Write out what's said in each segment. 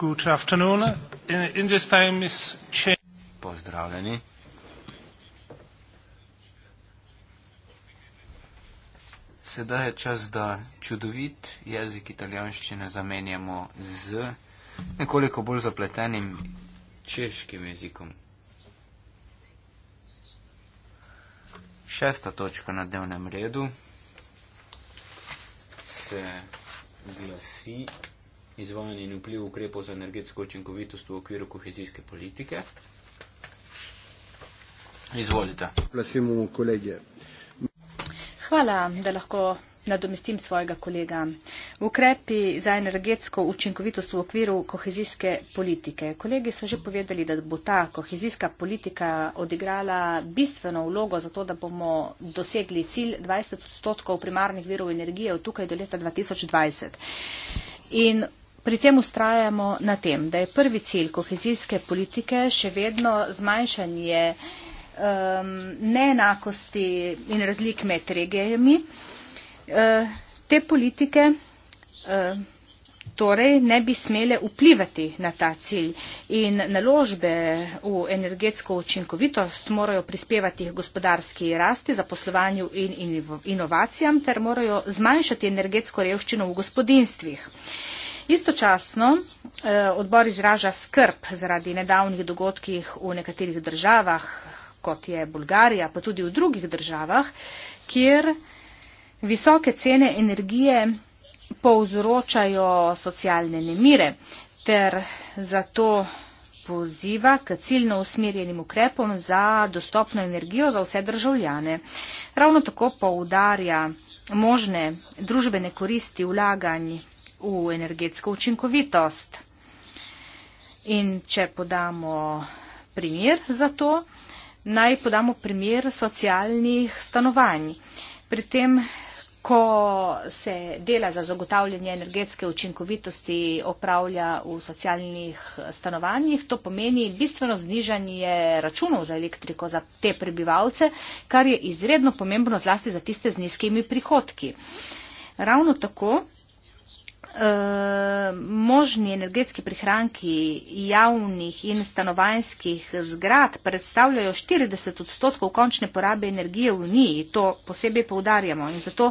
good afternoon. In, in this time is cha- Pozdravljeni. Sedaj je čas, da čudovit jezik italijanščine zamenjamo z nekoliko bolj zapletenim češkim jezikom. Šesta točka na dnevnem redu se glasi izvajanje in vpliv ukrepov za energetsko učinkovitost v okviru kohezijske politike. Izvolite. Hvala, da lahko nadomestim svojega kolega. Ukrepi za energetsko učinkovitost v okviru kohezijske politike. Kolegi so že povedali, da bo ta kohezijska politika odigrala bistveno vlogo za to, da bomo dosegli cilj 20 odstotkov primarnih virov energije od tukaj do leta 2020. In Pri tem ustrajamo na tem, da je prvi cilj kohezijske politike še vedno zmanjšanje um, neenakosti in razlik med regijami. Uh, te politike uh, torej ne bi smele vplivati na ta cilj in naložbe v energetsko učinkovitost morajo prispevati gospodarski rasti, zaposlovanju in inovacijam ter morajo zmanjšati energetsko revščino v gospodinstvih. Uh, Istočasno eh, odbor izraža skrb zaradi nedavnih dogodkih v nekaterih državah, kot je Bulgarija, pa tudi v drugih državah, kjer visoke cene energije povzročajo socialne nemire ter zato poziva k ciljno usmerjenim ukrepom za dostopno energijo za vse državljane. Ravno tako poudarja možne družbene koristi vlaganj v energetsko učinkovitost. In če podamo primer za to, naj podamo primer socialnih stanovanj. Pri tem, ko se dela za zagotavljanje energetske učinkovitosti opravlja v socialnih stanovanjih, to pomeni bistveno znižanje računov za elektriko za te prebivalce, kar je izredno pomembno zlasti za tiste z nizkimi prihodki. Ravno tako Eh, možni energetski prihranki javnih in stanovanjskih zgrad predstavljajo 40 odstotkov končne porabe energije v Uniji. To posebej poudarjamo in zato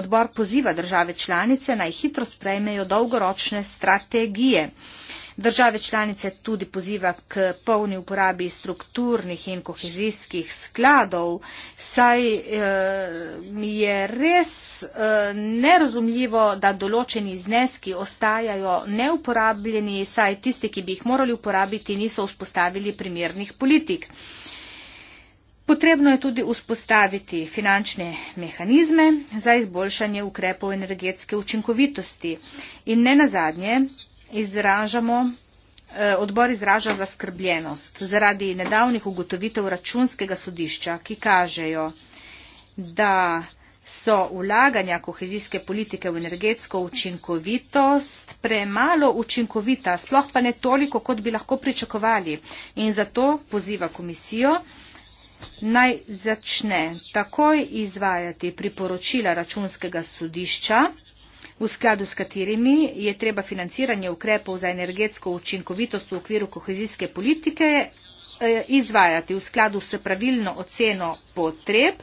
odbor poziva države članice naj hitro sprejmejo dolgoročne strategije. Uh, Države članice tudi poziva k polni uporabi strukturnih in kohezijskih skladov, saj eh, mi je res eh, nerazumljivo, da določeni zneski ostajajo neuporabljeni, saj tisti, ki bi jih morali uporabiti, niso vzpostavili primernih politik. Potrebno je tudi vzpostaviti finančne mehanizme za izboljšanje ukrepov energetske učinkovitosti. In ne nazadnje, izražamo, eh, odbor izraža zaskrbljenost zaradi nedavnih ugotovitev računskega sodišča, ki kažejo, da so vlaganja kohezijske politike v energetsko učinkovitost premalo učinkovita, sploh pa ne toliko, kot bi lahko pričakovali. In zato poziva komisijo naj začne takoj izvajati priporočila računskega sodišča, v skladu s katerimi je treba financiranje ukrepov za energetsko učinkovitost v okviru kohezijske politike eh, izvajati v skladu s pravilno oceno potreb,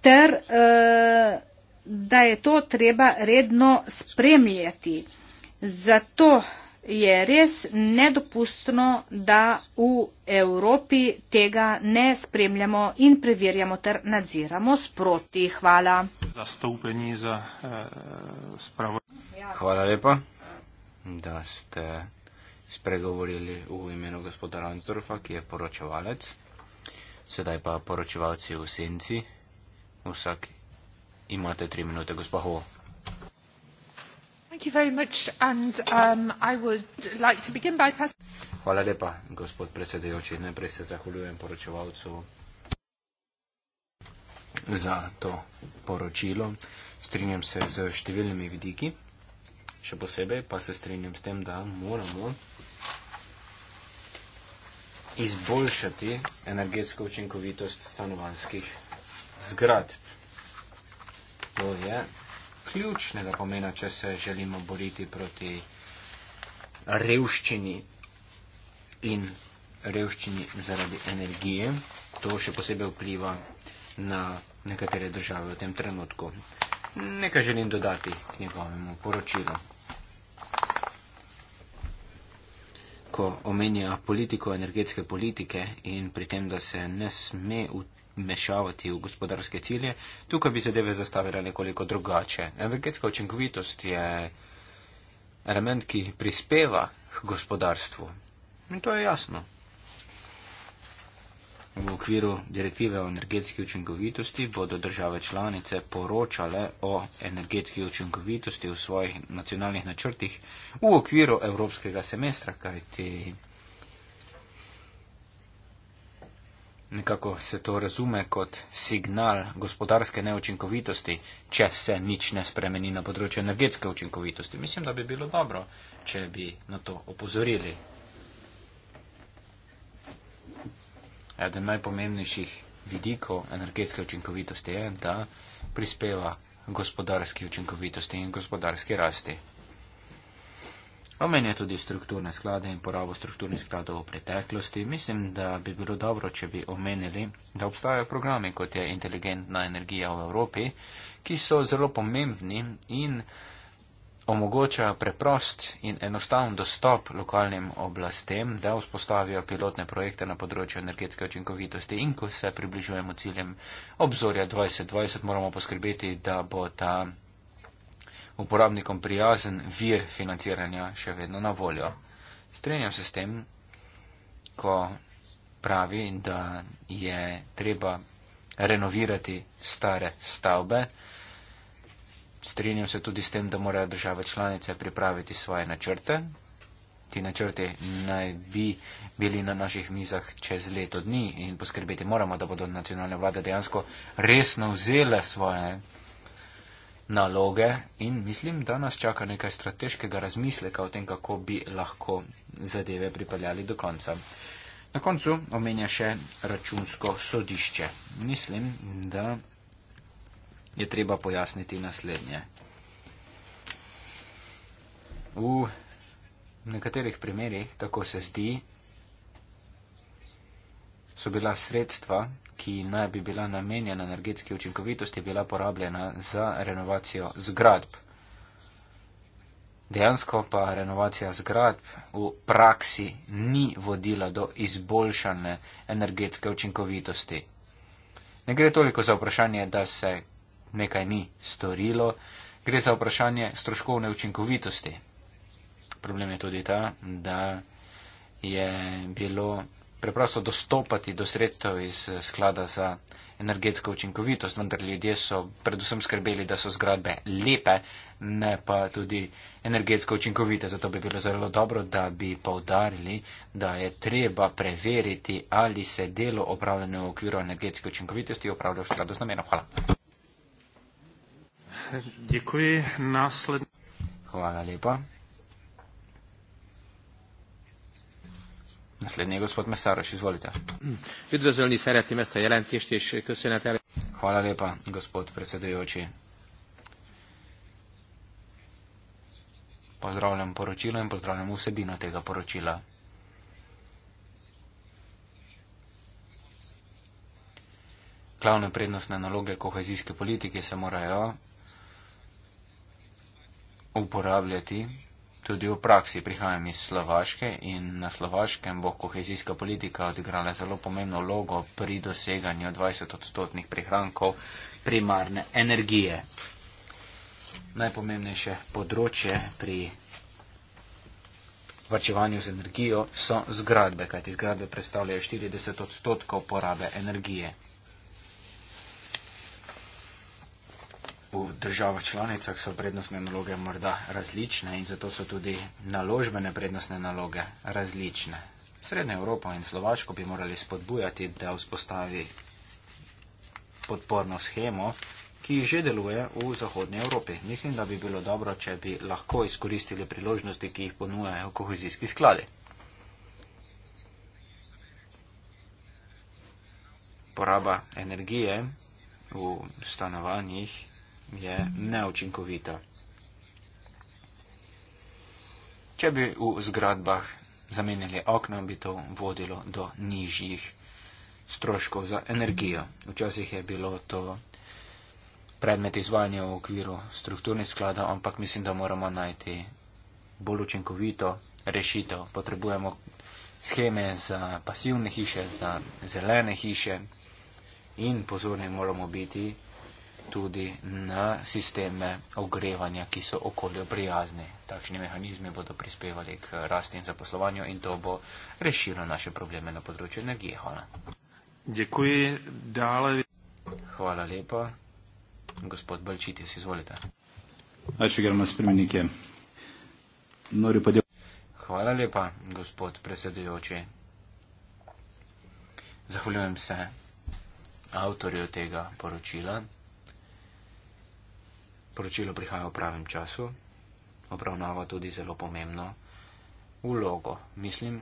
ter eh, da je to treba redno spremljati. Zato je res nedopustno, da v Evropi tega ne spremljamo in preverjamo ter nadziramo sproti. Hvala. Za stopenji, za, eh, Hvala lepa, da ste spregovorili v imenu gospoda Ransdorfa, ki je poročevalec. Sedaj pa poročevalci v senci. Vsak imate tri minute, gospod Hovo. Um, Hvala lepa, gospod predsedujoči. Najprej se zahvaljujem poročevalcu za to poročilo. Strinjam se z številnimi vidiki, še posebej pa se strinjam s tem, da moramo izboljšati energetsko učinkovitost stanovanskih zgradb. To je ključnega pomena, če se želimo boriti proti revščini in revščini zaradi energije. To še posebej vpliva na nekatere države v tem trenutku. Nekaj želim dodati k njegovemu poročilu. Ko omenja politiko energetske politike in pri tem, da se ne sme v mešavati v gospodarske cilje. Tukaj bi zadeve zastavila nekoliko drugače. Energetska učinkovitost je element, ki prispeva k gospodarstvu. In to je jasno. V okviru direktive o energetski učinkovitosti bodo države članice poročale o energetski učinkovitosti v svojih nacionalnih načrtih v okviru evropskega semestra, kajti Nekako se to razume kot signal gospodarske neučinkovitosti, če se nič ne spremeni na področju energetske učinkovitosti. Mislim, da bi bilo dobro, če bi na to opozorili. Eden najpomembnejših vidikov energetske učinkovitosti je, da prispeva gospodarski učinkovitosti in gospodarski rasti. Omenja tudi strukturne sklade in porabo strukturnih skladov v preteklosti. Mislim, da bi bilo dobro, če bi omenili, da obstajajo programe, kot je inteligentna energija v Evropi, ki so zelo pomembni in omogočajo preprost in enostavn dostop lokalnim oblastem, da vzpostavijo pilotne projekte na področju energetske očinkovitosti. In ko se približujemo ciljem obzorja 2020, moramo poskrbeti, da bo ta uporabnikom prijazen vir financiranja še vedno na voljo. Strenjam se s tem, ko pravi, da je treba renovirati stare stavbe. Strenjam se tudi s tem, da morajo države članice pripraviti svoje načrte. Ti načrti naj bi bili na naših mizah čez leto dni in poskrbeti moramo, da bodo nacionalne vlade dejansko resno vzele svoje naloge in mislim, da nas čaka nekaj strateškega razmisleka o tem, kako bi lahko zadeve pripeljali do konca. Na koncu omenja še računsko sodišče. Mislim, da je treba pojasniti naslednje. V nekaterih primerjih, tako se zdi, so bila sredstva, ki naj bi bila namenjena energetski učinkovitosti, bila porabljena za renovacijo zgradb. Dejansko pa renovacija zgradb v praksi ni vodila do izboljšane energetske učinkovitosti. Ne gre toliko za vprašanje, da se nekaj ni storilo, gre za vprašanje stroškovne učinkovitosti. Problem je tudi ta, da je bilo preprosto dostopati do sredstev iz eh, sklada za energetsko učinkovitost, vendar ljudje so predvsem skrbeli, da so zgradbe lepe, ne pa tudi energetsko učinkovite. Zato bi bilo zelo dobro, da bi povdarili, da je treba preveriti, ali se delo opravljeno v okviru energetske učinkovitosti opravlja v skladu z namenom. Hvala. Děkuji. Následn... Hvala lepa. Naslednji gospod Mesaros, izvolite. Üdvözölni szeretném ezt a jelentést, és köszönet el. Hvala lepa, gospod predsedujoči. Pozdravljam poročilo in pozdravljam vsebino tega poročila. Glavne prednostne naloge kohezijske politike se morajo uporabljati tudi v praksi. Prihajam iz Slovaške in na Slovaškem bo kohezijska politika odigrala zelo pomembno vlogo pri doseganju 20 odstotnih prihrankov primarne energije. Najpomembnejše področje pri vrčevanju z energijo so zgradbe, kajti zgradbe predstavljajo 40 odstotkov porabe energije. v državah članicah so prednostne naloge morda različne in zato so tudi naložbene prednostne naloge različne. Srednjo Evropo in Slovaško bi morali spodbujati, da vzpostavi podporno schemo, ki že deluje v Zahodnji Evropi. Mislim, da bi bilo dobro, če bi lahko izkoristili priložnosti, ki jih ponujajo kohezijski skladi. Poraba energije v stanovanjih je neučinkovita. Če bi v zgradbah zamenjali okna, bi to vodilo do nižjih stroškov za energijo. Včasih je bilo to predmet izvajanja v okviru strukturnih skladov, ampak mislim, da moramo najti bolj učinkovito rešitev. Potrebujemo scheme za pasivne hiše, za zelene hiše in pozorni moramo biti tudi na sisteme ogrevanja, ki so okolju prijazni. Takšni mehanizmi bodo prispevali k rasti in zaposlovanju in to bo rešilo naše probleme na področju energije. Hvala. Dekuji, dale... Hvala lepa. Gospod Balčitis, izvolite. Hvala lepa, gospod predsedujoči. Zahvaljujem se avtorju tega poročila poročilo prihaja v pravem času, obravnava tudi zelo pomembno vlogo. Mislim,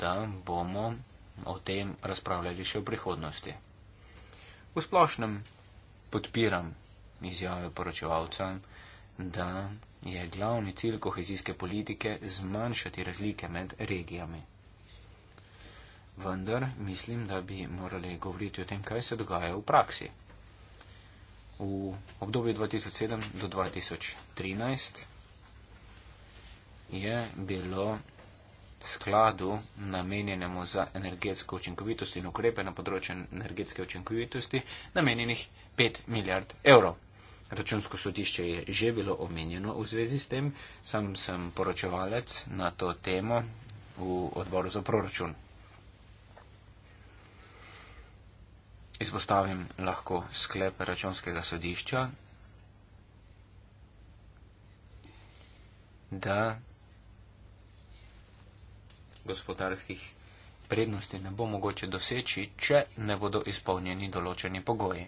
da bomo o tem razpravljali še v prihodnosti. V splošnem podpiram izjave poročevalca, da je glavni cilj kohezijske politike zmanjšati razlike med regijami. Vendar mislim, da bi morali govoriti o tem, kaj se dogaja v praksi v obdobju 2007 do 2013 je bilo skladu namenjenemu za energetsko učinkovitost in ukrepe na področju energetske učinkovitosti namenjenih 5 milijard evrov. Računsko sodišče je že bilo omenjeno v zvezi s tem, sam sem poročevalec na to temo v odboru za proračun. Izpostavim lahko sklep računskega sodišča, da gospodarskih prednosti ne bo mogoče doseči, če ne bodo izpolnjeni določeni pogoji.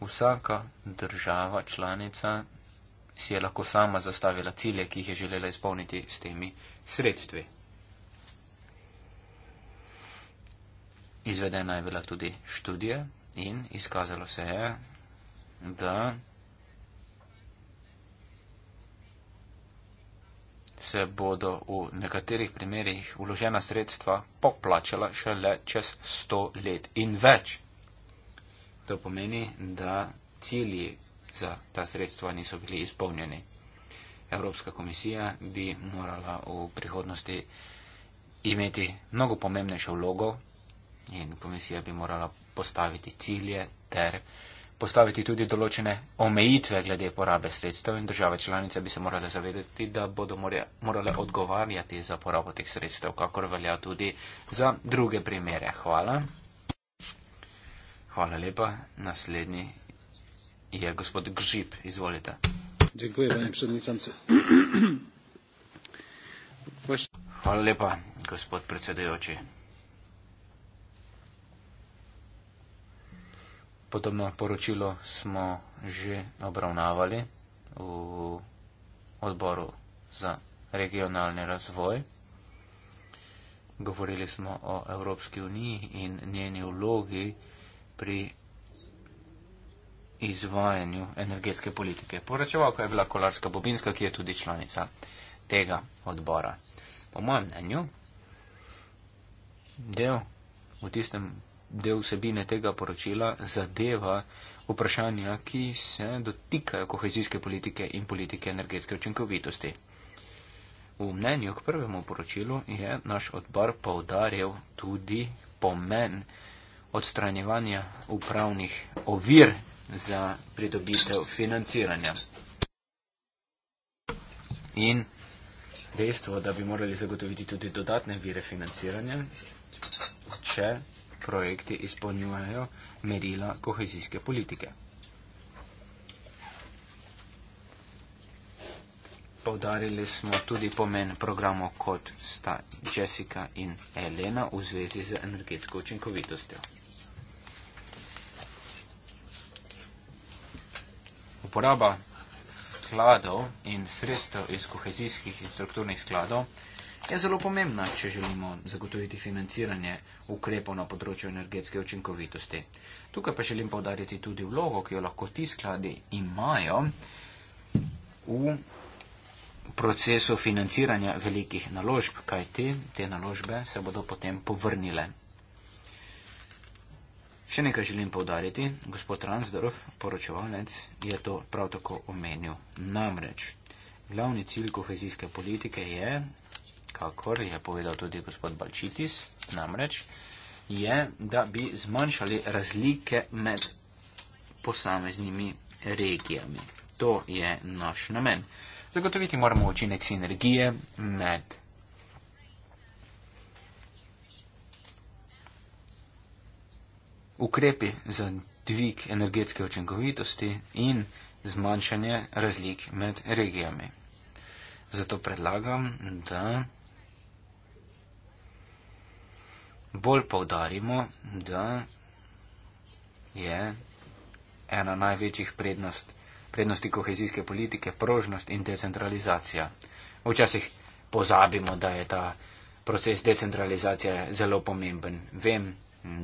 Vsaka država članica si je lahko sama zastavila cilje, ki jih je želela izpolniti s temi sredstvi. Izvedena je bila tudi študija in izkazalo se je, da se bodo v nekaterih primerjih uložena sredstva poplačala šele čez 100 let in več. To pomeni, da cilji za ta sredstva niso bili izpolnjeni. Evropska komisija bi morala v prihodnosti imeti mnogo pomembnejšo vlogo in komisija bi morala postaviti cilje ter postaviti tudi določene omejitve glede porabe sredstev in države članice bi se morale zavedati, da bodo morale odgovarjati za porabo teh sredstev, kakor velja tudi za druge primere. Hvala. Hvala lepa. Naslednji je gospod Gržip. Izvolite. Hvala lepa, gospod predsedujoči. Podobno poročilo smo že obravnavali v odboru za regionalni razvoj. Govorili smo o Evropski uniji in njeni vlogi pri izvajanju energetske politike. Poročevalka je bila Kolarska Bobinska, ki je tudi članica tega odbora. Po mojem mnenju, del v tistem del vsebine tega poročila zadeva vprašanja, ki se dotikajo kohezijske politike in politike energetske učinkovitosti. V mnenju k prvemu poročilu je naš odbor povdarjal tudi pomen odstranjevanja upravnih ovir za pridobitev financiranja. In dejstvo, da bi morali zagotoviti tudi dodatne vire financiranja, če projekti izpolnjujejo merila kohezijske politike. Povdarili smo tudi pomen programov, kot sta Jessica in Elena v zvezi z energetsko učinkovitostjo. Uporaba skladov in sredstev iz kohezijskih in strukturnih skladov je zelo pomembna, če želimo zagotoviti financiranje ukrepov na področju energetske učinkovitosti. Tukaj pa želim povdariti tudi vlogo, ki jo lahko ti skladi imajo v procesu financiranja velikih naložb, kaj te, te naložbe se bodo potem povrnile. Še nekaj želim povdariti, gospod Ransdorf, poročevalec, je to prav tako omenil. Namreč, glavni cilj kohezijske politike je kakor je povedal tudi gospod Balčitis, namreč je, da bi zmanjšali razlike med posameznimi regijami. To je naš namen. Zagotoviti moramo učinek sinergije med ukrepi za dvig energetske učinkovitosti in zmanjšanje razlik med regijami. Zato predlagam, da bolj povdarimo, da je ena največjih prednost, prednosti kohezijske politike prožnost in decentralizacija. Včasih pozabimo, da je ta proces decentralizacije zelo pomemben. Vem,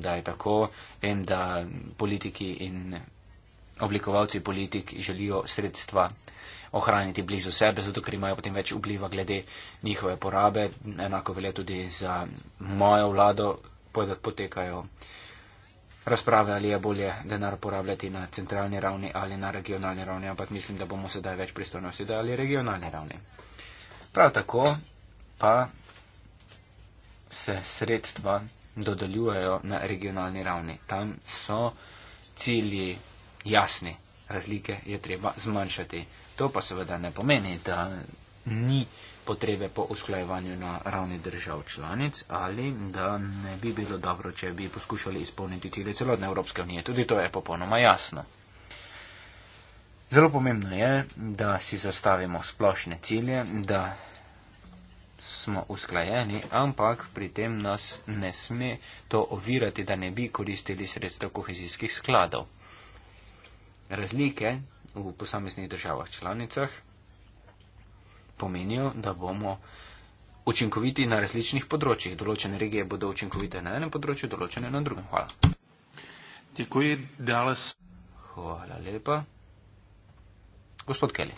da je tako, vem, da politiki in oblikovalci politik želijo sredstva ohraniti blizu sebe, zato ker imajo potem več vpliva glede njihove porabe. Enako velja tudi za mojo vlado, potekajo razprave, ali je bolje denar porabljati na centralni ravni ali na regionalni ravni, ampak mislim, da bomo sedaj več pristojnosti dali regionalni ravni. Prav tako pa se sredstva dodeljujejo na regionalni ravni. Tam so cilji jasni. Razlike je treba zmanjšati. To pa seveda ne pomeni, da ni potrebe po usklajevanju na ravni držav članic ali da ne bi bilo dobro, če bi poskušali izpolniti cilje celotne Evropske unije. Tudi to je popolnoma jasno. Zelo pomembno je, da si zastavimo splošne cilje, da smo usklajeni, ampak pri tem nas ne sme to ovirati, da ne bi koristili sredstev kohezijskih skladov. Razlike v posameznih državah članicah pomenijo, da bomo učinkoviti na različnih področjih. Določene regije bodo učinkovite na enem področju, določene na drugem. Hvala. Děkuji, Dallas. Hvala lepa. Gospod Kelly.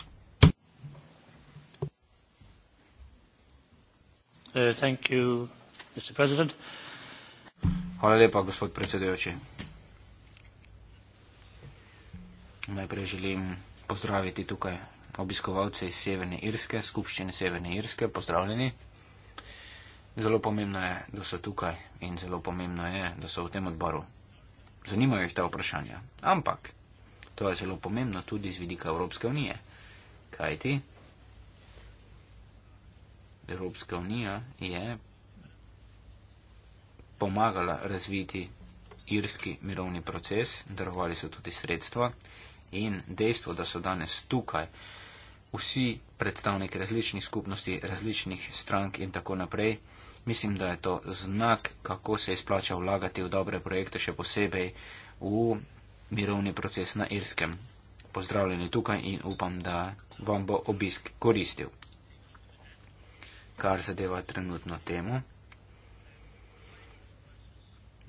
Uh, thank you, Mr. President. Hvala lepa, gospod predsedujoči. najprej želim pozdraviti tukaj obiskovalce iz Severne Irske, skupščine Severne Irske, pozdravljeni. Zelo pomembno je, da so tukaj in zelo pomembno je, da so v tem odboru. Zanimajo jih ta vprašanja. Ampak to je zelo pomembno tudi z vidika Evropske unije. Kaj ti? Evropska unija je pomagala razviti irski mirovni proces, darovali so tudi sredstva in dejstvo, da so danes tukaj vsi predstavniki različnih skupnosti, različnih strank in tako naprej, mislim, da je to znak, kako se izplača vlagati v dobre projekte, še posebej v mirovni proces na Irskem. Pozdravljeni tukaj in upam, da vam bo obisk koristil. Kar zadeva trenutno temu.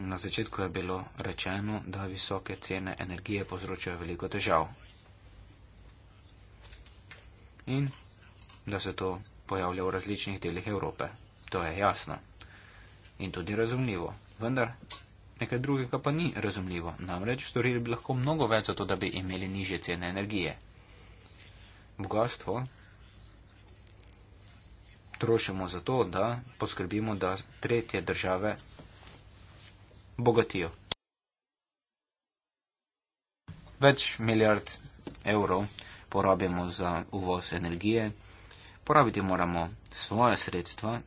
Na začetku je bilo rečeno, da visoke cene energije povzročajo veliko težav in da se to pojavlja v različnih delih Evrope. To je jasno in tudi razumljivo, vendar nekaj drugega pa ni razumljivo. Namreč storili bi lahko mnogo več za to, da bi imeli niže cene energije. Bogatstvo trošimo za to, da poskrbimo, da tretje države bogatijo. Več milijard evrov porabimo za uvoz energije, porabiti moramo svoje sredstva,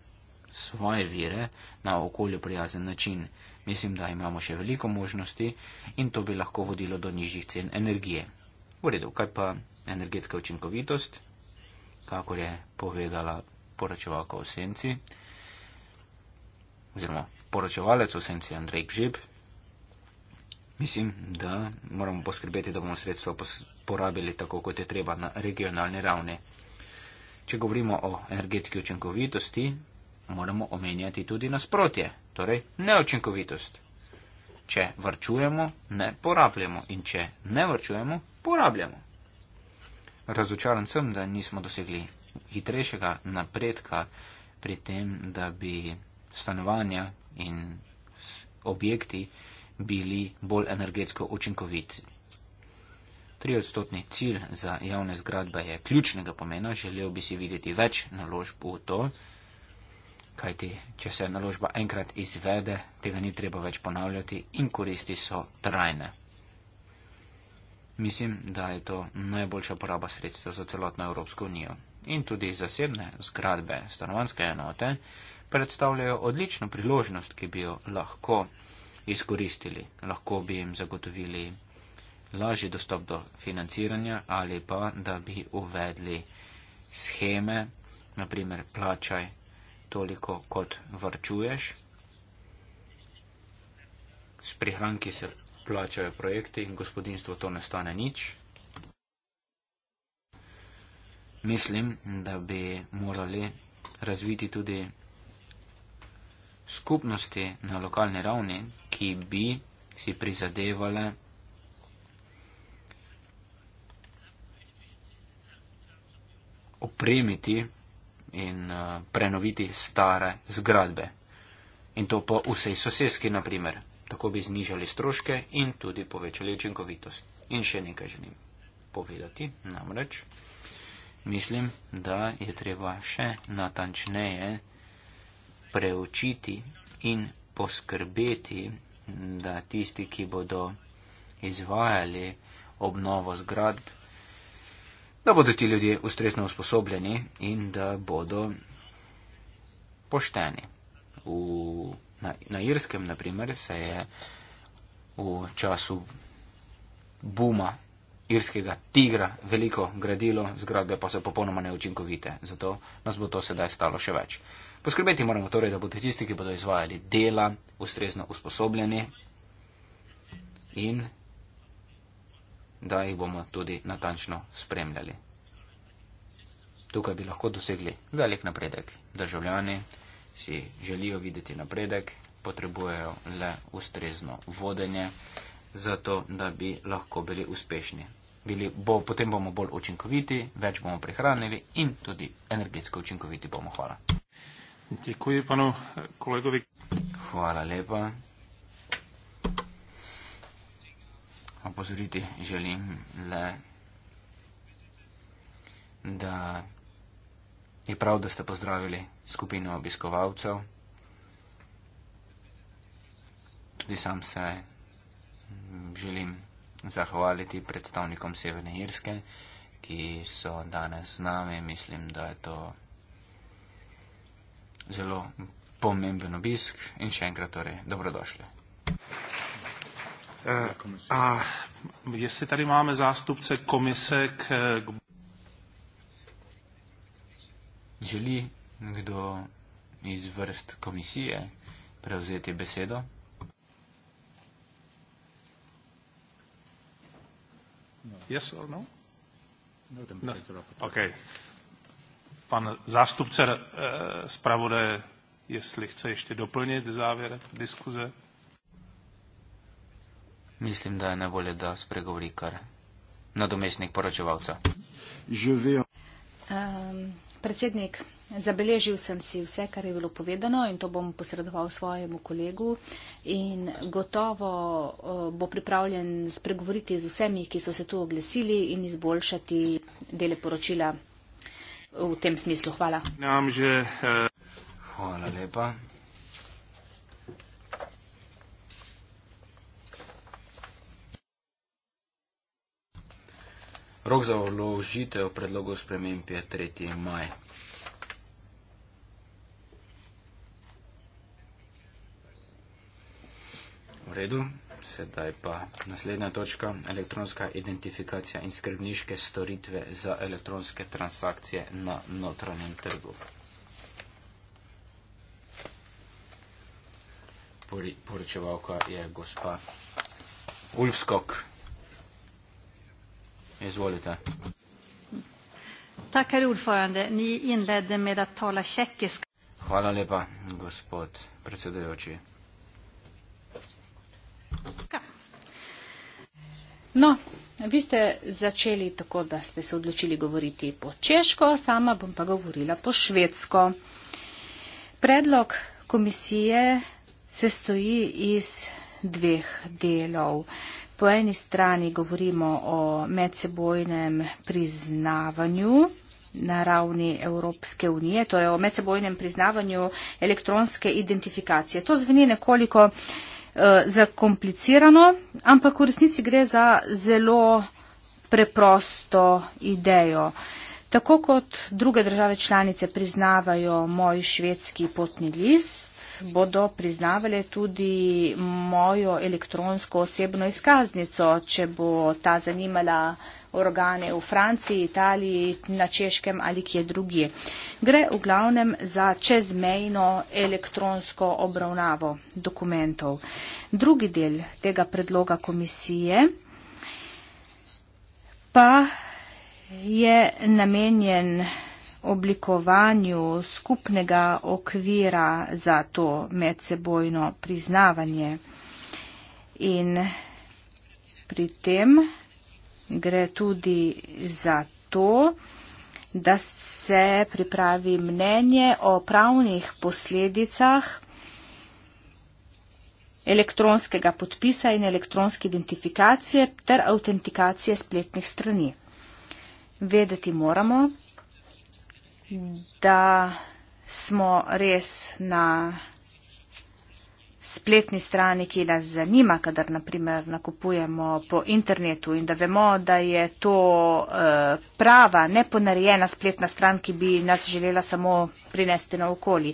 svoje vire na okolju prijazen način. Mislim, da imamo še veliko možnosti in to bi lahko vodilo do nižjih cen energije. V redu, kaj pa energetska učinkovitost, kako je povedala poročevalka o senci, oziroma poročevalec v senci Andrej Bžib. Mislim, da moramo poskrbeti, da bomo sredstva porabili tako, kot je treba na regionalni ravni. Če govorimo o energetski učinkovitosti, moramo omenjati tudi nasprotje, torej neučinkovitost. Če vrčujemo, ne porabljamo in če ne vrčujemo, porabljamo. Razočaran sem, da nismo dosegli hitrejšega napredka pri tem, da bi stanovanja in objekti bili bolj energetsko učinkoviti. Triodstotni cilj za javne zgradbe je ključnega pomena, želel bi si videti več naložb v to, kajti če se naložba enkrat izvede, tega ni treba več ponavljati in koristi so trajne. Mislim, da je to najboljša poraba sredstev za celotno Evropsko unijo. In tudi zasebne zgradbe, stanovanske enote, predstavljajo odlično priložnost, ki bi jo lahko izkoristili. Lahko bi jim zagotovili lažji dostop do financiranja ali pa, da bi uvedli scheme, naprimer plačaj toliko, kot vrčuješ. S prihranki se plačajo projekti in gospodinstvo to ne stane nič. Mislim, da bi morali razviti tudi skupnosti na lokalni ravni, ki bi si prizadevale opremiti in eh, prenoviti stare zgradbe. In to po vsej soseski, na primer. Tako bi znižali stroške in tudi povečali učinkovitost. In še nekaj želim povedati, namreč mislim, da je treba še natančneje preučiti in poskrbeti, da tisti, ki bodo izvajali obnovo zgradb, da bodo ti ljudje ustrezno usposobljeni in da bodo pošteni. V, na, na Irskem, naprimer, se je v času buma irskega tigra veliko gradilo, zgradbe pa so popolnoma neučinkovite. Zato nas bo to sedaj stalo še več. Poskrbeti moramo torej, da bodo tisti, ki bodo izvajali dela, ustrezno usposobljeni in da jih bomo tudi natančno spremljali. Tukaj bi lahko dosegli velik napredek. Državljani si želijo videti napredek, potrebujejo le ustrezno vodenje, zato da bi lahko bili uspešni. Bili bo, potem bomo bolj učinkoviti, več bomo prihranili in tudi energetsko učinkoviti bomo. Hvala. Děkuji panu kolegovi. Hvala lepa. Opozoriti želim le, da je prav, da ste pozdravili skupino obiskovalcev. Tudi sam se želim zahvaliti predstavnikom Severne Irske, ki so danes z nami. Mislim, da je to zelo pomemben obisk in še enkrat torej dobrodošli. Uh, a, jestli tady máme zástupce komise k... k... Želi kdo iz vrst komisije prevzeti besedo? No. Yes or no? No, no. Okay pan zástupce eh, zpravodaje, jestli chce ještě doplnit závěr diskuze. Myslím, že je nebolje, da spregovorí kar nadomestnik poročevalca. Um, predsednik, zabeležil sem si vse, kar je bilo povedano in to bom posredoval svojemu kolegu in gotovo uh, bo pripravljen spregovoriti z vsemi, ki so se tu oglesili in izboljšati dele poročila v tem smislu. Hvala. Nam že. Uh... Hvala lepa. Rok za vložitev predlogov sprememb je 3. maj. V redu. Sedaj pa naslednja točka, elektronska identifikacija in skrbniške storitve za elektronske transakcije na notranjem trgu. Poročevalka je gospa Ulfskok. Izvolite. Takar, urfajande, ni inledde med atola čekiska. Hvala lepa, gospod predsedujoči. No, vi ste začeli tako, da ste se odločili govoriti po češko, sama bom pa govorila po švedsko. Predlog komisije se stoji iz dveh delov. Po eni strani govorimo o medsebojnem priznavanju na ravni Evropske unije, torej o medsebojnem priznavanju elektronske identifikacije. To zveni nekoliko. Eh, zakomplicirano, ampak v resnici gre za zelo preprosto idejo. Tako kot druge države članice priznavajo moj švedski potni list, bodo priznavale tudi mojo elektronsko osebno izkaznico, če bo ta zanimala organe v Franciji, Italiji, na Češkem ali kje drugje. Gre v glavnem za čezmejno elektronsko obravnavo dokumentov. Drugi del tega predloga komisije pa je namenjen oblikovanju skupnega okvira za to medsebojno priznavanje. In pri tem gre tudi za to, da se pripravi mnenje o pravnih posledicah elektronskega podpisa in elektronske identifikacije ter autentikacije spletnih strani. Vedeti moramo, da smo res na spletni strani, ki nas zanima, kadar naprimer nakupujemo po internetu in da vemo, da je to eh, prava, neponarejena spletna stran, ki bi nas želela samo prinesti na okoli.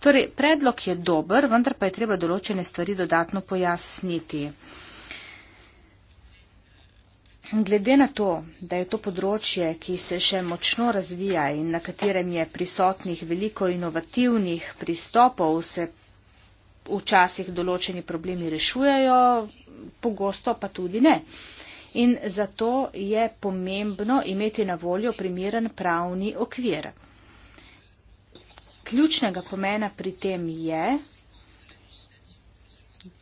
Torej, predlog je dober, vendar pa je treba določene stvari dodatno pojasniti. Glede na to, da je to področje, ki se še močno razvija in na katerem je prisotnih veliko inovativnih pristopov, se včasih določeni problemi rešujejo, pogosto pa tudi ne. In zato je pomembno imeti na voljo primeren pravni okvir. Ključnega pomena pri tem je,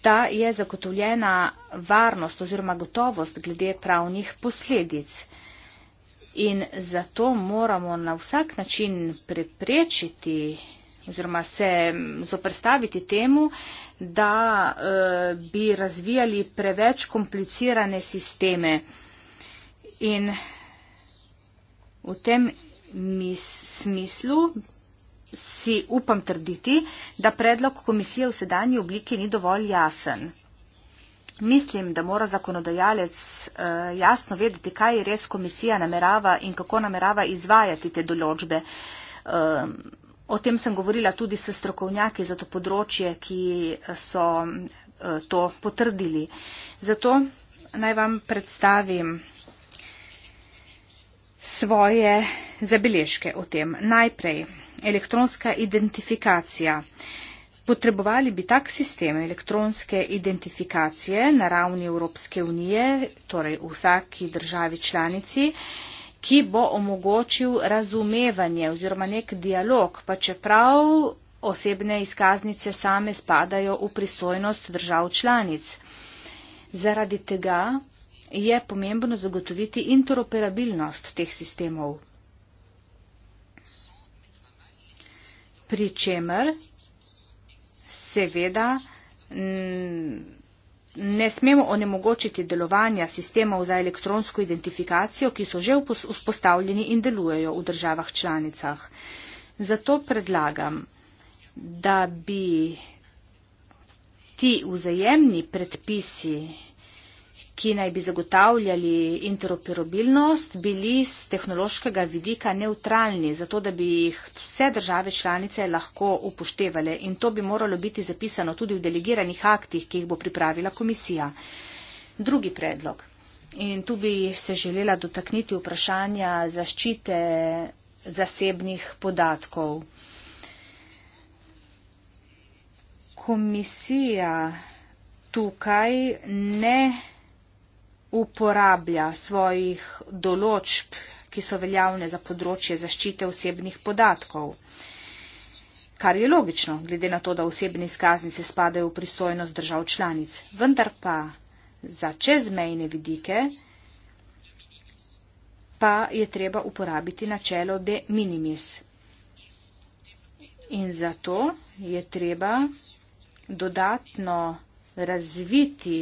da je zagotovljena varnost oziroma gotovost glede pravnih posledic. In zato moramo na vsak način preprečiti oziroma se zoprstaviti temu, da e, bi razvijali preveč komplicirane sisteme. In v tem smislu si upam trditi, da predlog komisije v sedanji obliki ni dovolj jasen. Mislim, da mora zakonodajalec uh, jasno vedeti, kaj res komisija namerava in kako namerava izvajati te določbe. Uh, o tem sem govorila tudi s strokovnjaki za to področje, ki so uh, to potrdili. Zato naj vam predstavim svoje zabeležke o tem. Najprej elektronska identifikacija. Potrebovali bi tak sistem elektronske identifikacije na ravni Evropske unije, torej v vsaki državi članici, ki bo omogočil razumevanje oziroma nek dialog, pa čeprav osebne izkaznice same spadajo v pristojnost držav članic. Zaradi tega je pomembno zagotoviti interoperabilnost teh sistemov. pri čemer seveda ne smemo onemogočiti delovanja sistemov za elektronsko identifikacijo, ki so že vzpostavljeni in delujejo v državah članicah. Zato predlagam, da bi ti vzajemni predpisi ki naj bi zagotavljali interoperabilnost, bili z tehnološkega vidika neutralni, zato da bi jih vse države članice lahko upoštevali. In to bi moralo biti zapisano tudi v delegiranih aktih, ki jih bo pripravila komisija. Drugi predlog. In tu bi se želela dotakniti vprašanja zaščite zasebnih podatkov. Komisija tukaj ne uporablja svojih določb, ki so veljavne za področje zaščite osebnih podatkov. Kar je logično, glede na to, da osebne izkaznice spadajo v pristojnost držav članic. Vendar pa za čezmejne vidike pa je treba uporabiti načelo de minimis. In zato je treba dodatno razviti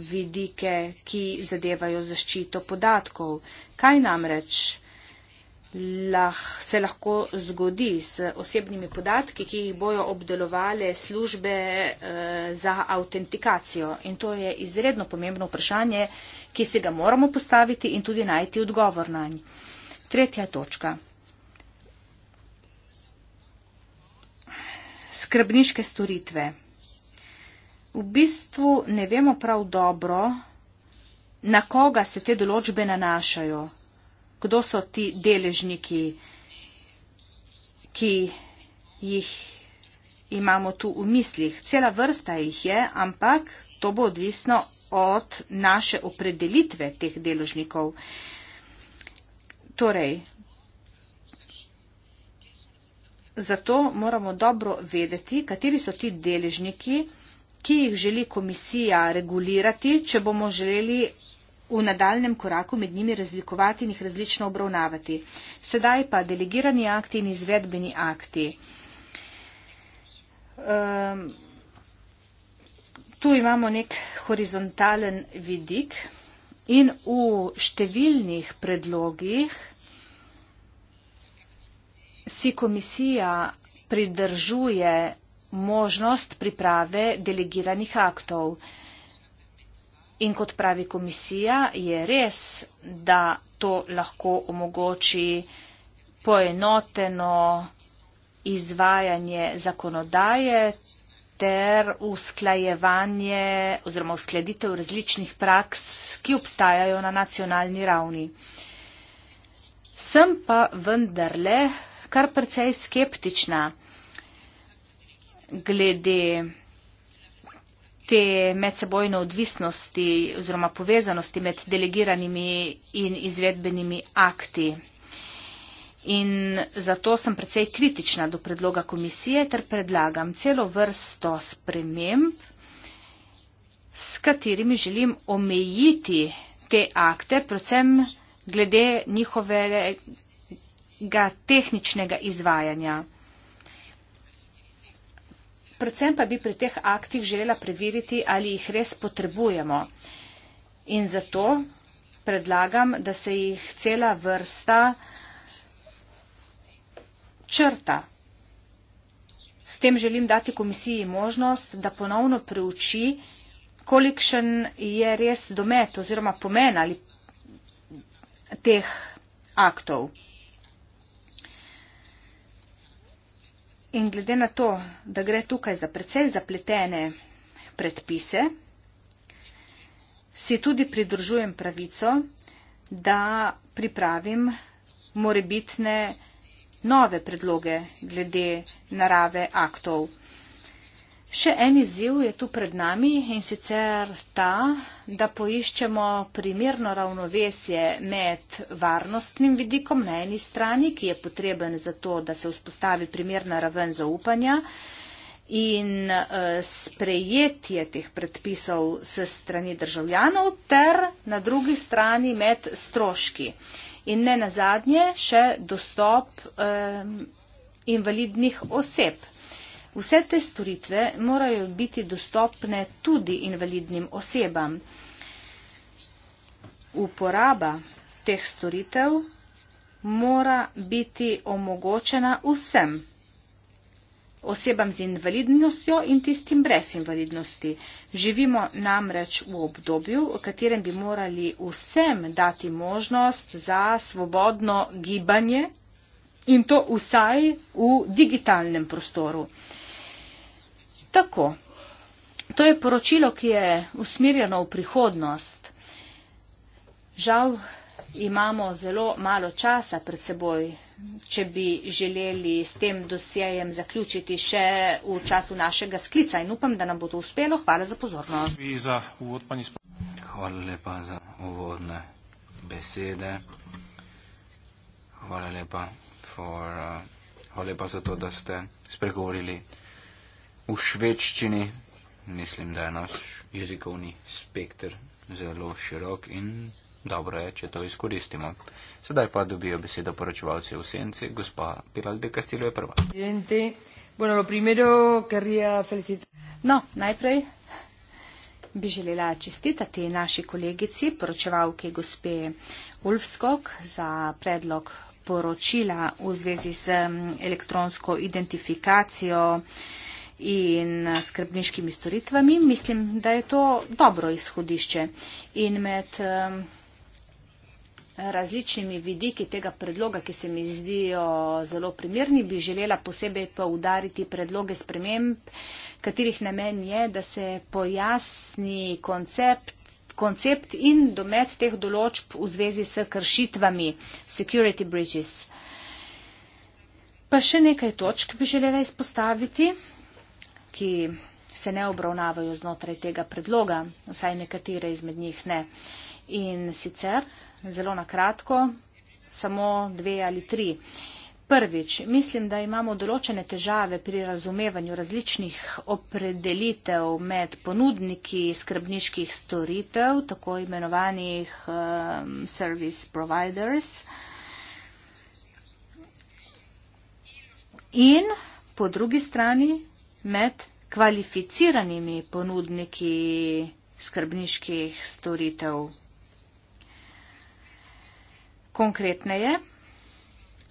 vidike, ki zadevajo zaščito podatkov. Kaj namreč lah, se lahko zgodi s osebnimi podatki, ki jih bojo obdelovale službe eh, za autentikacijo? In to je izredno pomembno vprašanje, ki se ga moramo postaviti in tudi najti odgovor na nj. Tretja točka. Skrbniške storitve v bistvu ne vemo prav dobro, na koga se te določbe nanašajo, kdo so ti deležniki, ki jih imamo tu v mislih. Cela vrsta jih je, ampak to bo odvisno od naše opredelitve teh deložnikov. Torej, zato moramo dobro vedeti, kateri so ti deležniki, ki jih želi komisija regulirati, če bomo želeli v nadaljem koraku med njimi razlikovati in jih različno obravnavati. Sedaj pa delegirani akti in izvedbeni akti. Um, tu imamo nek horizontalen vidik in v številnih predlogih si komisija pridržuje možnost priprave delegiranih aktov. In kot pravi komisija, je res, da to lahko omogoči poenoteno izvajanje zakonodaje ter usklajevanje oziroma uskladitev različnih praks, ki obstajajo na nacionalni ravni. Sem pa vendarle kar precej skeptična glede te medsebojne odvisnosti oziroma povezanosti med delegiranimi in izvedbenimi akti. In zato sem precej kritična do predloga komisije ter predlagam celo vrsto sprememb, s katerimi želim omejiti te akte, predvsem glede njihovega tehničnega izvajanja. Predvsem pa bi pri teh aktih želela preveriti, ali jih res potrebujemo. In zato predlagam, da se jih cela vrsta črta. S tem želim dati komisiji možnost, da ponovno preuči, kolikšen je res domet oziroma pomen ali teh aktov. In glede na to, da gre tukaj za precej zapletene predpise, si tudi pridružujem pravico, da pripravim morebitne nove predloge glede narave aktov. Še en izziv je tu pred nami in sicer ta, da poiščemo primerno ravnovesje med varnostnim vidikom na eni strani, ki je potreben za to, da se vzpostavi primerna raven zaupanja in eh, sprejetje teh predpisov s strani državljanov ter na drugi strani med stroški. In ne nazadnje še dostop eh, invalidnih oseb Vse te storitve morajo biti dostopne tudi invalidnim osebam. Uporaba teh storitev mora biti omogočena vsem osebam z invalidnostjo in tistim brez invalidnosti. Živimo namreč v obdobju, v katerem bi morali vsem dati možnost za svobodno gibanje in to vsaj v digitalnem prostoru. Tako, to je poročilo, ki je usmirjeno v prihodnost. Žal imamo zelo malo časa pred seboj, če bi želeli s tem dosjejem zaključiti še v času našega sklica in upam, da nam bo to uspelo. Hvala za pozornost. Hvala lepa za uvodne besede. Hvala lepa, for, uh, hvala lepa za to, da ste spregovorili v švedščini. Mislim, da je naš jezikovni spektr zelo širok in dobro je, če to izkoristimo. Sedaj pa dobijo besedo poročevalci v senci. Gospa Pilar de Castillo je prva. Bueno, primero, no, najprej bi želela čestitati naši kolegici, poročevalke gospe Ulfskog za predlog poročila v zvezi z mm, elektronsko identifikacijo in skrbniškimi storitvami, mislim, da je to dobro izhodišče. In med različnimi vidiki tega predloga, ki se mi zdijo zelo primerni, bi želela posebej pa udariti predloge sprememb, katerih namen je, da se pojasni koncept koncept in domet teh določb v zvezi s kršitvami security bridges. Pa še nekaj točk bi želela izpostaviti ki se ne obravnavajo znotraj tega predloga, vsaj nekatere izmed njih ne. In sicer zelo na kratko, samo dve ali tri. Prvič, mislim, da imamo določene težave pri razumevanju različnih opredelitev med ponudniki skrbniških storitev, tako imenovanih um, service providers. In po drugi strani med kvalificiranimi ponudniki skrbniških storitev. Konkretneje,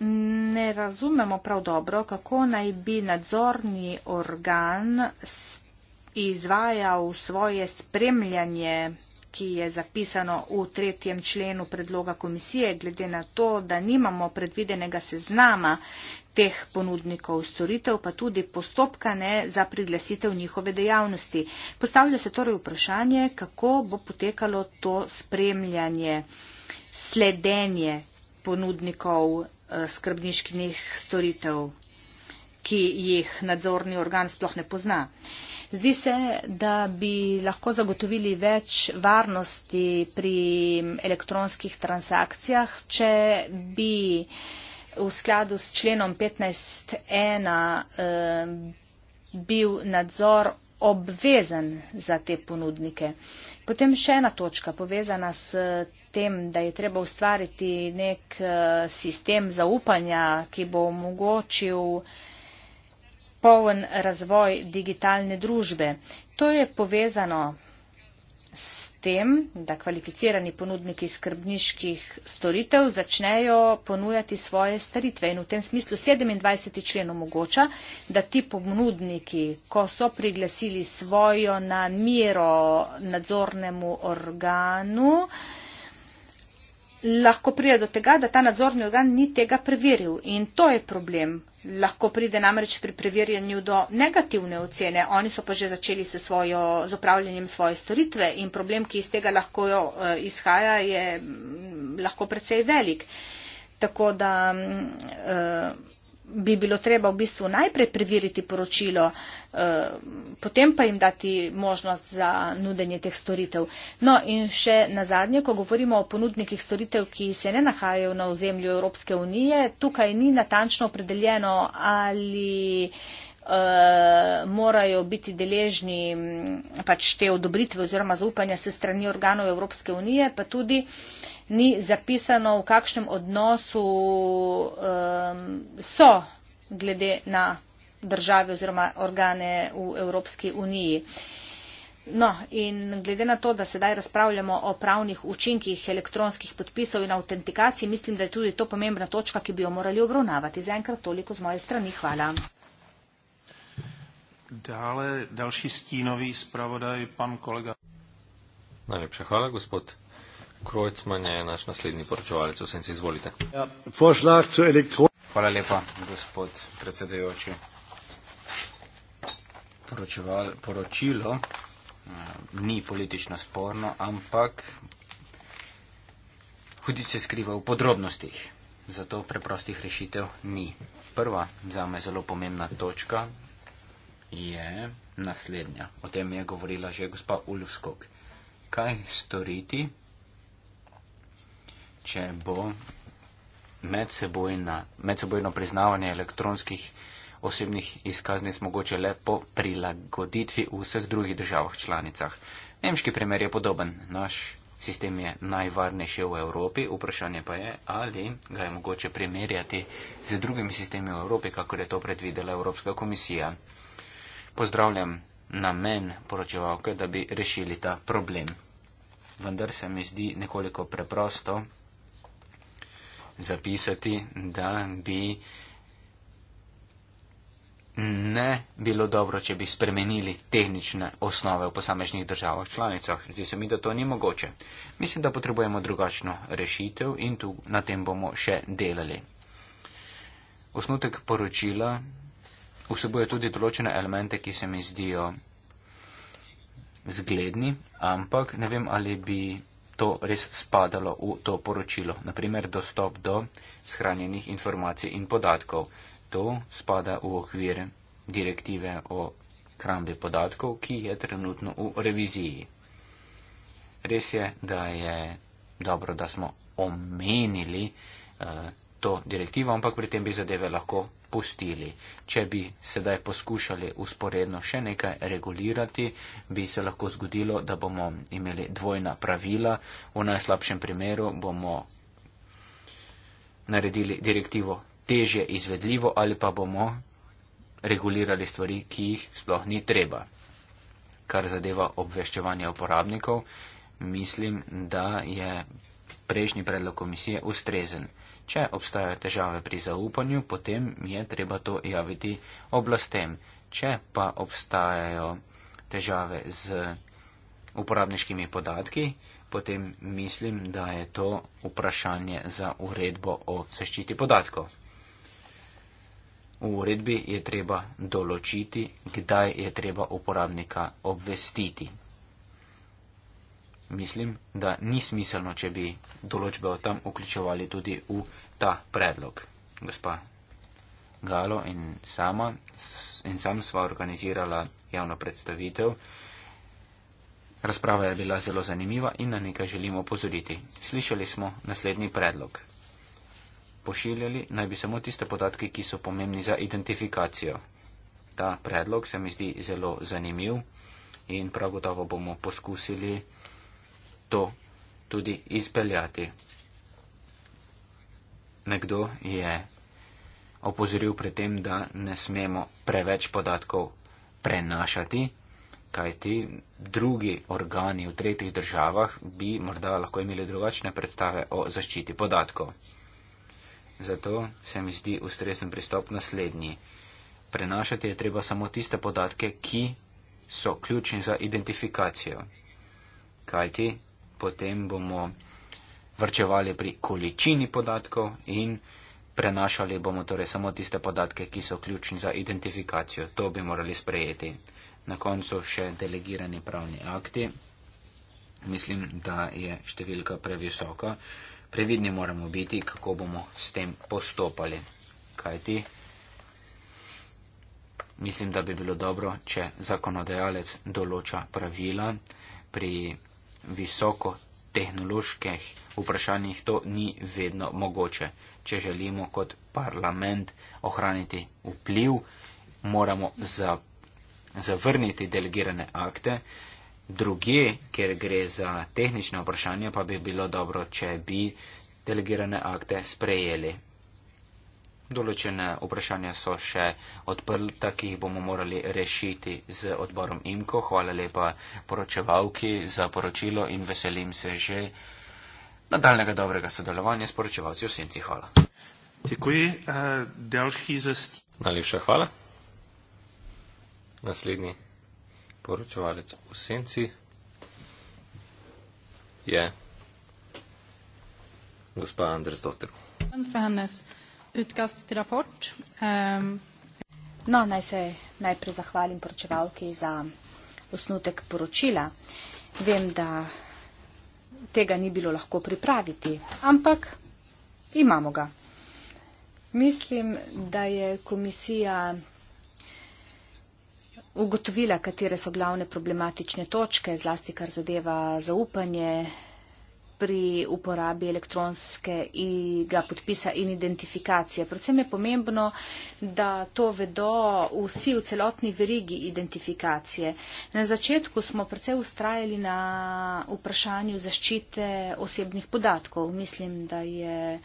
ne razumemo prav dobro, kako naj bi nadzorni organ izvajal svoje spremljanje, ki je zapisano v tretjem členu predloga komisije, glede na to, da nimamo predvidenega seznama, teh ponudnikov storitev, pa tudi postopka ne, za priglasitev njihove dejavnosti. Postavlja se torej vprašanje, kako bo potekalo to spremljanje, sledenje ponudnikov eh, skrbniških storitev, ki jih nadzorni organ sploh ne pozna. Zdi se, da bi lahko zagotovili več varnosti pri elektronskih transakcijah, če bi eh, v skladu s členom 15.1 eh, bil nadzor obvezen za te ponudnike. Potem še ena točka povezana s eh, tem, da je treba ustvariti nek eh, sistem zaupanja, ki bo omogočil poln razvoj digitalne družbe. To je povezano s tem, da kvalificirani ponudniki skrbniških storitev začnejo ponujati svoje staritve. In v tem smislu 27. člen omogoča, da ti ponudniki, ko so priglasili svojo namiro nadzornemu organu, lahko pride do tega, da ta nadzorni organ ni tega preveril in to je problem. Lahko pride namreč pri preverjanju do negativne ocene, oni so pa že začeli s opravljanjem svoje storitve in problem, ki iz tega lahko jo, eh, izhaja, je mm, lahko precej velik. Tako da. Mm, eh, bi bilo treba v bistvu najprej preveriti poročilo, eh, potem pa jim dati možnost za nudenje teh storitev. No in še na zadnje, ko govorimo o ponudnikih storitev, ki se ne nahajajo na ozemlju Evropske unije, tukaj ni natančno opredeljeno ali. Eh, morajo biti deležni mm, pač te odobritve oziroma zaupanja se strani organov Evropske unije, pa tudi ni zapisano, v kakšnem odnosu so glede na države oziroma organe v Evropski uniji. No, in glede na to, da sedaj razpravljamo o pravnih učinkih elektronskih podpisov in autentikaciji, mislim, da je tudi to pomembna točka, ki bi jo morali obravnavati. Zaenkrat toliko z moje strani. Hvala. Dále další stínový zpravodaj, pan kolega. Najlepšie hvala, gospod Krojcman je náš nasledný poročovalec, co sem si zvolite. Ja, hvala lepa, gospod predsedajoči. Poročilo eh, ni politično sporno, ampak hudič se skriva v podrobnostih, zato preprostih rešitev ni. Prva, za me zelo pomembna točka, je naslednja. O tem je govorila že gospa Ulfskog. Kaj storiti, če bo medsebojno priznavanje elektronskih osebnih izkaznic mogoče le po prilagoditvi v vseh drugih državah članicah? Nemški primer je podoben. Naš sistem je najvarnejši v Evropi, vprašanje pa je, ali ga je mogoče primerjati z drugimi sistemi v Evropi, kako je to predvidela Evropska komisija pozdravljam namen poročevalke, da bi rešili ta problem. Vendar se mi zdi nekoliko preprosto zapisati, da bi ne bilo dobro, če bi spremenili tehnične osnove v posamečnih državah članicah. Zdi se mi, da to ni mogoče. Mislim, da potrebujemo drugačno rešitev in tu na tem bomo še delali. Osnutek poročila vsebuje tudi določene elemente, ki se mi zdijo zgledni, ampak ne vem, ali bi to res spadalo v to poročilo. Naprimer, dostop do shranjenih informacij in podatkov. To spada v okvir direktive o krambi podatkov, ki je trenutno v reviziji. Res je, da je dobro, da smo omenili uh, to direktivo, ampak pri tem bi zadeve lahko pustili. Če bi sedaj poskušali usporedno še nekaj regulirati, bi se lahko zgodilo, da bomo imeli dvojna pravila. V najslabšem primeru bomo naredili direktivo teže izvedljivo ali pa bomo regulirali stvari, ki jih sploh ni treba. Kar zadeva obveščevanje uporabnikov, mislim, da je prejšnji predlog komisije ustrezen. Če obstajajo težave pri zaupanju, potem je treba to javiti oblastem. Če pa obstajajo težave z uporabniškimi podatki, potem mislim, da je to vprašanje za uredbo o zaščiti podatkov. V uredbi je treba določiti, kdaj je treba uporabnika obvestiti mislim, da ni smiselno, če bi določbe o tem vključevali tudi v ta predlog. Gospa Galo in sama in sam sva organizirala javno predstavitev. Razprava je bila zelo zanimiva in na nekaj želimo opozoriti. Slišali smo naslednji predlog. Pošiljali naj bi samo tiste podatke, ki so pomembni za identifikacijo. Ta predlog se mi zdi zelo zanimiv in prav gotovo bomo poskusili to tudi izpeljati. Nekdo je opozoril pri tem, da ne smemo preveč podatkov prenašati, kajti drugi organi v tretjih državah bi morda lahko imeli drugačne predstave o zaščiti podatkov. Zato se mi zdi ustrezen pristop naslednji. Prenašati je treba samo tiste podatke, ki so ključni za identifikacijo. Kajti potem bomo vrčevali pri količini podatkov in prenašali bomo torej samo tiste podatke, ki so ključni za identifikacijo. To bi morali sprejeti. Na koncu še delegirani pravni akti. Mislim, da je številka previsoka. Previdni moramo biti, kako bomo s tem postopali. Kaj ti? Mislim, da bi bilo dobro, če zakonodajalec določa pravila pri visoko tehnoloških vprašanjih to ni vedno mogoče. Če želimo kot parlament ohraniti vpliv, moramo za, zavrniti delegirane akte. Druge, ker gre za tehnične vprašanja, pa bi bilo dobro, če bi delegirane akte sprejeli. Določene vprašanja so še odprta, ki jih bomo morali rešiti z odborom IMKO. Hvala lepa poročevalki za poročilo in veselim se že nadaljnega dobrega sodelovanja s poročevalci v Senci. Hvala. Děkuji, uh, Najlepša hvala. Naslednji poročevalec v Senci je gospa Andres Dotter utkast til rapport. Um, no, naj se najprej zahvalim poročevalki za osnutek poročila. Vem, da tega ni bilo lahko pripraviti, ampak imamo ga. Mislim, da je komisija ugotovila, katere so glavne problematične točke, zlasti kar zadeva zaupanje pri uporabi elektronskega podpisa in identifikacije. Predvsem je pomembno, da to vedo vsi v celotni verigi identifikacije. Na začetku smo predvsej ustrajali na vprašanju zaščite osebnih podatkov. Mislim, da je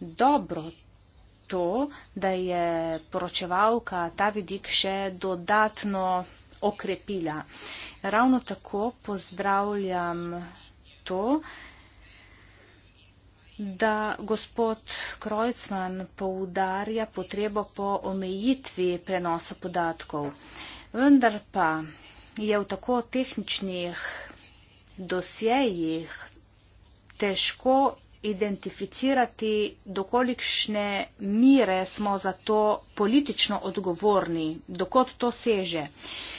dobro to, da je poročevalka ta vidik še dodatno okrepila. Ravno tako pozdravljam to, da gospod Krojcman poudarja potrebo po omejitvi prenosa podatkov. Vendar pa je v tako tehničnih dosjejih težko identificirati, dokolikšne mire smo za to politično odgovorni, dokot to seže. Uh,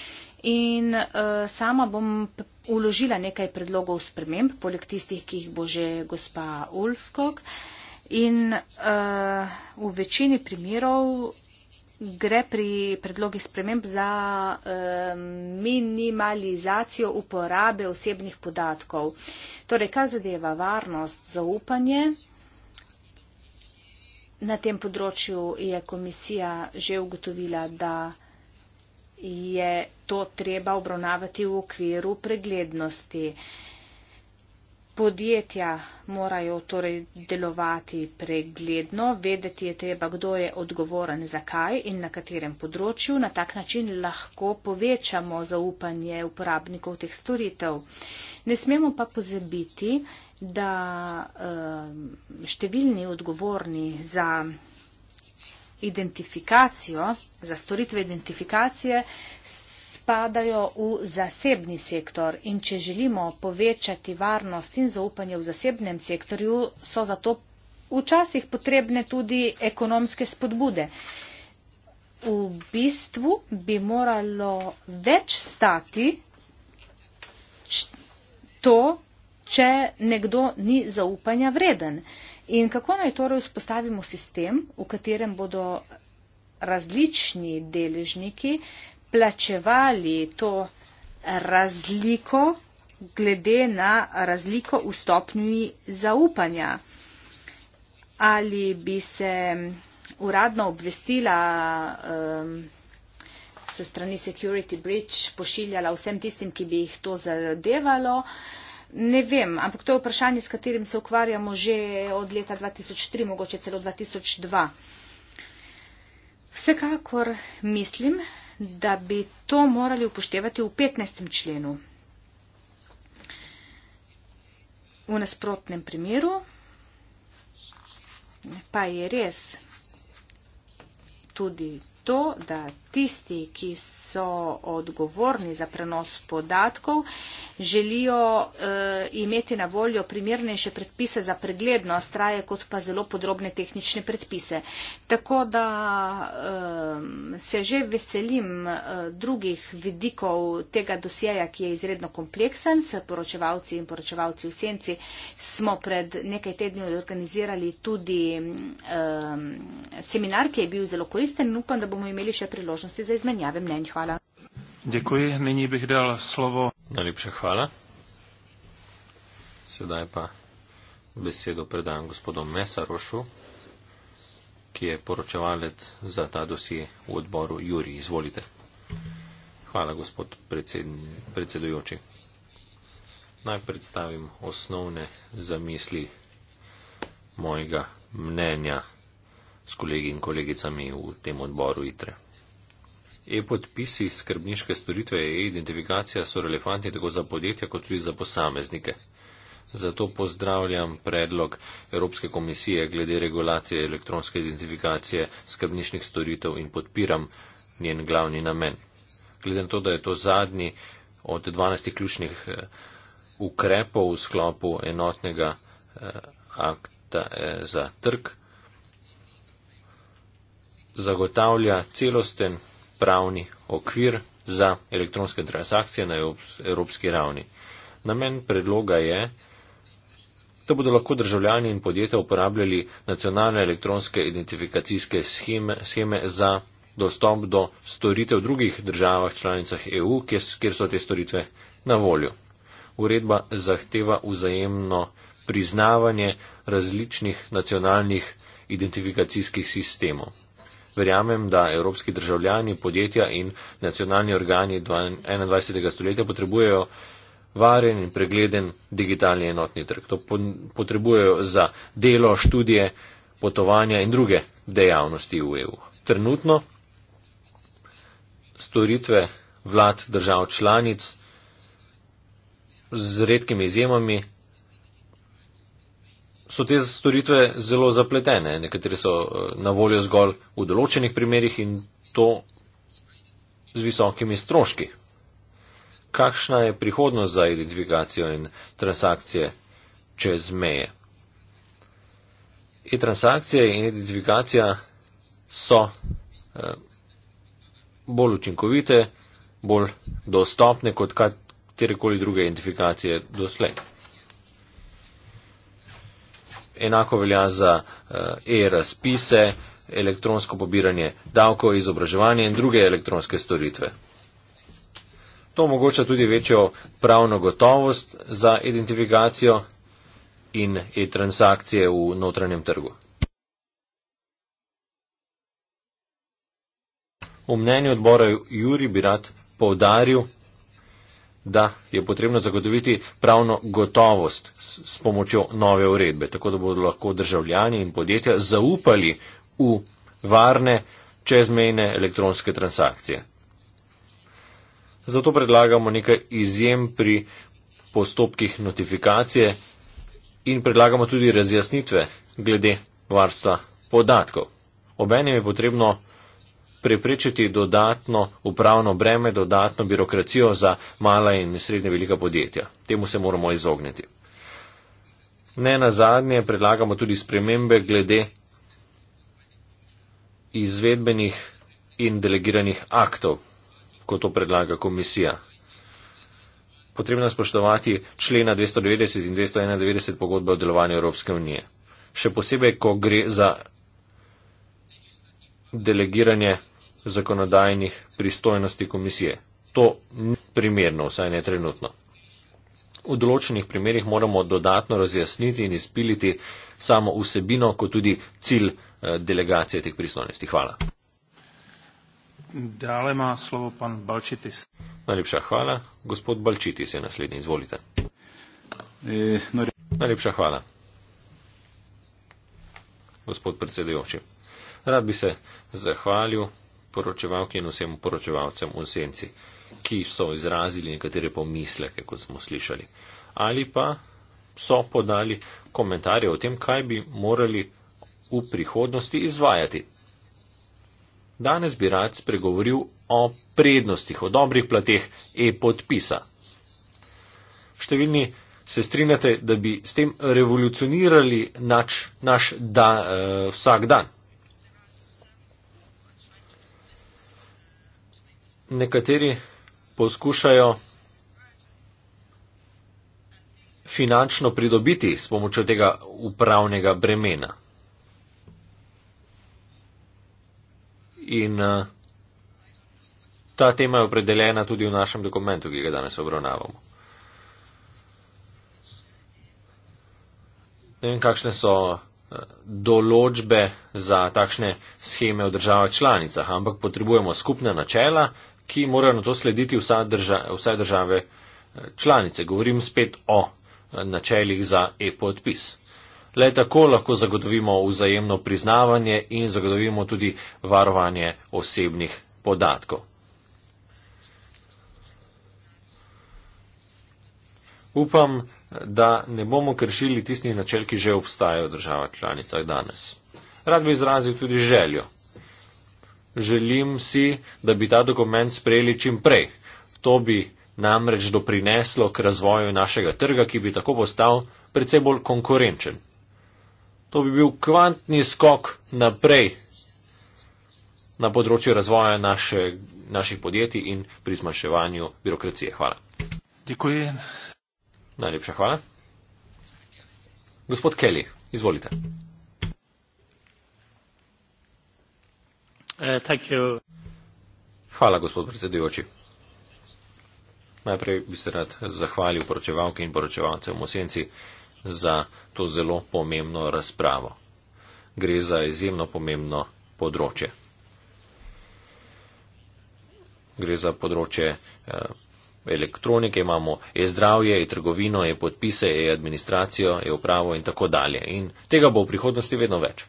in uh, sama bom uložila nekaj predlogov sprememb, poleg tistih, ki jih bo že gospa Ulskog. In uh, v večini primerov gre pri predlogih sprememb za uh, minimalizacijo uporabe osebnih podatkov. Torej, kaj zadeva varnost, zaupanje? Na tem področju je komisija že ugotovila, da je to treba obravnavati v okviru preglednosti. Podjetja morajo torej delovati pregledno, vedeti je treba, kdo je odgovoren za kaj in na katerem področju. Na tak način lahko povečamo zaupanje uporabnikov teh storitev. Ne smemo pa pozabiti, da eh, številni odgovorni za identifikacijo, za storitve identifikacije spadajo v zasebni sektor in če želimo povečati varnost in zaupanje v zasebnem sektorju, so zato včasih potrebne tudi ekonomske spodbude. V bistvu bi moralo več stati to, če nekdo ni zaupanja vreden. In kako naj torej vzpostavimo sistem, v katerem bodo različni deležniki plačevali to razliko glede na razliko v stopnji zaupanja? Ali bi se uradno obvestila um, se strani Security Bridge pošiljala vsem tistim, ki bi jih to zadevalo? Uh, Ne vem, ampak to je vprašanje, s katerim se ukvarjamo že od leta 2003, mogoče celo 2002. Vsekakor mislim, da bi to morali upoštevati v 15. členu. V nasprotnem primeru pa je res tudi to, da tisti, ki so odgovorni za prenos podatkov, želijo e, imeti na voljo primernejše predpise za preglednost raje kot pa zelo podrobne tehnične predpise. Tako da e, se že veselim e, drugih vidikov tega dosjeja, ki je izredno kompleksen. S poročevalci in poročevalci v senci smo pred nekaj tedni organizirali tudi e, seminar, ki je bil zelo koristen in upam, da bomo imeli še priložnost možnosti za izmenjave mnenj. Hvala. Děkuji, nyní bych dal slovo. Najlepša hvala. Sedaj pa besedo predajam gospodu Mesarošu, ki je poročevalec za ta dosje v odboru Juri. Izvolite. Hvala, gospod predsed, predsedujoči. Naj predstavim osnovne zamisli mojega mnenja s kolegi in kolegicami v tem odboru ITRE. E-podpisi skrbniške storitve e-identifikacija so relevantni tako za podjetja kot tudi za posameznike. Zato pozdravljam predlog Evropske komisije glede regulacije elektronske identifikacije skrbniških storitev in podpiram njen glavni namen. Glede na to, da je to zadnji od 12 ključnih eh, ukrepov v sklopu enotnega eh, akta eh, za trg, zagotavlja celosten pravni okvir za elektronske transakcije na evropski ravni. Namen predloga je, da bodo lahko državljani in podjetja uporabljali nacionalne elektronske identifikacijske scheme, scheme za dostop do storitev v drugih državah članicah EU, kjer so te storitve na voljo. Uredba zahteva vzajemno priznavanje različnih nacionalnih identifikacijskih sistemov. Verjamem, da evropski državljani, podjetja in nacionalni organi 21. stoletja potrebujejo varen in pregleden digitalni enotni trg. To potrebujejo za delo, študije, potovanja in druge dejavnosti v EU. Trenutno storitve vlad držav članic z redkimi izjemami so te storitve zelo zapletene. Nekatere so eh, na voljo zgolj v določenih primerjih in to z visokimi stroški. Kakšna je prihodnost za identifikacijo in transakcije čez meje? E-transakcije in identifikacija so eh, bolj učinkovite, bolj dostopne kot katerekoli druge identifikacije doslej enako velja za eh, e-razpise, elektronsko pobiranje davkov, izobraževanje in druge elektronske storitve. To omogoča tudi večjo pravno gotovost za identifikacijo in e-transakcije v notranjem trgu. V mnenju odbora Juri bi rad poudaril, da je potrebno zagotoviti pravno gotovost s, s pomočjo nove uredbe, tako da bodo lahko državljani in podjetja zaupali v varne čezmejne elektronske transakcije. Zato predlagamo nekaj izjem pri postopkih notifikacije in predlagamo tudi razjasnitve glede varstva podatkov. Obenem je potrebno preprečiti dodatno upravno breme, dodatno birokracijo za mala in srednje velika podjetja. Temu se moramo izogniti. Ne na zadnje predlagamo tudi spremembe glede izvedbenih in delegiranih aktov, kot to predlaga komisija. Potrebno je spoštovati člena 290 in 291 pogodbe o delovanju Evropske unije. Še posebej, ko gre za delegiranje zakonodajnih pristojnosti komisije. To ni primerno, vsaj ne trenutno. V določenih primerjih moramo dodatno razjasniti in izpiliti samo vsebino, kot tudi cilj eh, delegacije teh pristojnosti. Hvala. Dale ima slovo pan Balčitis. Najlepša hvala. Gospod Balčitis je naslednji. Izvolite. E, no, Najlepša hvala. Gospod predsedujoči. Rad bi se zahvalil poročevalki in vsem poročevalcem v senci, ki so izrazili nekatere pomisleke, kot smo slišali, ali pa so podali komentarje o tem, kaj bi morali v prihodnosti izvajati. Danes bi rad spregovoril o prednostih, o dobrih plateh e-podpisa. Številni se strinjate, da bi s tem revolucionirali naš, naš da, eh, vsak dan. nekateri poskušajo finančno pridobiti s pomočjo tega upravnega bremena. In eh, ta tema je opredeljena tudi v našem dokumentu, ki ga danes obravnavamo. Ne vem, kakšne so eh, določbe za takšne scheme v državah članicah, ampak potrebujemo skupne načela, ki morajo na to slediti vsa drža, vse države eh, članice. Govorim spet o eh, načeljih za e-podpis. Le tako lahko zagotovimo vzajemno priznavanje in zagotovimo tudi varovanje osebnih podatkov. Upam, da ne bomo kršili tistih načel, ki že obstajajo v državah članicah danes. Rad bi izrazil tudi željo, želim si, da bi ta dokument sprejeli čim prej. To bi namreč doprineslo k razvoju našega trga, ki bi tako postal predvsej bolj konkurenčen. To bi bil kvantni skok naprej na področju razvoja naše, naših podjetij in pri zmanjševanju birokracije. Hvala. Dekuji. Najlepša hvala. Gospod Kelly, izvolite. Uh, Hvala, gospod predsedujoči. Najprej bi se rad zahvalil poročevalke in poročevalce v Mosenci za to zelo pomembno razpravo. Gre za izjemno pomembno področje. Gre za področje eh, elektronike, imamo e-zdravje, e-trgovino, e-podpise, e-administracijo, e-upravo in tako dalje. In tega bo v prihodnosti vedno več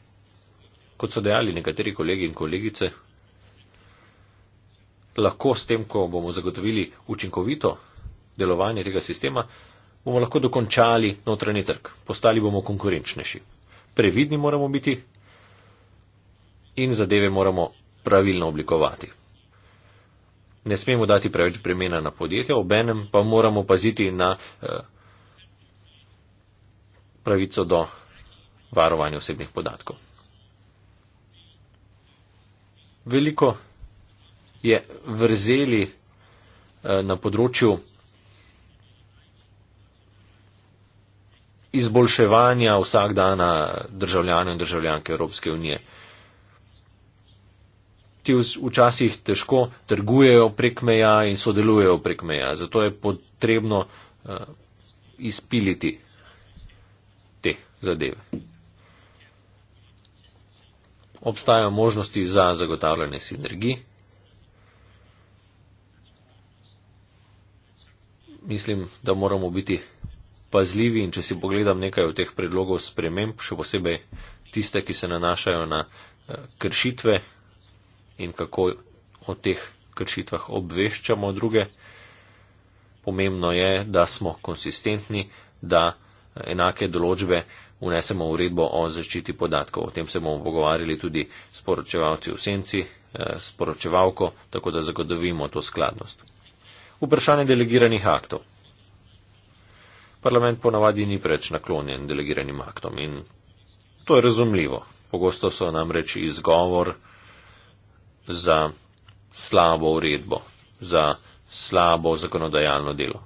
kot so dejali nekateri kolegi in kolegice, lahko s tem, ko bomo zagotovili učinkovito delovanje tega sistema, bomo lahko dokončali notranji trg, postali bomo konkurenčnejši. Previdni moramo biti in zadeve moramo pravilno oblikovati. Ne smemo dati preveč bremena na podjetja, obenem pa moramo paziti na eh, pravico do varovanja osebnih podatkov veliko je vrzeli eh, na področju izboljševanja vsak dana državljanov in državljanke Evropske unije. Ti včasih težko trgujejo prek meja in sodelujejo prek meja, zato je potrebno eh, izpiliti te zadeve obstajajo možnosti za zagotavljanje sinergij. Mislim, da moramo biti pazljivi in če si pogledam nekaj od teh predlogov sprememb, še posebej tiste, ki se nanašajo na eh, kršitve in kako o teh kršitvah obveščamo druge, pomembno je, da smo konsistentni, da eh, enake določbe unesemo uredbo o zaščiti podatkov. O tem se bomo pogovarjali tudi s poročevalci v senci, eh, s poročevalko, tako da zagotovimo to skladnost. Vprašanje delegiranih aktov. Parlament ponavadi ni preveč naklonjen delegiranim aktom in to je razumljivo. Pogosto so namreč izgovor za slabo uredbo, za slabo zakonodajalno delo.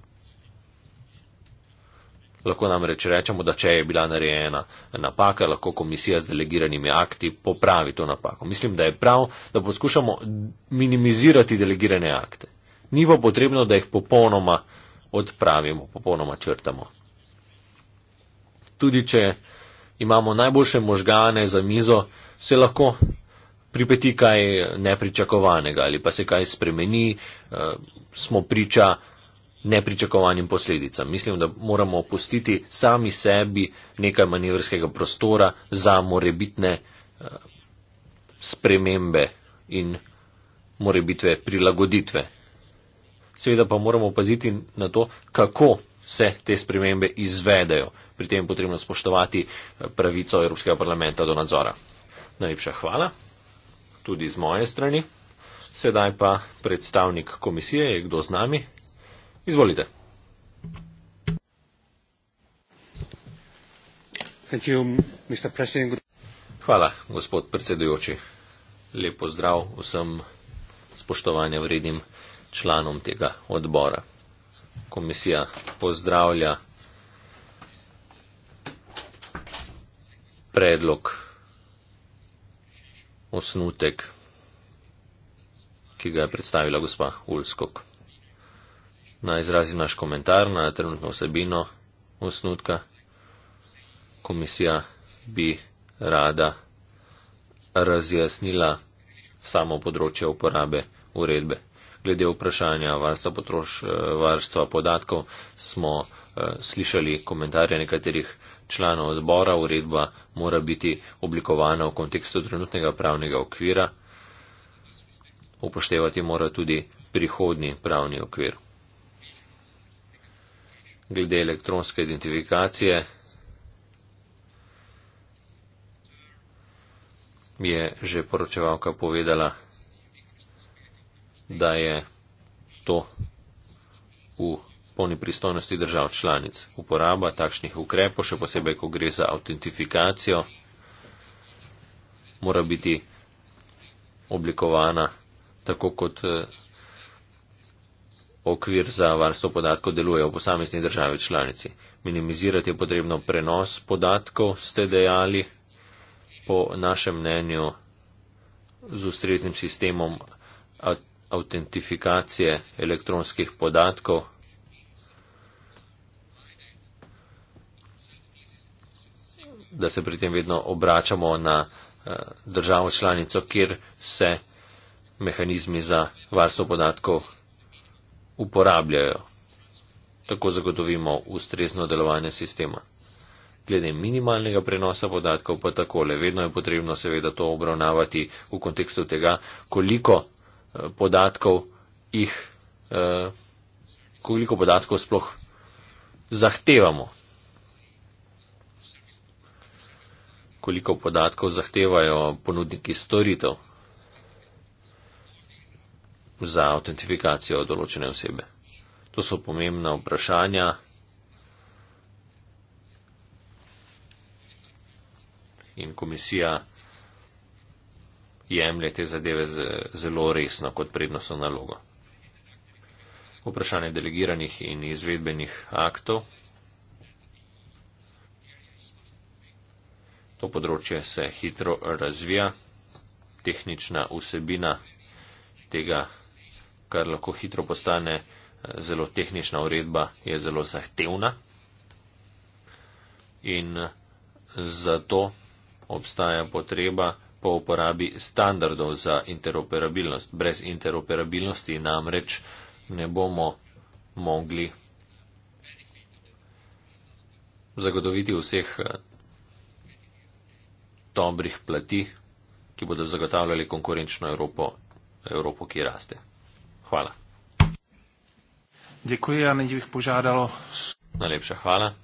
Lahko nam reč rečemo, da če je bila narejena napaka, lahko komisija z delegiranimi akti popravi to napako. Mislim, da je prav, da poskušamo minimizirati delegirane akte. Ni pa potrebno, da jih popolnoma odpravimo, popolnoma črtamo. Tudi če imamo najboljše možgane za mizo, se lahko pripeti kaj nepričakovanega ali pa se kaj spremeni, eh, smo priča nepričakovanim posledicam. Mislim, da moramo opustiti sami sebi nekaj manevrskega prostora za morebitne eh, spremembe in morebitve prilagoditve. Seveda pa moramo paziti na to, kako se te spremembe izvedejo. Pri tem je potrebno spoštovati eh, pravico Evropskega parlamenta do nadzora. Najlepša hvala, tudi z moje strani. Sedaj pa predstavnik komisije, je kdo z nami? Izvolite. Hvala, gospod predsedujoči. Lep pozdrav vsem spoštovanja vrednim članom tega odbora. Komisija pozdravlja predlog, osnutek, ki ga je predstavila gospa Ulskog na izrazi naš komentar na trenutno vsebino osnutka. Komisija bi rada razjasnila samo področje uporabe uredbe. Glede vprašanja varstva, potroš, varstva podatkov smo uh, slišali komentarje nekaterih članov odbora. Uredba mora biti oblikovana v kontekstu trenutnega pravnega okvira. Upoštevati mora tudi prihodni pravni okvir glede elektronske identifikacije je že poročevalka povedala, da je to v polni pristojnosti držav članic. Uporaba takšnih ukrepov, še posebej, ko gre za autentifikacijo, mora biti oblikovana tako, kot eh, okvir za varstvo podatkov deluje v posamezni državi članici. Minimizirati je potrebno prenos podatkov, ste dejali, po našem mnenju z ustreznim sistemom autentifikacije elektronskih podatkov. da se pri tem vedno obračamo na eh, državo članico, kjer se mehanizmi za varstvo podatkov uporabljajo. Tako zagotovimo ustrezno delovanje sistema. Glede minimalnega prenosa podatkov pa takole. Vedno je potrebno seveda to obravnavati v kontekstu tega, koliko eh, podatkov, jih, eh, koliko podatkov sploh zahtevamo. Koliko podatkov zahtevajo ponudniki storitev za autentifikacijo določene osebe. To so pomembna vprašanja. In komisija jemlje te zadeve zelo resno kot prednostno nalogo. Vprašanje delegiranih in izvedbenih aktov. To področje se hitro razvija. Tehnična vsebina tega kar lahko hitro postane eh, zelo tehnična uredba, je zelo zahtevna. In eh, zato obstaja potreba po uporabi standardov za interoperabilnost. Brez interoperabilnosti namreč ne bomo mogli zagotoviti vseh eh, dobrih plati, ki bodo zagotavljali konkurenčno Evropo, Evropo, ki raste hvala. Děkuji a nyní bych požádal. Najlepša hvala.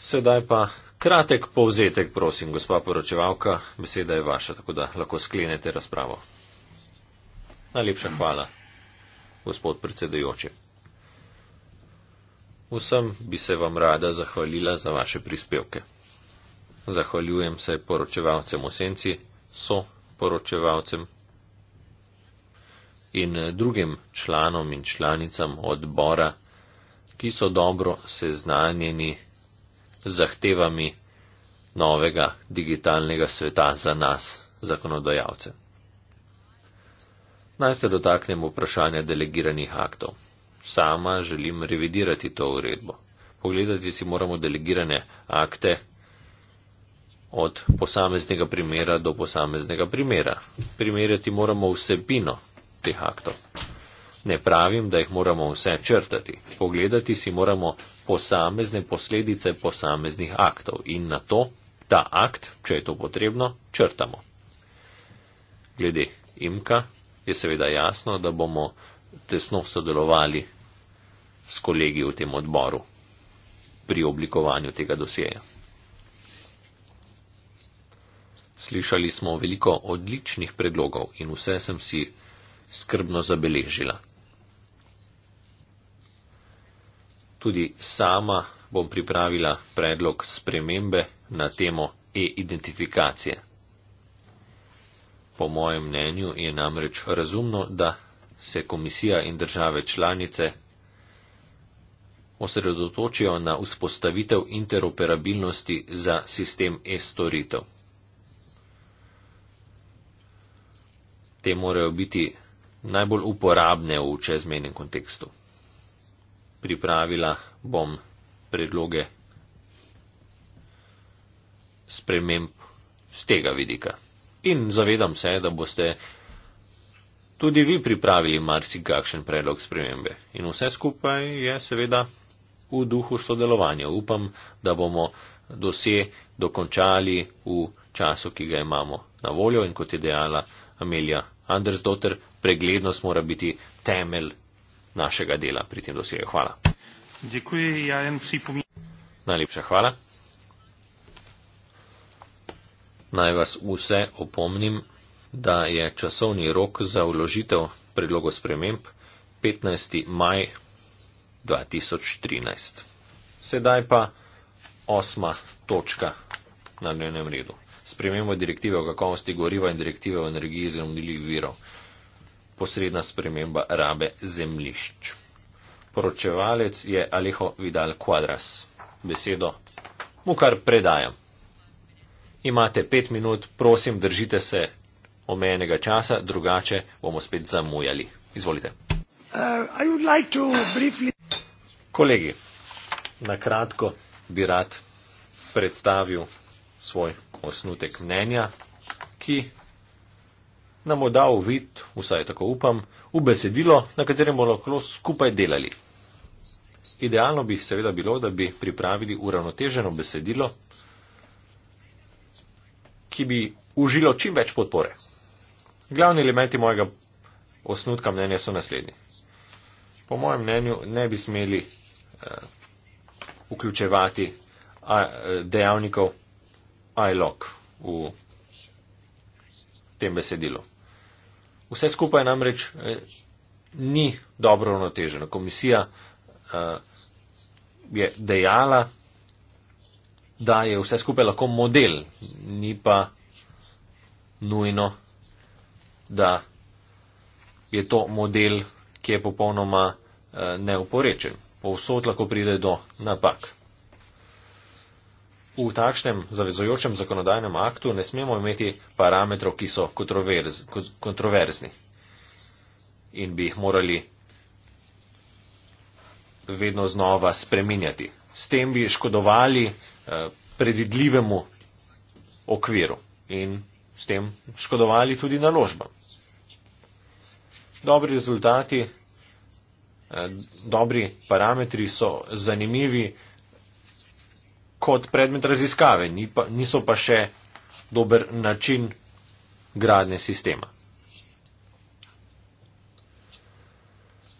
Sedaj pa kratek povzetek, prosim, gospa poročevalka, beseda je vaša, tako da lahko sklenete razpravo. Najlepša hvala, gospod predsedujoči. Vsem bi se vam rada zahvalila za vaše prispevke. Zahvaljujem se poročevalcem v senci, so poročevalcem in eh, drugim članom in članicam odbora, ki so dobro seznanjeni z zahtevami novega digitalnega sveta za nas, zakonodajalce. Naj se dotaknem vprašanja delegiranih aktov. Sama želim revidirati to uredbo. Pogledati si moramo delegirane akte od posameznega primera do posameznega primera. Primerjati moramo vsebino teh aktov. Ne pravim, da jih moramo vse črtati. Pogledati si moramo posamezne posledice posameznih aktov in na to ta akt, če je to potrebno, črtamo. Glede imka je seveda jasno, da bomo tesno sodelovali s kolegi v tem odboru pri oblikovanju tega dosjeja. Slišali smo veliko odličnih predlogov in vse sem si skrbno zabeležila. Tudi sama bom pripravila predlog spremembe na temo e-identifikacije. Po mojem mnenju je namreč razumno, da se komisija in države članice osredotočijo na vzpostavitev interoperabilnosti za sistem e-storitev. Te morajo biti najbolj uporabne v čezmenem kontekstu. Pripravila bom predloge sprememb z tega vidika. In zavedam se, da boste tudi vi pripravili marsikakšen predlog spremembe. In vse skupaj je seveda v duhu sodelovanja. Upam, da bomo dosje dokončali v času, ki ga imamo na voljo in kot je dejala Amelija Andersdotter, preglednost mora biti temelj našega dela pri tem dosegu. Hvala. Dekuji, ja Najlepša hvala. Naj vas vse opomnim, da je časovni rok za uložitev predlogo sprememb 15. maj 2013. Sedaj pa osma točka na dnevnem redu spremembo direktive o kakovosti goriva in direktive o energiji iz obnovljivih virov, posredna sprememba rabe zemlišč. Poročevalec je Alejo Vidal Quadras. Besedo mu kar predajam. Imate pet minut, prosim, držite se omejenega časa, drugače bomo spet zamujali. Izvolite. Uh, like briefly... Kolegi, na kratko bi rad predstavil svoj osnutek mnenja, ki nam bo dal vid, vsaj tako upam, v besedilo, na katerem bomo lahko skupaj delali. Idealno bi seveda bilo, da bi pripravili uravnoteženo besedilo, ki bi užilo čim več podpore. Glavni elementi mojega osnutka mnenja so naslednji. Po mojem mnenju ne bi smeli uh, vključevati uh, dejavnikov iLog v tem besedilu. Vse skupaj namreč eh, ni dobro ravnoteženo. Komisija uh, je dejala, da je vse skupaj lahko model, ni pa nujno, da je to model, ki je popolnoma uh, neuporečen. Povsod lahko pride do napak. V takšnem zavezojočem zakonodajnem aktu ne smemo imeti parametrov, ki so kontroverz, kontroverzni in bi jih morali vedno znova spreminjati. S tem bi škodovali eh, predvidljivemu okviru in s tem škodovali tudi naložbam. Dobri rezultati, eh, dobri parametri so zanimivi kot predmet raziskave, niso pa še dober način gradnje sistema.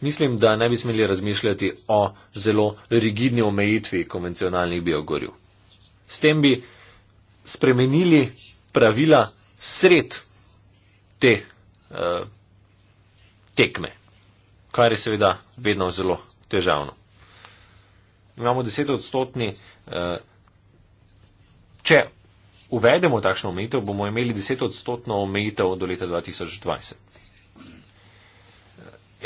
Mislim, da ne bi smeli razmišljati o zelo rigidni omejitvi konvencionalnih biogorjev. S tem bi spremenili pravila sred te uh, tekme, kar je seveda vedno zelo težavno. Imamo desetodstotni uh, Če uvedemo takšno omejitev, bomo imeli 10 odstotno omejitev do leta 2020.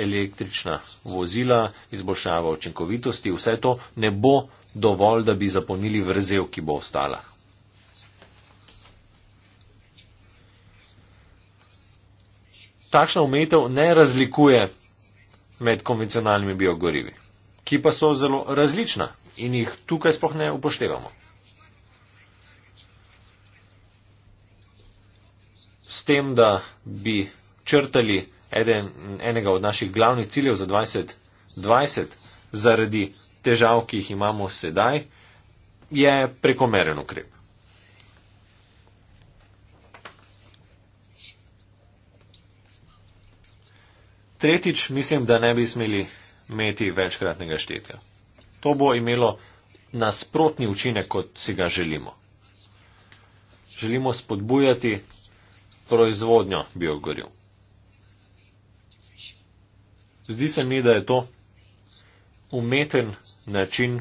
Električna vozila, izboljšava očinkovitosti, vse to ne bo dovolj, da bi zapolnili vrzel, ki bo ostala. Takšna omejitev ne razlikuje med konvencionalnimi biogorivi, ki pa so zelo različna in jih tukaj spohne upoštevamo. tem, da bi črtali eden, enega od naših glavnih ciljev za 2020 zaradi težav, ki jih imamo sedaj, je prekomeren ukrep. Tretjič, mislim, da ne bi smeli imeti večkratnega štetja. To bo imelo nasprotni učinek, kot si ga želimo. Želimo spodbujati proizvodnjo biogoril. Zdi se mi, da je to umeten način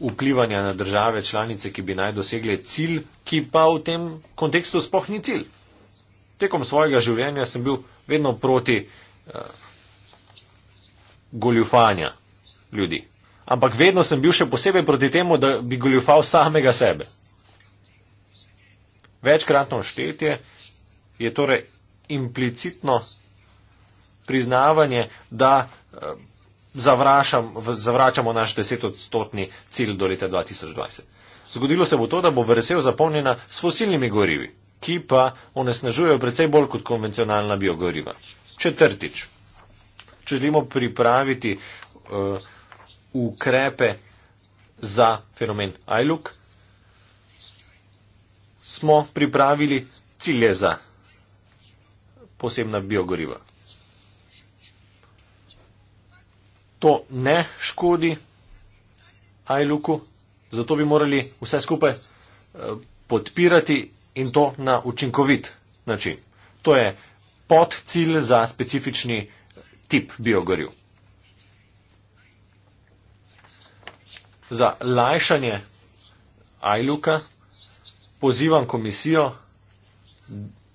vplivanja na države članice, ki bi naj dosegle cilj, ki pa v tem kontekstu sploh ni cilj. Tekom svojega življenja sem bil vedno proti uh, goljufanja ljudi. Ampak vedno sem bil še posebej proti temu, da bi goljufal samega sebe večkratno štetje je torej implicitno priznavanje, da eh, zavračam, zavračamo naš desetodstotni cilj do leta 2020. Zgodilo se bo to, da bo vesel zapolnjena s fosilnimi gorivi, ki pa onesnažujejo precej bolj kot konvencionalna biogoriva. Četrtič, če želimo pripraviti uh, ukrepe za fenomen ILUK, smo pripravili cilje za posebna biogoriva. To ne škodi ajluku, zato bi morali vse skupaj eh, podpirati in to na učinkovit način. To je podcilj za specifični tip biogoriv. Za lajšanje ajluka pozivam komisijo,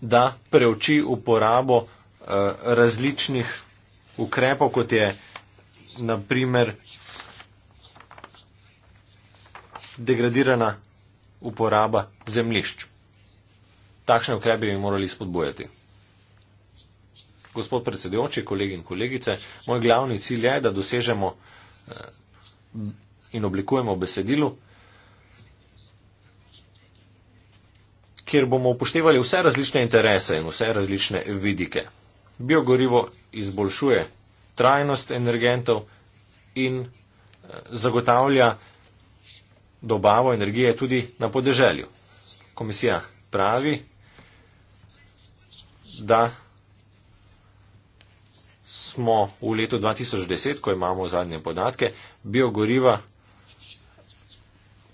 da preuči uporabo eh, različnih ukrepov, kot je naprimer degradirana uporaba zemlišč. Takšne ukrepe bi morali spodbojati. Gospod predsedujoči, kolegi in kolegice, moj glavni cilj je, da dosežemo eh, in oblikujemo besedilo, kjer bomo upoštevali vse različne interese in vse različne vidike. Biogorivo izboljšuje trajnost energentov in eh, zagotavlja dobavo energije tudi na podeželju. Komisija pravi, da smo v letu 2010, ko imamo zadnje podatke, biogoriva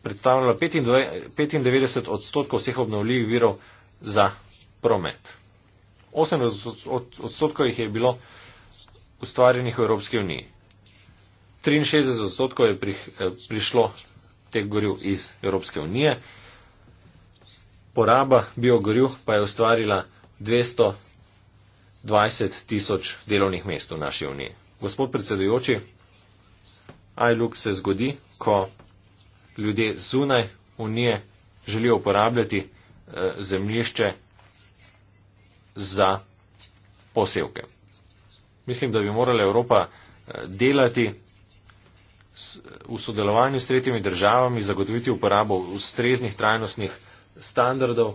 predstavljala 95 odstotkov vseh obnovljivih virov za promet. 80 odstotkov jih je bilo ustvarjenih v Evropski uniji. 63 odstotkov je eh, prišlo teh goril iz Evropske unije. Poraba biogoril pa je ustvarila 220 tisoč delovnih mest v naši uniji. Gospod predsedujoči, ILUK se zgodi, ko ljudje zunaj unije želijo uporabljati eh, zemljišče za posevke. Mislim, da bi morala Evropa eh, delati v sodelovanju s tretjimi državami, zagotoviti uporabo ustreznih trajnostnih standardov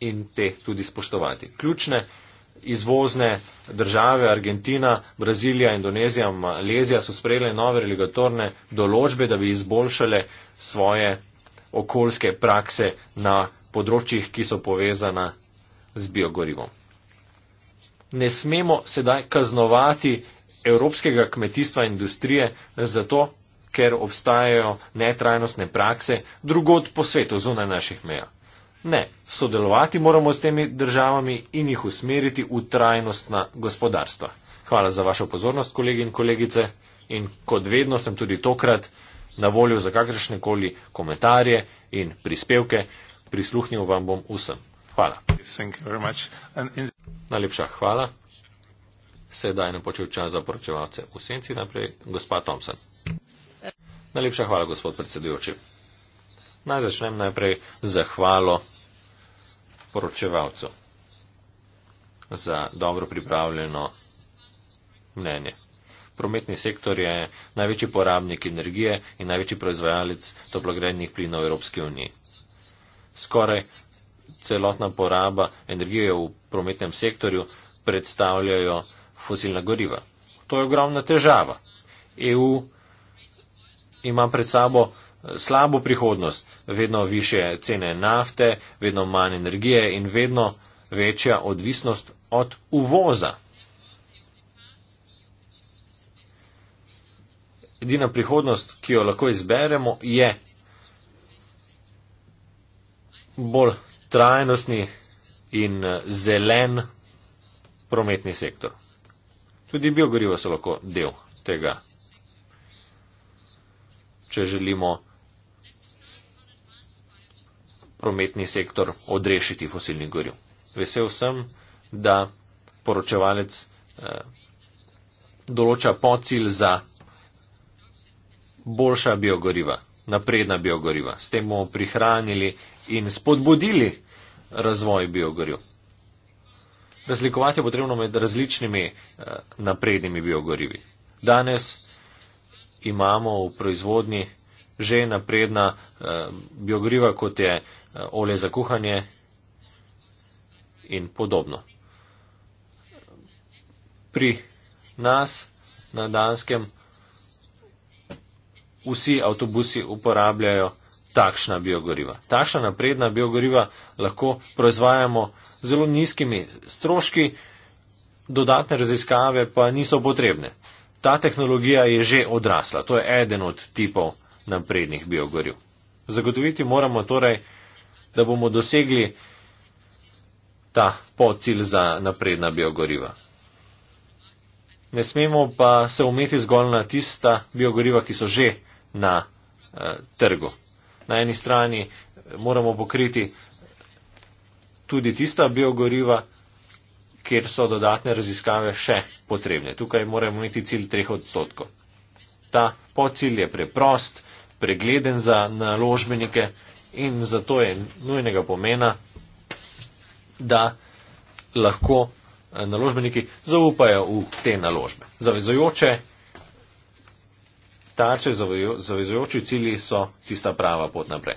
in te tudi spoštovati. Ključne izvozne države Argentina, Brazilija, Indonezija, Malezija so sprejele nove regulatorne določbe, da bi izboljšale svoje okoljske prakse na področjih, ki so povezana z biogorivom. Ne smemo sedaj kaznovati evropskega kmetijstva in industrije zato, ker obstajajo netrajnostne prakse drugod po svetu, zunaj naših meja. Ne, sodelovati moramo s temi državami in jih usmeriti v trajnostna gospodarstva. Hvala za vašo pozornost, kolegi in kolegice, in kot vedno sem tudi tokrat na voljo za kakršne koli komentarje in prispevke. Prisluhnil vam bom vsem. Hvala. Najlepša hvala. Sedaj ne počel čas za poročevalce v senci, naprej gospa Thompson. Najlepša hvala, gospod predsedujoči. Naj začnem najprej zahvalo poročevalcu za dobro pripravljeno mnenje. Prometni sektor je največji porabnik energije in največji proizvajalec toplogrednih plinov v Evropski uniji. Skoraj celotna poraba energije v prometnem sektorju predstavljajo fosilna goriva. To je ogromna težava. EU ima pred sabo slabo prihodnost, vedno više cene nafte, vedno manj energije in vedno večja odvisnost od uvoza. Edina prihodnost, ki jo lahko izberemo, je bolj trajnostni in eh, zelen prometni sektor. Tudi biogorivo so lahko del tega. Če želimo prometni sektor odrešiti fosilnih goril. Vesel sem, da poročevalec eh, določa pocil za boljša biogoriva, napredna biogoriva. S tem bomo prihranili in spodbudili razvoj biogoril. Razlikovati je potrebno med različnimi eh, naprednimi biogorivi. Danes imamo v proizvodni že napredna eh, biogoriva, kot je eh, Eh, olje za kuhanje in podobno. Pri nas na Danskem vsi avtobusi uporabljajo takšna biogoriva. Takšna napredna biogoriva lahko proizvajamo z zelo nizkimi stroški, dodatne raziskave pa niso potrebne. Ta tehnologija je že odrasla, to je eden od tipov naprednih biogoriv. Zagotoviti moramo torej, da bomo dosegli ta podcilj za napredna biogoriva. Ne smemo pa se umeti zgolj na tista biogoriva, ki so že na eh, trgu. Na eni strani eh, moramo pokriti tudi tista biogoriva, kjer so dodatne raziskave še potrebne. Tukaj moramo imeti cilj 3 odstotkov. Ta podcilj je preprost, pregleden za naložbenike in zato je nujnega pomena, da lahko eh, naložbeniki zaupajo v te naložbe. Zavezojoče tarče, zavezojoči cilji so tista prava pot naprej.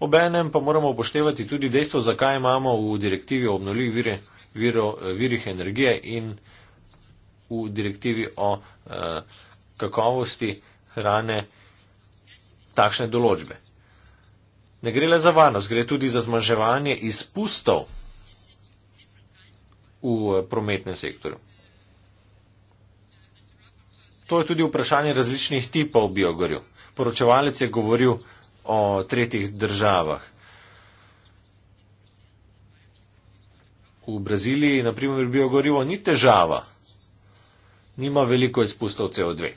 Obenem pa moramo upoštevati tudi dejstvo, zakaj imamo v direktivi o obnoljivih eh, virih energije in v direktivi o eh, kakovosti hrane takšne določbe ne gre le za varnost, gre tudi za zmanjševanje izpustov v eh, prometnem sektorju. To je tudi vprašanje različnih tipov biogorju. Poročevalec je govoril o tretjih državah. V Braziliji, naprimer, biogorivo ni težava, nima veliko izpustov CO2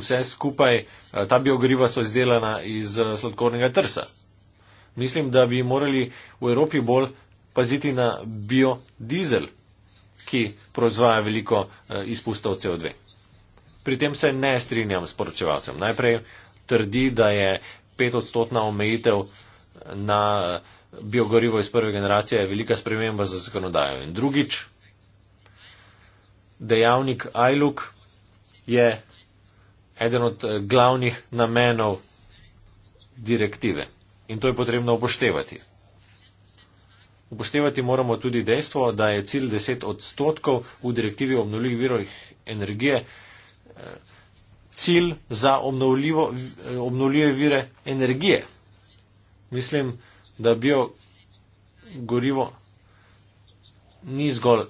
vse skupaj, eh, ta biogoriva so izdelana iz eh, sladkornega trsa. Mislim, da bi morali v Evropi bolj paziti na biodizel, ki proizvaja veliko eh, izpustov CO2. Pri tem se ne strinjam s poročevalcem. Najprej trdi, da je petodstotna omejitev na biogorivo iz prve generacije velika sprememba za zakonodajo. In drugič, dejavnik ILUK je eden od eh, glavnih namenov direktive in to je potrebno upoštevati. Upoštevati moramo tudi dejstvo, da je cilj 10 odstotkov v direktivi o obnovljivih virojih energije eh, cilj za eh, obnovljive vire energije. Mislim, da bio gorivo ni zgolj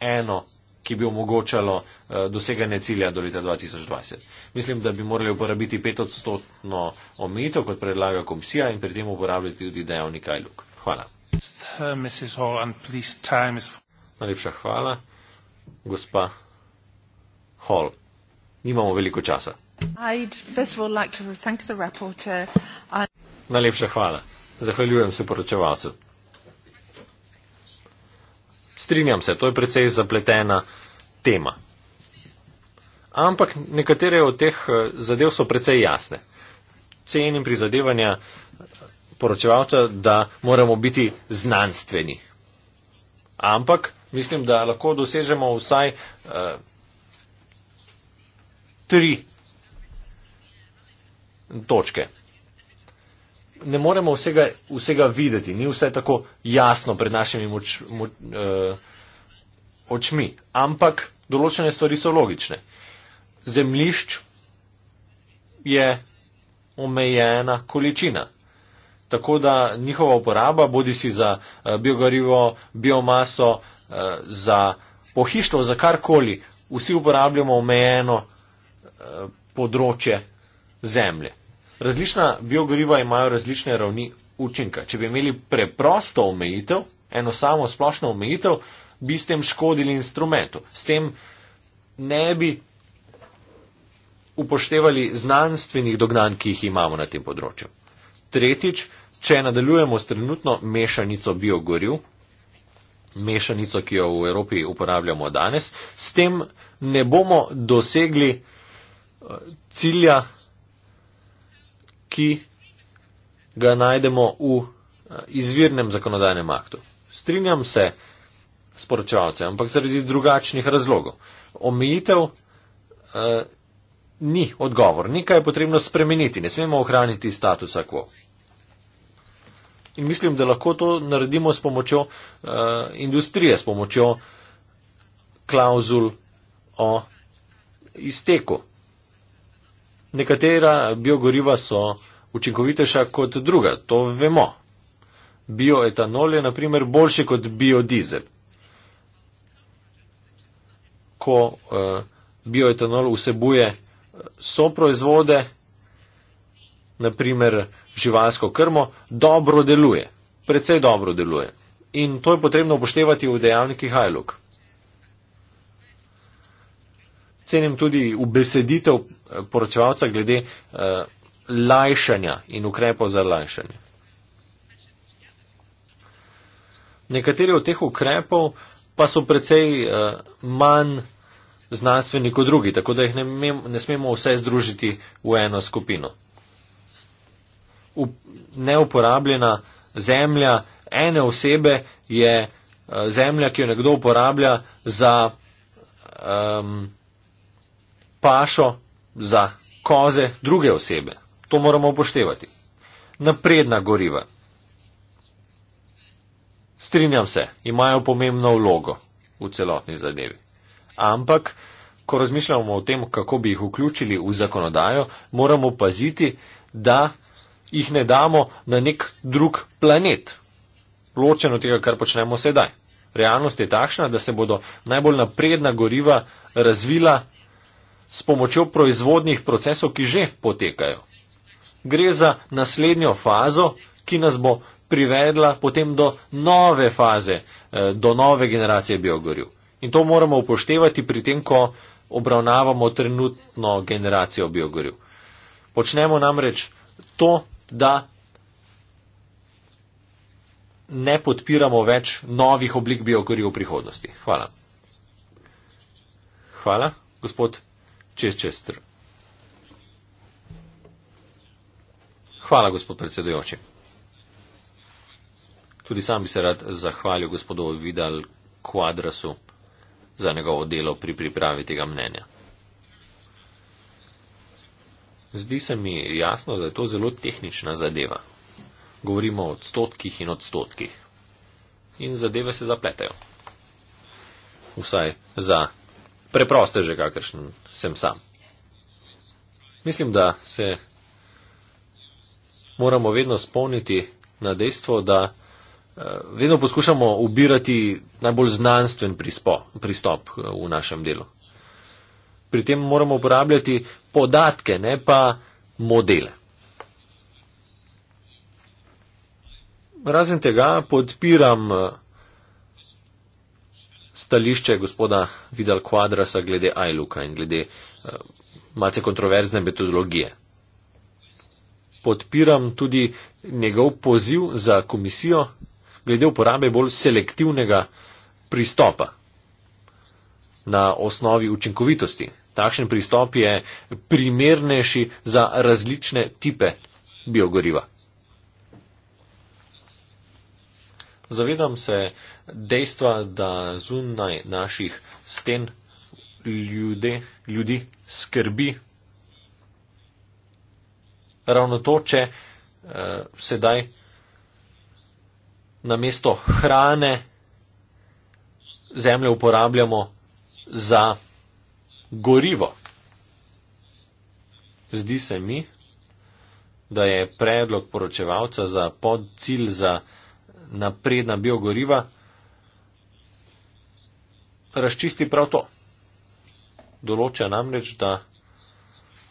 eno ki bi omogočalo eh, doseganje cilja do leta 2020. Mislim, da bi morali uporabiti petodstotno omejitev, kot predlaga komisija, in pri tem uporabljati tudi dejavnik ILUK. Hvala. Najlepša hvala, gospa Hall. Nimamo veliko časa. Like and... Najlepša hvala. Zahvaljujem se poročevalcu. Strinjam se, to je precej zapletena tema. Ampak nekatere od teh eh, zadev so precej jasne. Cenim prizadevanja poročevalca, da moramo biti znanstveni. Ampak mislim, da lahko dosežemo vsaj uh, tri točke ne moremo vsega, vsega videti, ni vse tako jasno pred našimi moč, moč, uh, očmi, ampak določene stvari so logične. Zemlišč je omejena količina. Tako da njihova uporaba, bodi si za eh, biogorivo, biomaso, eh, za pohištvo, za karkoli, vsi uporabljamo omejeno področje zemlje. Različna biogoriva imajo različne ravni učinka. Če bi imeli preprosto omejitev, eno samo splošno omejitev, bi s tem škodili instrumentu. S tem ne bi upoštevali znanstvenih dognanj, ki jih imamo na tem področju. Tretjič, če nadaljujemo s trenutno mešanico biogoriv, mešanico, ki jo v Evropi uporabljamo danes, s tem ne bomo dosegli eh, cilja ki ga najdemo v eh, izvirnem zakonodajnem aktu. Strinjam se s poročevalcem, ampak zaradi drugačnih razlogov. Omejitev eh, ni odgovor, nekaj je potrebno spremeniti, ne smemo ohraniti statusa quo. In mislim, da lahko to naredimo s pomočjo eh, industrije, s pomočjo klauzul o izteku. Nekatera biogoriva so učinkovitejša kot druga, to vemo. Bioetanol je naprimer boljši kot biodizel. Ko eh, bioetanol vsebuje eh, soproizvode, naprimer živalsko krmo, dobro deluje, precej dobro deluje. In to je potrebno upoštevati v dejavnikih hajluk. cenim tudi ubeseditev eh, poročevalca glede uh, lajšanja in ukrepov za lajšanje. Nekateri od teh ukrepov pa so precej uh, manj znanstveni kot drugi, tako da jih ne, ne smemo vse združiti v eno skupino. Up, neuporabljena zemlja ene osebe je uh, zemlja, ki jo nekdo uporablja za um, pašo za koze druge osebe. To moramo upoštevati. Napredna goriva. Strinjam se, imajo pomembno vlogo v celotni zadevi. Ampak, ko razmišljamo o tem, kako bi jih vključili v zakonodajo, moramo paziti, da jih ne damo na nek drug planet, ločen od tega, kar počnemo sedaj. Realnost je takšna, da se bodo najbolj napredna goriva razvila s pomočjo proizvodnih procesov, ki že potekajo. Gre za naslednjo fazo, ki nas bo privedla potem do nove faze, eh, do nove generacije biogorju. In to moramo upoštevati pri tem, ko obravnavamo trenutno generacijo biogorju. Počnemo namreč to, da ne podpiramo več novih oblik biogorja v prihodnosti. Hvala. Hvala, gospod Česčestr. Hvala, gospod predsedujoči. Tudi sam bi se rad zahvalil gospodu Vidal Quadrasu za njegovo delo pri pripravi tega mnenja. Zdi se mi jasno, da je to zelo tehnična zadeva. Govorimo o odstotkih in odstotkih. In zadeve se zapletajo. Vsaj za preproste že, kakršen sem sam. Mislim, da se moramo vedno spomniti na dejstvo, da eh, vedno poskušamo ubirati najbolj znanstven prispo, pristop eh, v našem delu. Pri tem moramo uporabljati podatke, ne pa modele. Razen tega podpiram eh, stališče gospoda Vidal Quadrasa glede Ailuka in glede eh, malce kontroverzne metodologije. Podpiram tudi njegov poziv za komisijo glede uporabe bolj selektivnega pristopa na osnovi učinkovitosti. Takšen pristop je primernejši za različne tipe biogoriva. Zavedam se dejstva, da zunaj naših sten ljude, ljudi skrbi ravno to, če eh, sedaj na mesto hrane zemljo uporabljamo za gorivo. Zdi se mi, da je predlog poročevalca za podcilj za napredna biogoriva razčisti prav to. Določa namreč, da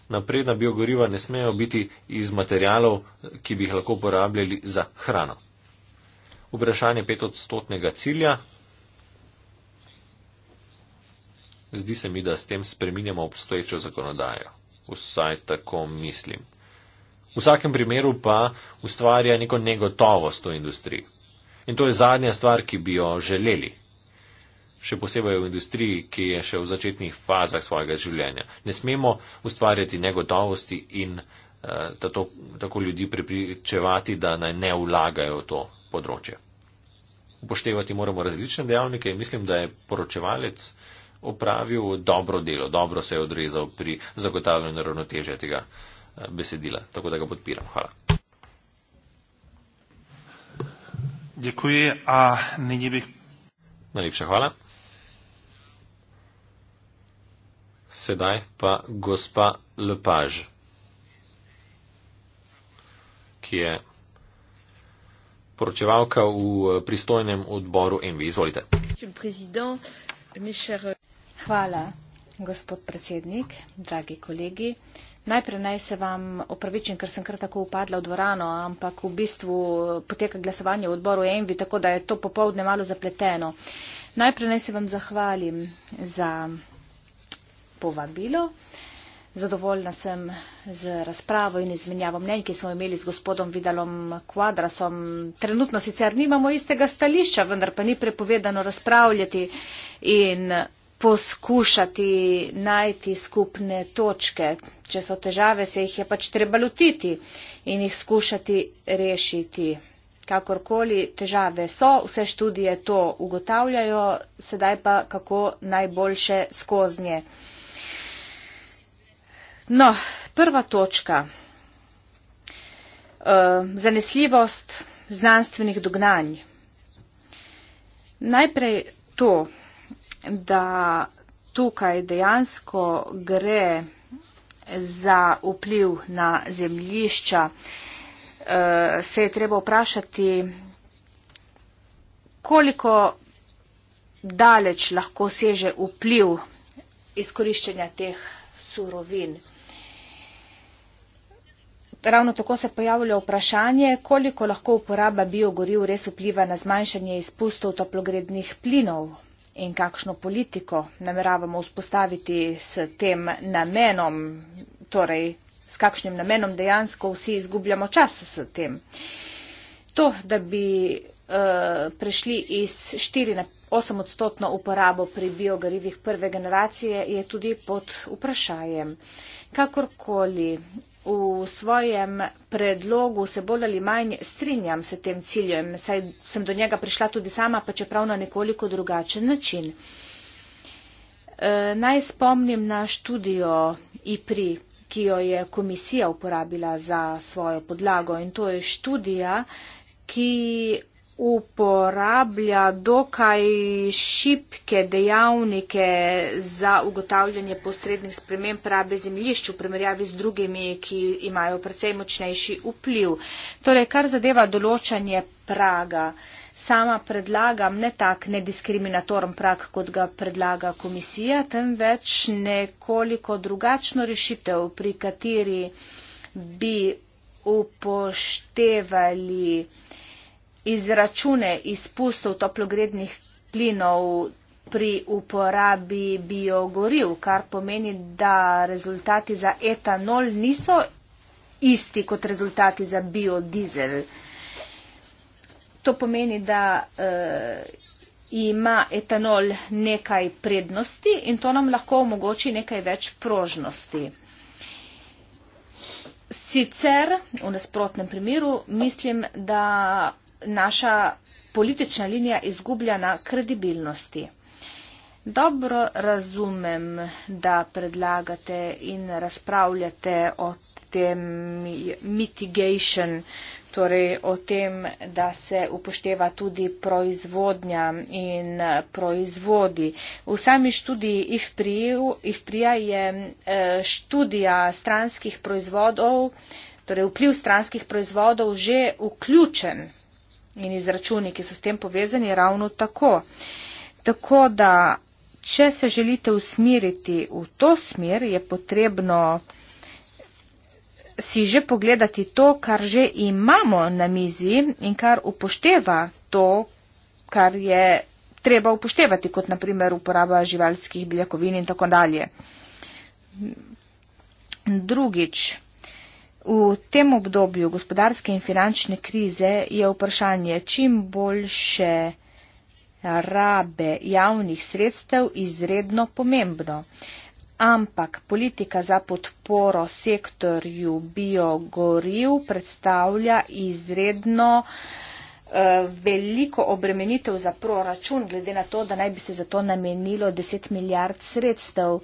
napredna biogoriva ne smejo biti iz materijalov, ki bi jih lahko uporabljali za hrano. Vprašanje petodstotnega cilja. Zdi se mi, da s tem spreminjamo obstoječo zakonodajo. Vsaj tako mislim. V vsakem primeru pa ustvarja neko negotovost v industriji. In to je zadnja stvar, ki bi jo želeli še posebej v industriji, ki je še v začetnih fazah svojega življenja. Ne smemo ustvarjati negotovosti in eh, tato, tako ljudi pripričevati, da naj ne vlagajo v to področje. Upoštevati moramo različne dejavnike in mislim, da je poročevalec opravil dobro delo, dobro se je odrezal pri zagotavljanju ravnotežja tega eh, besedila. Tako da ga podpiram. Hvala. Děkuji a nyní bych... Najlepša hvala. Sedaj pa gospa Lepaž, ki je poročevalka v eh, pristojnem odboru MV. Izvolite. Hvala, gospod predsednik, dragi kolegi. Najprej naj se vam opravičim, ker sem kar tako upadla v dvorano, ampak v bistvu poteka glasovanje v odboru ENVI, tako da je to popovdne malo zapleteno. Najprej naj se vam zahvalim za povabilo. Zadovoljna sem z razpravo in izmenjavo mnenj, ki smo imeli z gospodom Vidalom Kvadrasom. Trenutno sicer nimamo istega stališča, vendar pa ni prepovedano razpravljati in poskušati najti skupne točke. Če so težave, se jih je pač treba lotiti in jih skušati rešiti. Kakorkoli težave so, vse študije to ugotavljajo, sedaj pa kako najboljše skoznje. No, prva točka. Uh, zanesljivost znanstvenih dognanj. Najprej to, da tukaj dejansko gre za vpliv na zemljišča, uh, se je treba vprašati, koliko daleč lahko seže vpliv izkoriščanja teh surovin ravno tako se pojavlja vprašanje, koliko lahko uporaba biogoriv res vpliva na zmanjšanje izpustov toplogrednih plinov in kakšno politiko nameravamo vzpostaviti s tem namenom, torej s kakšnim namenom dejansko vsi izgubljamo čas s tem. To, da bi uh, prešli iz 4 na 8 odstotno uporabo pri biogorivih prve generacije, je tudi pod vprašanjem. Kakorkoli, v svojem predlogu se bolj ali manj strinjam s tem ciljem, saj sem do njega prišla tudi sama, pa čeprav na nekoliko drugačen način. E, naj spomnim na študijo IPRI, ki jo je komisija uporabila za svojo podlago in to je študija, ki uporablja dokaj šipke dejavnike za ugotavljanje posrednih sprememb rabe zemljišč v primerjavi z drugimi, ki imajo precej močnejši vpliv. Torej, kar zadeva določanje praga, sama predlagam ne tak nediskriminatoren prag, kot ga predlaga komisija, temveč nekoliko drugačno rešitev, pri kateri bi upoštevali izračune izpustov toplogrednih plinov pri uporabi biogoriv, kar pomeni, da rezultati za etanol niso isti kot rezultati za biodizel. To pomeni, da uh, ima etanol nekaj prednosti in to nam lahko omogoči nekaj več prožnosti. Sicer, v nasprotnem primeru, mislim, da naša politična linija izgublja na kredibilnosti. Dobro razumem, da predlagate in razpravljate o tem mitigation, torej o tem, da se upošteva tudi proizvodnja in proizvodi. V sami študiji IFPRI-ja je eh, študija stranskih proizvodov, torej vpliv stranskih proizvodov že vključen in izračuni, ki so s tem povezani, ravno tako. Tako da, če se želite usmiriti v to smer, je potrebno si že pogledati to, kar že imamo na mizi in kar upošteva to, kar je treba upoštevati, kot naprimer uporaba živalskih beljakovin in tako dalje. Drugič, V tem obdobju gospodarske in finančne krize je vprašanje čim boljše rabe javnih sredstev izredno pomembno. Ampak politika za podporo sektorju biogoriv predstavlja izredno eh, veliko obremenitev za proračun, glede na to, da naj bi se za to namenilo 10 milijard sredstev.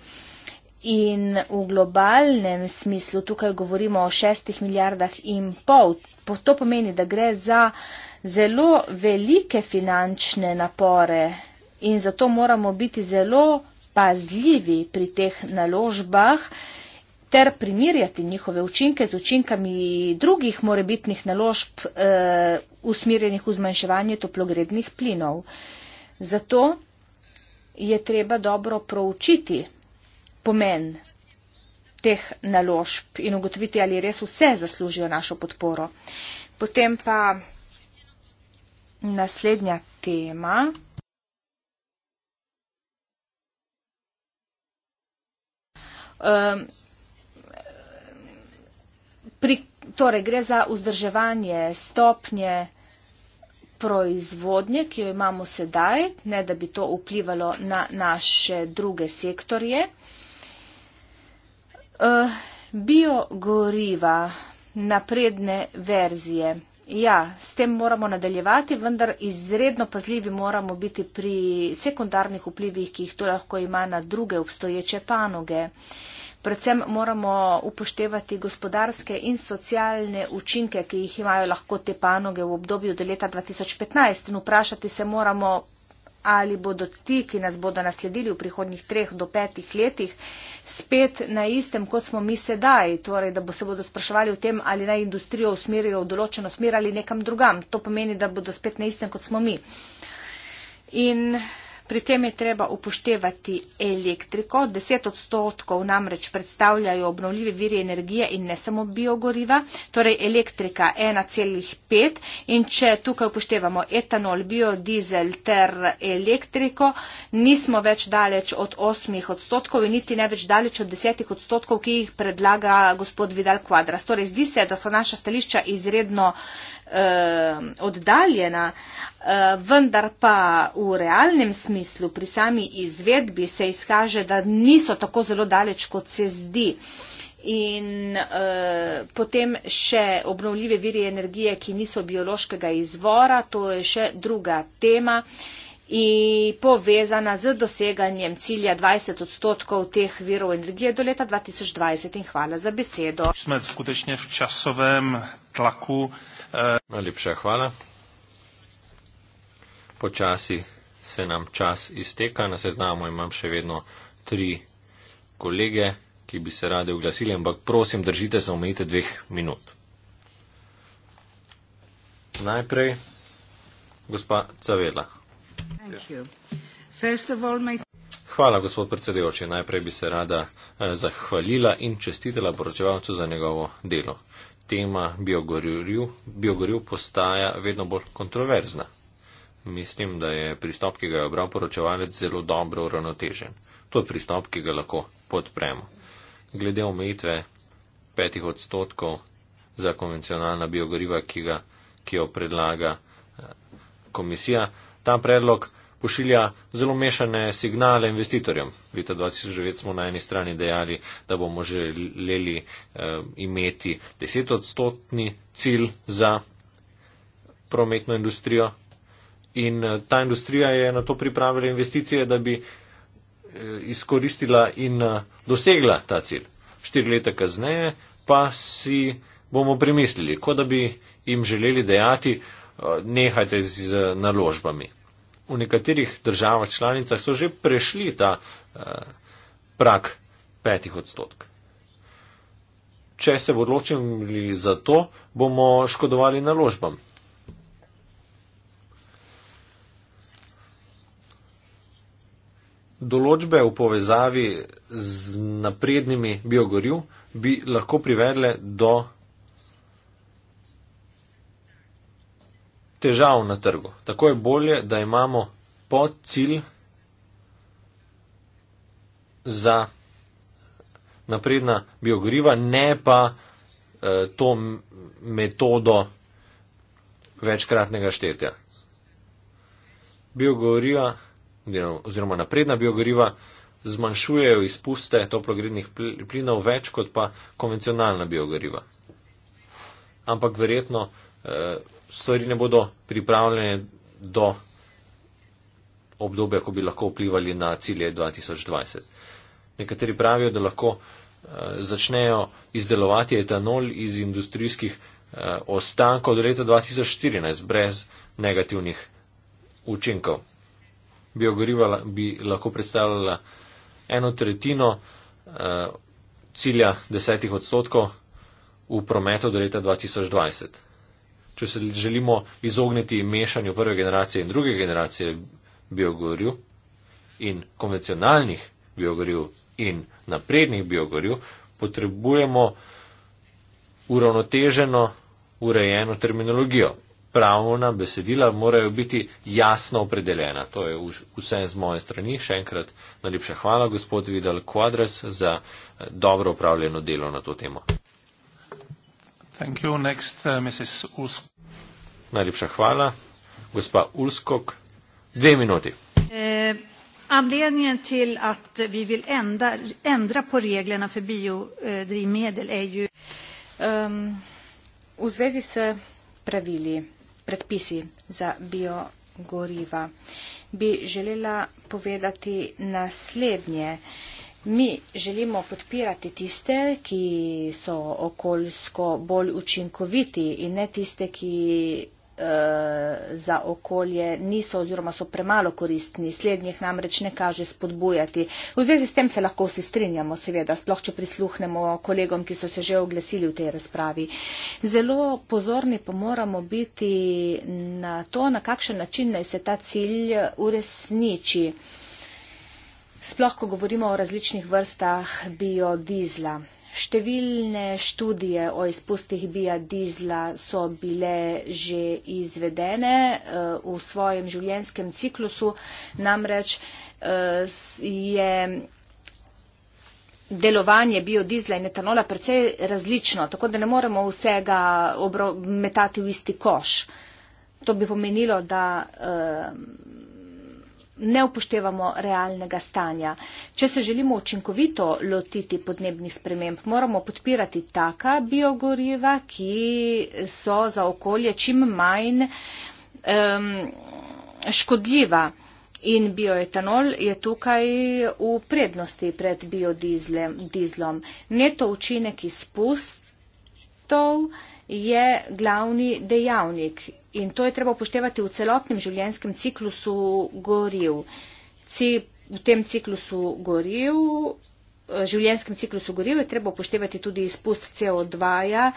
In v globalnem smislu tukaj govorimo o šestih milijardah in pol. To pomeni, da gre za zelo velike finančne napore in zato moramo biti zelo pazljivi pri teh naložbah ter primirjati njihove učinke z učinkami drugih morebitnih naložb e, eh, usmirjenih v zmanjševanje toplogrednih plinov. Zato je treba dobro proučiti pomen teh naložb in ugotoviti, ali res vse zaslužijo našo podporo. Potem pa naslednja tema. Um, pri, torej, gre za vzdrževanje stopnje proizvodnje, ki jo imamo sedaj, ne da bi to vplivalo na naše druge sektorje. Um, Eh, biogoriva, napredne verzije. Ja, s tem moramo nadaljevati, vendar izredno pazljivi moramo biti pri sekundarnih vplivih, ki jih to lahko ima na druge obstoječe panoge. Predvsem moramo upoštevati gospodarske in socialne učinke, ki jih imajo lahko te panoge v obdobju do leta 2015 in vprašati se moramo, ali bodo ti, ki nas bodo nasledili v prihodnjih treh do petih letih, spet na istem, kot smo mi sedaj, torej da bo se bodo spraševali o tem, ali naj industrijo usmerijo v določeno smer ali nekam drugam. To pomeni, da bodo spet na istem, kot smo mi. In Pri tem je treba upoštevati elektriko. 10 odstotkov namreč predstavljajo obnovljive viri energije in ne samo biogoriva, torej elektrika 1,5 in če tukaj upoštevamo etanol, biodizel ter elektriko, nismo več daleč od 8 odstotkov in niti ne več daleč od 10 odstotkov, ki jih predlaga gospod Vidal Quadras. Torej, zdi se, da so naša stališča izredno uh, eh, oddaljena, eh, vendar pa v realnem smislu pri sami izvedbi se izkaže, da niso tako zelo daleč, kot se zdi. In eh, potem še obnovljive viri energije, ki niso biološkega izvora, to je še druga tema. In povezana z doseganjem cilja 20 odstotkov teh virov energije do leta 2020. In hvala za besedo. Smo skutečne v časovem tlaku. Najlepša hvala. Počasi se nam čas izteka. Na seznamu imam še vedno tri kolege, ki bi se radi oglasili, ampak prosim, držite se omejite dveh minut. Najprej, gospa Cavela. Hvala, gospod predsedevoči. Najprej bi se rada eh, zahvalila in čestitela poročevalcu za njegovo delo tema biogorju, biogorju postaja vedno bolj kontroverzna. Mislim, da je pristop, ki ga je obral poročevalec, zelo dobro uravnotežen. To je pristop, ki ga lahko podpremo. Glede omejitve petih odstotkov za konvencionalna biogoriva, ki, ga, ki jo predlaga eh, komisija, ta predlog pošilja zelo mešane signale investitorjem. Leta 2009 smo na eni strani dejali, da bomo želeli eh, imeti desetodstotni cilj za prometno industrijo in eh, ta industrija je na to pripravila investicije, da bi eh, izkoristila in eh, dosegla ta cilj. Štiri leta kazneje pa si bomo premislili, kot da bi jim želeli dejati, eh, nehajte z eh, naložbami v nekaterih državah članicah so že prešli ta eh, prak petih odstotk. Če se bo odločili za to, bomo škodovali naložbam. Določbe v povezavi z naprednimi biogorju bi lahko privedle do težav na trgu. Tako je bolje, da imamo pod cilj za napredna biogoriva, ne pa eh, to metodo večkratnega štetja. Biogoriva oziroma napredna biogoriva zmanjšujejo izpuste toplogrednih plinov več kot pa konvencionalna biogoriva. Ampak verjetno eh, stvari ne bodo pripravljene do obdobja, ko bi lahko vplivali na cilje 2020. Nekateri pravijo, da lahko uh, začnejo izdelovati etanol iz industrijskih uh, ostankov do leta 2014 brez negativnih učinkov. Biogoriva bi lahko predstavljala eno tretjino uh, cilja desetih odstotkov v prometu do leta 2020 če se želimo izogniti mešanju prve generacije in druge generacije biogorju in konvencionalnih biogorju in naprednih biogorju, potrebujemo uravnoteženo, urejeno terminologijo. Pravna besedila morajo biti jasno opredeljena. To je vse z moje strani. Še enkrat najlepša hvala, gospod Vidal Quadras, za eh, dobro upravljeno delo na to temo. Thank you. Next, uh, Mrs. Ulsk. Najlepša hvala. Gospa Ulskog, dve minuti. Eh, anledningen till att vi vill ändra, ändra på reglerna för biodrivmedel är ju... Um, u zvezi s pravili, predpisi za biogoriva, bi želela povedati naslednje. Uh, Mi želimo podpirati tiste, ki so okoljsko bolj učinkoviti in ne tiste, ki eh, za okolje niso oziroma so premalo koristni, slednjih namreč ne kaže spodbujati. V zvezi s tem se lahko vsi strinjamo, seveda, sploh če prisluhnemo kolegom, ki so se že oglasili v tej razpravi. Zelo pozorni pa moramo biti na to, na kakšen način naj se ta cilj uresniči. Uh, sploh, ko govorimo o različnih vrstah biodizla. Številne študije o izpustih biodizla so bile že izvedene eh, v svojem življenjskem ciklusu, namreč eh, je delovanje biodizla in etanola precej različno, tako da ne moremo vsega metati v isti koš. To bi pomenilo, da eh, ne upoštevamo realnega stanja. Če se želimo učinkovito lotiti podnebnih sprememb, moramo podpirati taka biogoriva, ki so za okolje čim manj um, škodljiva. In bioetanol je tukaj v prednosti pred biodizlom. Neto učinek izpustov je glavni dejavnik in to je treba upoštevati v celotnem življenjskem ciklusu goriv. V tem ciklusu goriv, eh, življenjskem ciklusu goriv je treba upoštevati tudi izpust CO2, -ja,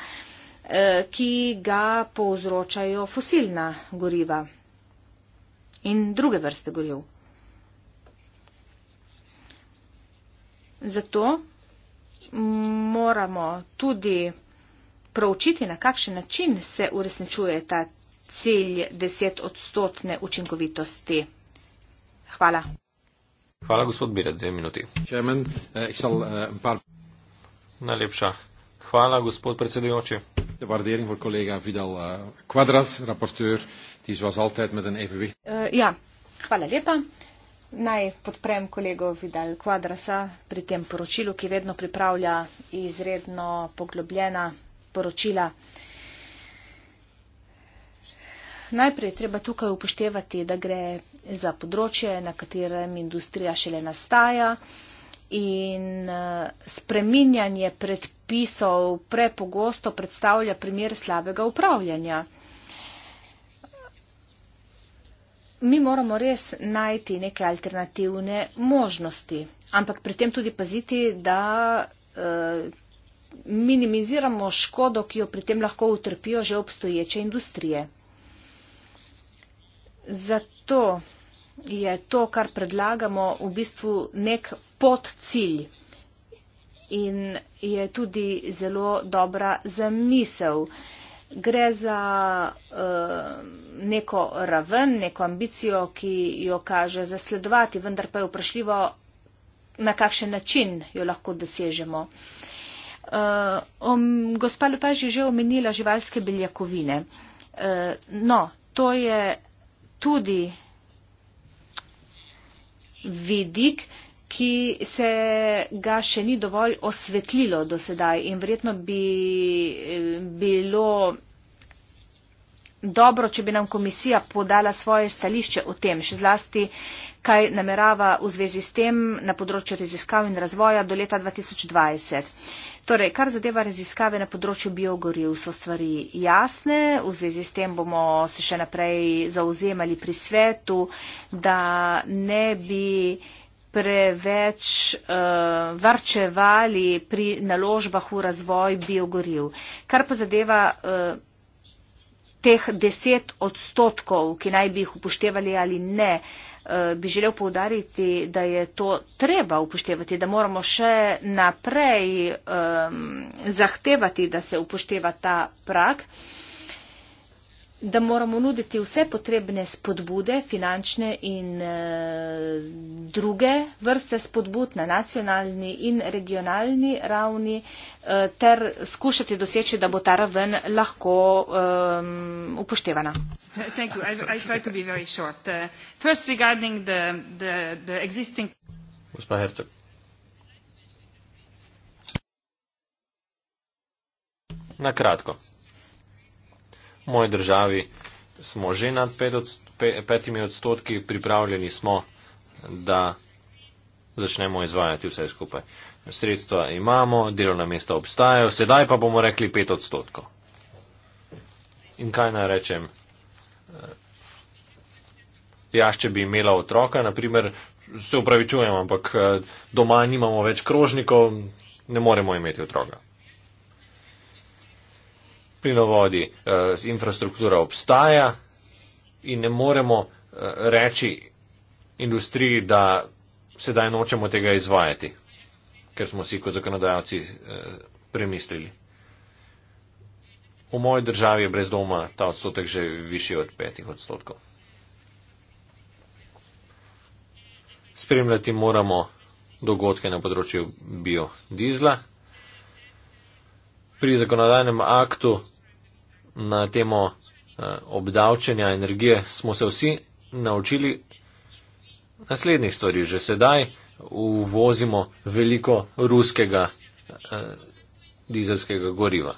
eh, ki ga povzročajo fosilna goriva in druge vrste goriv. Zato moramo tudi proučiti, na kakšen način se uresničuje ta cilj desetodstotne učinkovitosti. Hvala. Hvala, gospod Biret, dve minuti. Eh, eh, Najlepša. Hvala, gospod predsedujoči. Eh, ja, hvala lepa. Naj podprem kolego Vidal Quadrasa pri tem poročilu, ki vedno pripravlja izredno poglobljena poročila. Najprej treba tukaj upoštevati, da gre za področje, na katerem industrija šele nastaja in eh, spreminjanje predpisov prepogosto predstavlja primer slabega upravljanja. Mi moramo res najti neke alternativne možnosti, ampak pri tem tudi paziti, da eh, minimiziramo škodo, ki jo pri tem lahko utrpijo že obstoječe industrije. Zato je to, kar predlagamo, v bistvu nek podcilj in je tudi zelo dobra zamisel. Gre za uh, neko raven, neko ambicijo, ki jo kaže zasledovati, vendar pa je vprašljivo, na kakšen način jo lahko dosežemo. Uh, Uh, um, gospa Lupaž je že omenila živalske beljakovine. Uh, no, to je tudi vidik, ki se ga še ni dovolj osvetlilo do sedaj in verjetno bi eh, bilo dobro, če bi nam komisija podala svoje stališče o tem, še zlasti, kaj namerava v zvezi s tem na področju raziskav in razvoja do leta 2020. Torej, kar zadeva raziskave na področju biogoriv, so stvari jasne. V zvezi s tem bomo se še naprej zauzemali pri svetu, da ne bi preveč uh, varčevali pri naložbah v razvoj biogoriv. Kar pa zadeva uh, teh deset odstotkov, ki naj bi jih upoštevali ali ne, uh, Eh, bi želel povdariti, da je to treba upoštevati, da moramo še naprej um, zahtevati, da se upošteva ta prak. Uh, da moramo nuditi vse potrebne spodbude, finančne in e, druge vrste spodbud na nacionalni in regionalni ravni, e, ter skušati doseči, da bo ta raven lahko e, upoštevana. Uh, Gospa Herceg. Na kratko moji državi smo že nad pet odst pe petimi odstotki, pripravljeni smo, da začnemo izvajati vse skupaj. Sredstva imamo, delovna mesta obstajajo, sedaj pa bomo rekli pet odstotkov. In kaj naj rečem? Eh, jaz, če bi imela otroka, naprimer, se upravičujem, ampak eh, doma nimamo več krožnikov, ne moremo imeti otroka plinovodi, eh, infrastruktura obstaja in ne moremo eh, reči industriji, da sedaj nočemo tega izvajati, ker smo si kot zakonodajalci eh, premislili. V moji državi je brez doma ta odstotek že višji od petih odstotkov. Spremljati moramo dogodke na področju biodizla pri zakonodajnem aktu na temo eh, obdavčenja energije smo se vsi naučili naslednjih stvari. Že sedaj uvozimo veliko ruskega eh, dizelskega goriva.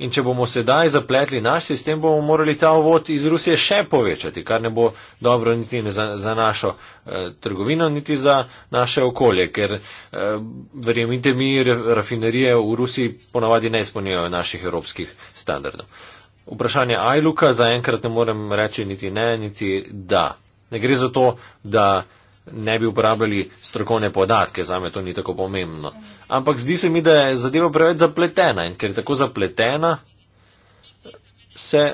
In če bomo sedaj zapletli naš sistem, bomo morali ta uvod iz Rusije še povečati, kar ne bo dobro niti za, za našo eh, trgovino, niti za naše okolje, ker eh, verjemite mi, rafinerije v Rusiji ponavadi ne izpolnjujejo naših evropskih standardov. Vprašanje Ajluka zaenkrat ne morem reči niti ne, niti da. Ne gre za to, da ne bi uporabljali strokovne podatke, zame to ni tako pomembno. Ampak zdi se mi, da je zadeva preveč zapletena in ker je tako zapletena, se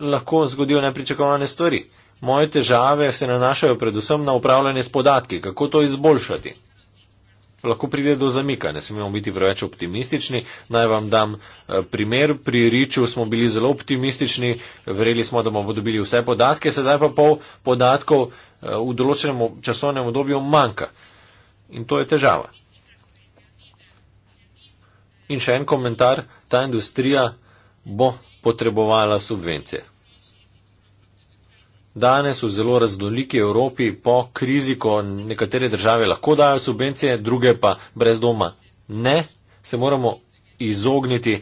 lahko zgodijo nepričakovane stvari. Moje težave se nanašajo predvsem na upravljanje s podatki, kako to izboljšati. Lahko pride do zamika, ne smemo biti preveč optimistični. Naj vam dam eh, primer. Pri Riču smo bili zelo optimistični, verjeli smo, da bomo dobili vse podatke, sedaj pa pol podatkov v določenem časovnem obdobju manjka. In to je težava. In še en komentar, ta industrija bo potrebovala subvencije. Danes v zelo raznoliki Evropi po krizi, ko nekatere države lahko dajo subvencije, druge pa brez doma ne, se moramo izogniti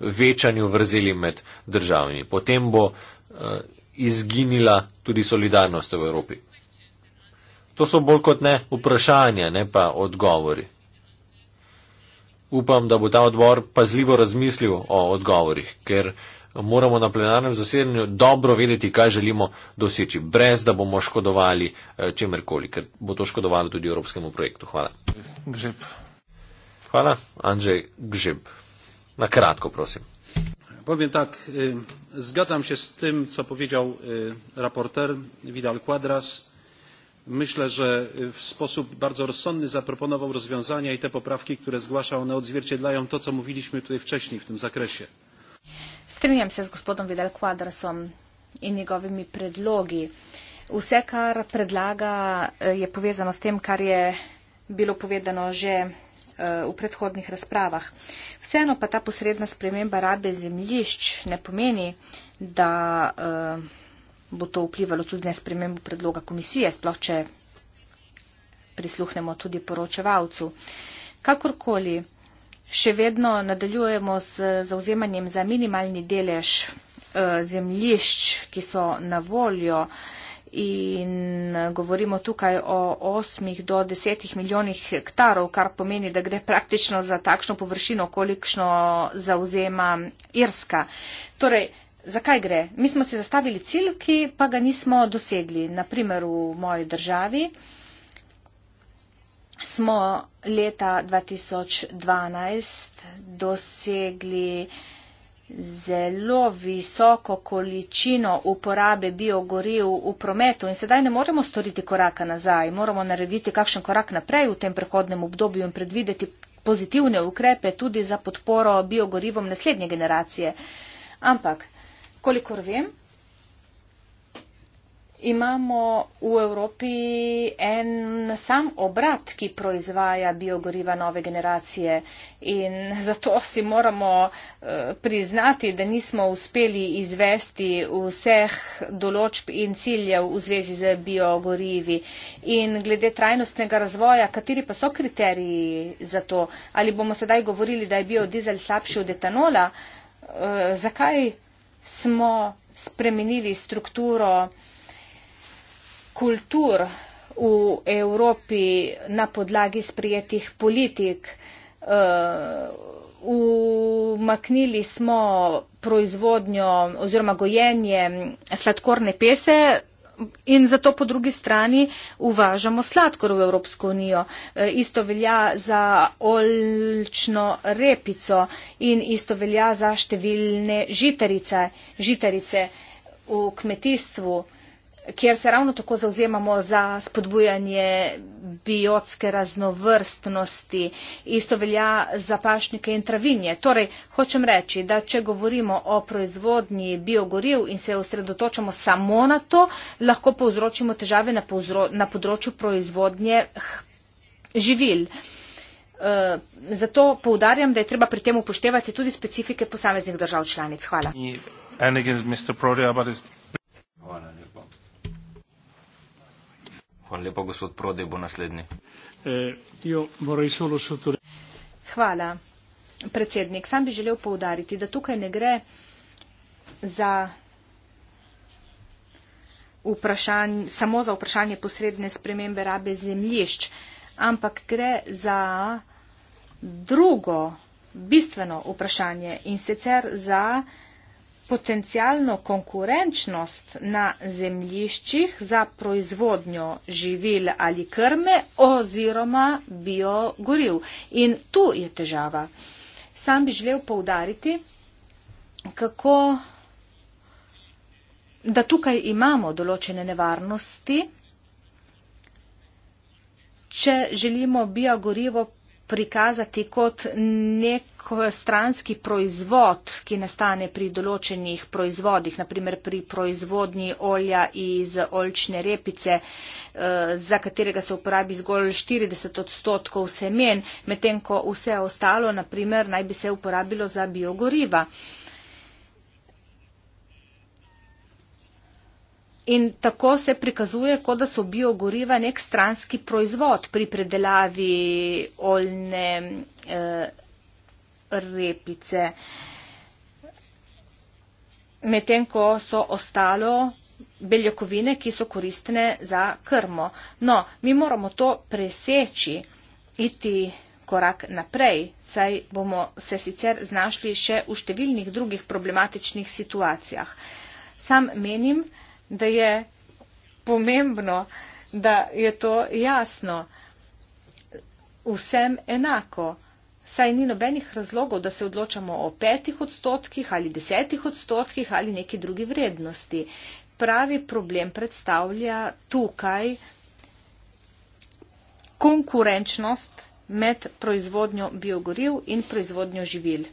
večanju vrzeli med državami. Potem bo eh, izginila tudi solidarnost v Evropi. To so bolj kot ne vprašanja, ne pa odgovori. Upam, da bo ta odbor pazljivo razmislil o odgovorih, ker moramo na plenarnem zasedanju dobro vedeti, kaj želimo doseči, brez da bomo škodovali eh, čemerkoli, ker bo to škodovalo tudi evropskemu projektu. Hvala. Gžib. Hvala, Andrzej Gžib. Na kratko, prosim. Powiem tak, e, zgadzam się z tym, co powiedział e, raporter Vidal Quadras myślę że w sposób bardzo rozsądny zaproponował rozwiązania i te poprawki które zgłaszał one odzwierciedlają to co mówiliśmy tutaj wcześniej w tym zakresie. Strinjam se z gospodom Vidal Quadrasom in njegovimi predlogi. Vse, kar predlaga, e, je povezano s tem, kar je bilo povedano že e, v predhodnih razpravah. Vseeno pa ta posredna sprememba rabe zemljišč ne pomeni, da uh, bo to vplivalo tudi na spremembo predloga komisije, sploh če prisluhnemo tudi poročevalcu. Kakorkoli, še vedno nadaljujemo z zauzemanjem za minimalni delež eh, zemljišč, ki so na voljo in govorimo tukaj o 8 do 10 milijonih hektarov, kar pomeni, da gre praktično za takšno površino, kolikšno zauzema Irska. Torej, zakaj gre? Mi smo si zastavili cilj, ki pa ga nismo dosegli. Naprimer, v moji državi smo leta 2012 dosegli zelo visoko količino uporabe biogoriv v prometu in sedaj ne moremo storiti koraka nazaj. Moramo narediti kakšen korak naprej v tem prehodnem obdobju in predvideti pozitivne ukrepe tudi za podporo biogorivom naslednje generacije. Ampak Kolikor vem, imamo v Evropi en sam obrat, ki proizvaja biogoriva nove generacije in zato si moramo eh, priznati, da nismo uspeli izvesti vseh določb in ciljev v zvezi z biogorivi. In glede trajnostnega razvoja, kateri pa so kriteriji za to? Ali bomo sedaj govorili, da je biodizel slabši od etanola? Eh, zakaj smo spremenili strukturo kultur v Evropi na podlagi sprijetih politik. Eh, umaknili smo proizvodnjo oziroma gojenje sladkorne pese in zato po drugi strani uvažamo sladkor v Evropsko unijo. E, isto velja za olčno repico in isto velja za številne žitarice, žitarice v kmetijstvu kjer se ravno tako zauzemamo za spodbujanje biotske raznovrstnosti. Isto velja za pašnike in travinje. Torej, hočem reči, da če govorimo o proizvodnji biogoriv in se osredotočamo samo na to, lahko povzročimo težave na, povzro, na področju proizvodnje živil. E, zato poudarjam, da je treba pri tem upoštevati tudi specifike posameznih držav članic. Hvala. Hvala. Hvala lepa, gospod Prode, bo naslednji. E, Hvala, predsednik. Sam bi želel povdariti, da tukaj ne gre za samo za vprašanje posredne spremembe rabe zemljišč, ampak gre za drugo bistveno vprašanje in sicer za potencijalno konkurenčnost na zemljiščih za proizvodnjo živil ali krme oziroma biogoriv. In tu je težava. Sam bi želel poudariti, kako, da tukaj imamo določene nevarnosti, če želimo biogorivo prikazati kot nek stranski proizvod, ki nastane pri določenih proizvodih, naprimer pri proizvodnji olja iz olčne repice, eh, za katerega se uporabi zgolj 40 odstotkov semen, medtem ko vse ostalo, naprimer, naj bi se uporabilo za biogoriva. in tako se prikazuje, kot da so biogoriva nek stranski proizvod pri predelavi oljne eh, repice, medtem ko so ostalo beljakovine, ki so koristne za krmo. No, mi moramo to preseči, iti korak naprej, saj bomo se sicer znašli še v številnih drugih problematičnih situacijah. Sam menim, da je pomembno, da je to jasno vsem enako. Saj ni nobenih razlogov, da se odločamo o petih odstotkih ali desetih odstotkih ali neki drugi vrednosti. Pravi problem predstavlja tukaj konkurenčnost med proizvodnjo biogoriv in proizvodnjo živil.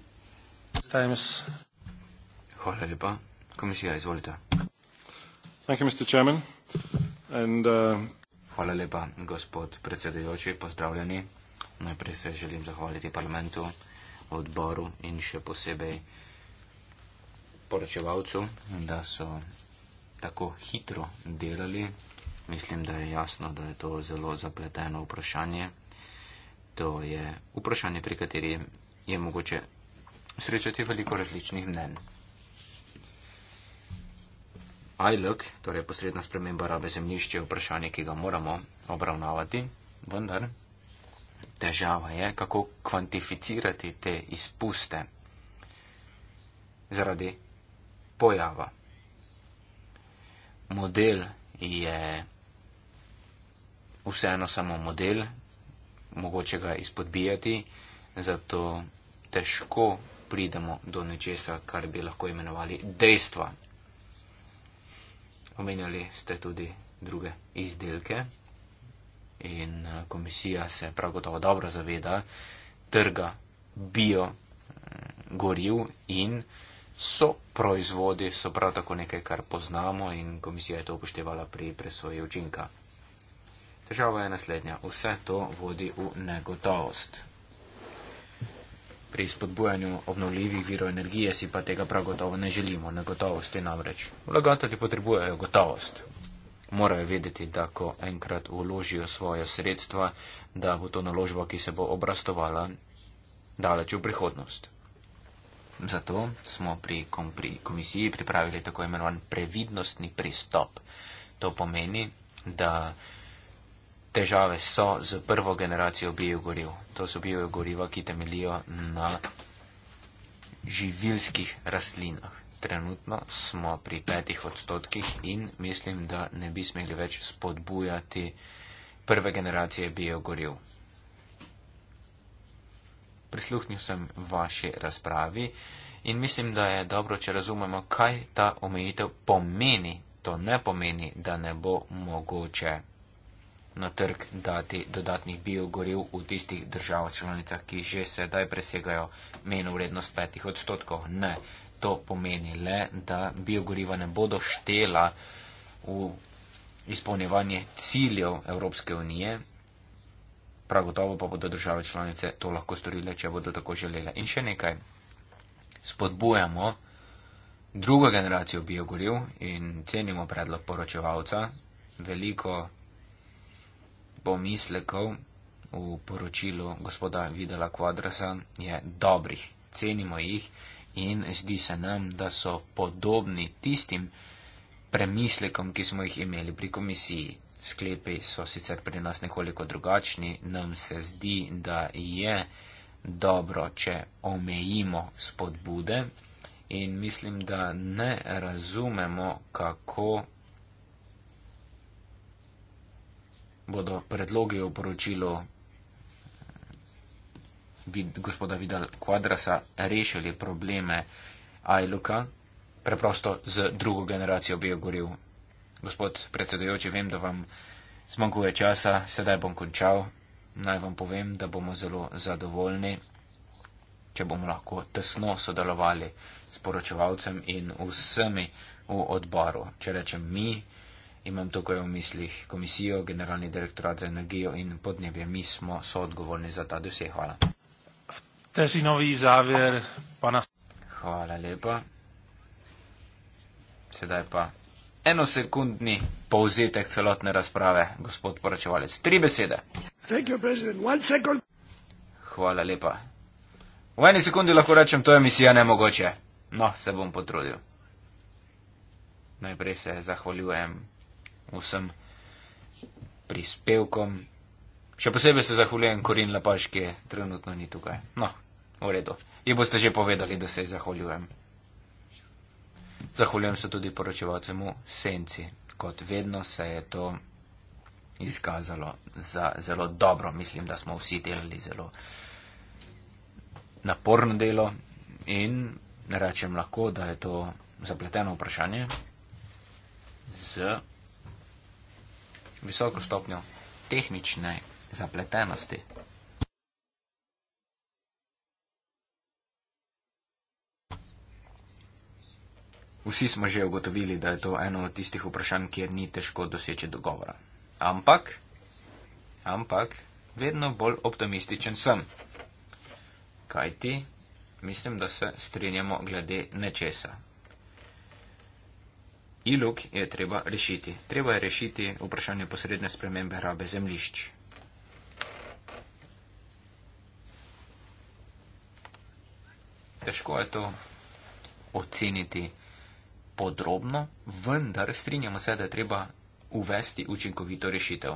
Hvala lepa. Komisija, izvolite. Uh, Hvala lepa, gospod predsedujoči, pozdravljeni. Najprej se želim zahvaliti parlamentu, odboru in še posebej poročevalcu, da so tako hitro delali. Mislim, da je jasno, da je to zelo zapleteno vprašanje. To je vprašanje, pri kateri je mogoče srečati veliko različnih mnen. ILOG, torej posredna sprememba rabe zemljišče, je vprašanje, ki ga moramo obravnavati, vendar težava je, kako kvantificirati te izpuste zaradi pojava. Model je vseeno samo model, mogoče ga izpodbijati, zato težko pridemo do nečesa, kar bi lahko imenovali dejstva omenjali ste tudi druge izdelke in eh, komisija se prav gotovo dobro zaveda trga bio mm, goril in so proizvodi, so prav tako nekaj, kar poznamo in komisija je to upoštevala pri presoji učinka. Težava je naslednja. Vse to vodi v negotovost pri spodbujanju obnovljivih virov energije si pa tega prav gotovo ne želimo. Negotovost je namreč. Vlagatelji potrebujejo gotovost. Morajo vedeti, da ko enkrat uložijo svoje sredstva, da bo to naložba, ki se bo obrastovala daleč v prihodnost. Zato smo pri komisiji pripravili tako imenovan previdnostni pristop. To pomeni, da težave so z prvo generacijo biogoriv. To so biogoriva, ki temelijo na živilskih rastlinah. Trenutno smo pri petih odstotkih in mislim, da ne bi smeli več spodbujati prve generacije biogoriv. Prisluhnil sem vaši razpravi in mislim, da je dobro, če razumemo, kaj ta omejitev pomeni. To ne pomeni, da ne bo mogoče na trg dati dodatnih biogoriv v tistih državah članicah, ki že sedaj presegajo meno vrednost petih odstotkov. Ne, to pomeni le, da biogoriva ne bodo štela v izpolnjevanje ciljev Evropske unije. Prav gotovo pa bodo države članice to lahko storile, če bodo tako želele. In še nekaj. Spodbujamo drugo generacijo biogoriv in cenimo predlog poročevalca. Veliko pomislekov v poročilu gospoda Videla Quadrasa je dobrih, cenimo jih in zdi se nam, da so podobni tistim premislekom, ki smo jih imeli pri komisiji. Sklepi so sicer pri nas nekoliko drugačni, nam se zdi, da je dobro, če omejimo spodbude in mislim, da ne razumemo, kako bodo predloge v poročilu vid, gospoda Vidal Quadrasa rešili probleme Ajluka, preprosto z drugo generacijo biogoriv. Gospod predsedujoči, vem, da vam zmanjkuje časa, sedaj bom končal. Naj vam povem, da bomo zelo zadovoljni, če bomo lahko tesno sodelovali s poročevalcem in vsemi v odboru. Če rečem mi, imam tukaj v mislih komisijo, generalni direktorat za energijo in podnebje. Mi smo soodgovorni za ta dosje. Hvala. Tesinovi zavir pa nas. Hvala lepa. Sedaj pa enosekundni povzetek celotne razprave, gospod poročevalec. Tri besede. You, Hvala lepa. V eni sekundi lahko rečem, to je misija nemogoče. No, se bom potrudil. Najprej se zahvaljujem vsem prispevkom. Še posebej se zahvaljujem Korin Lapaš, ki je trenutno ni tukaj. No, v redu. Je boste že povedali, da se ji zahvaljujem. Zahvaljujem se tudi poročevalcemu Senci. Kot vedno se je to izkazalo za zelo dobro. Mislim, da smo vsi delali zelo naporno delo in rečem lahko, da je to zapleteno vprašanje. 是。So visoko stopnjo tehnične zapletenosti. Vsi smo že ugotovili, da je to eno od tistih vprašanj, kjer ni težko doseči dogovora. Ampak, ampak, vedno bolj optimističen sem. Kaj ti? Mislim, da se strinjamo glede nečesa ilok je treba rešiti. Treba je rešiti vprašanje posredne spremembe rabe zemljišč. Težko je to oceniti podrobno, vendar strinjamo se, da je treba uvesti učinkovito rešitev.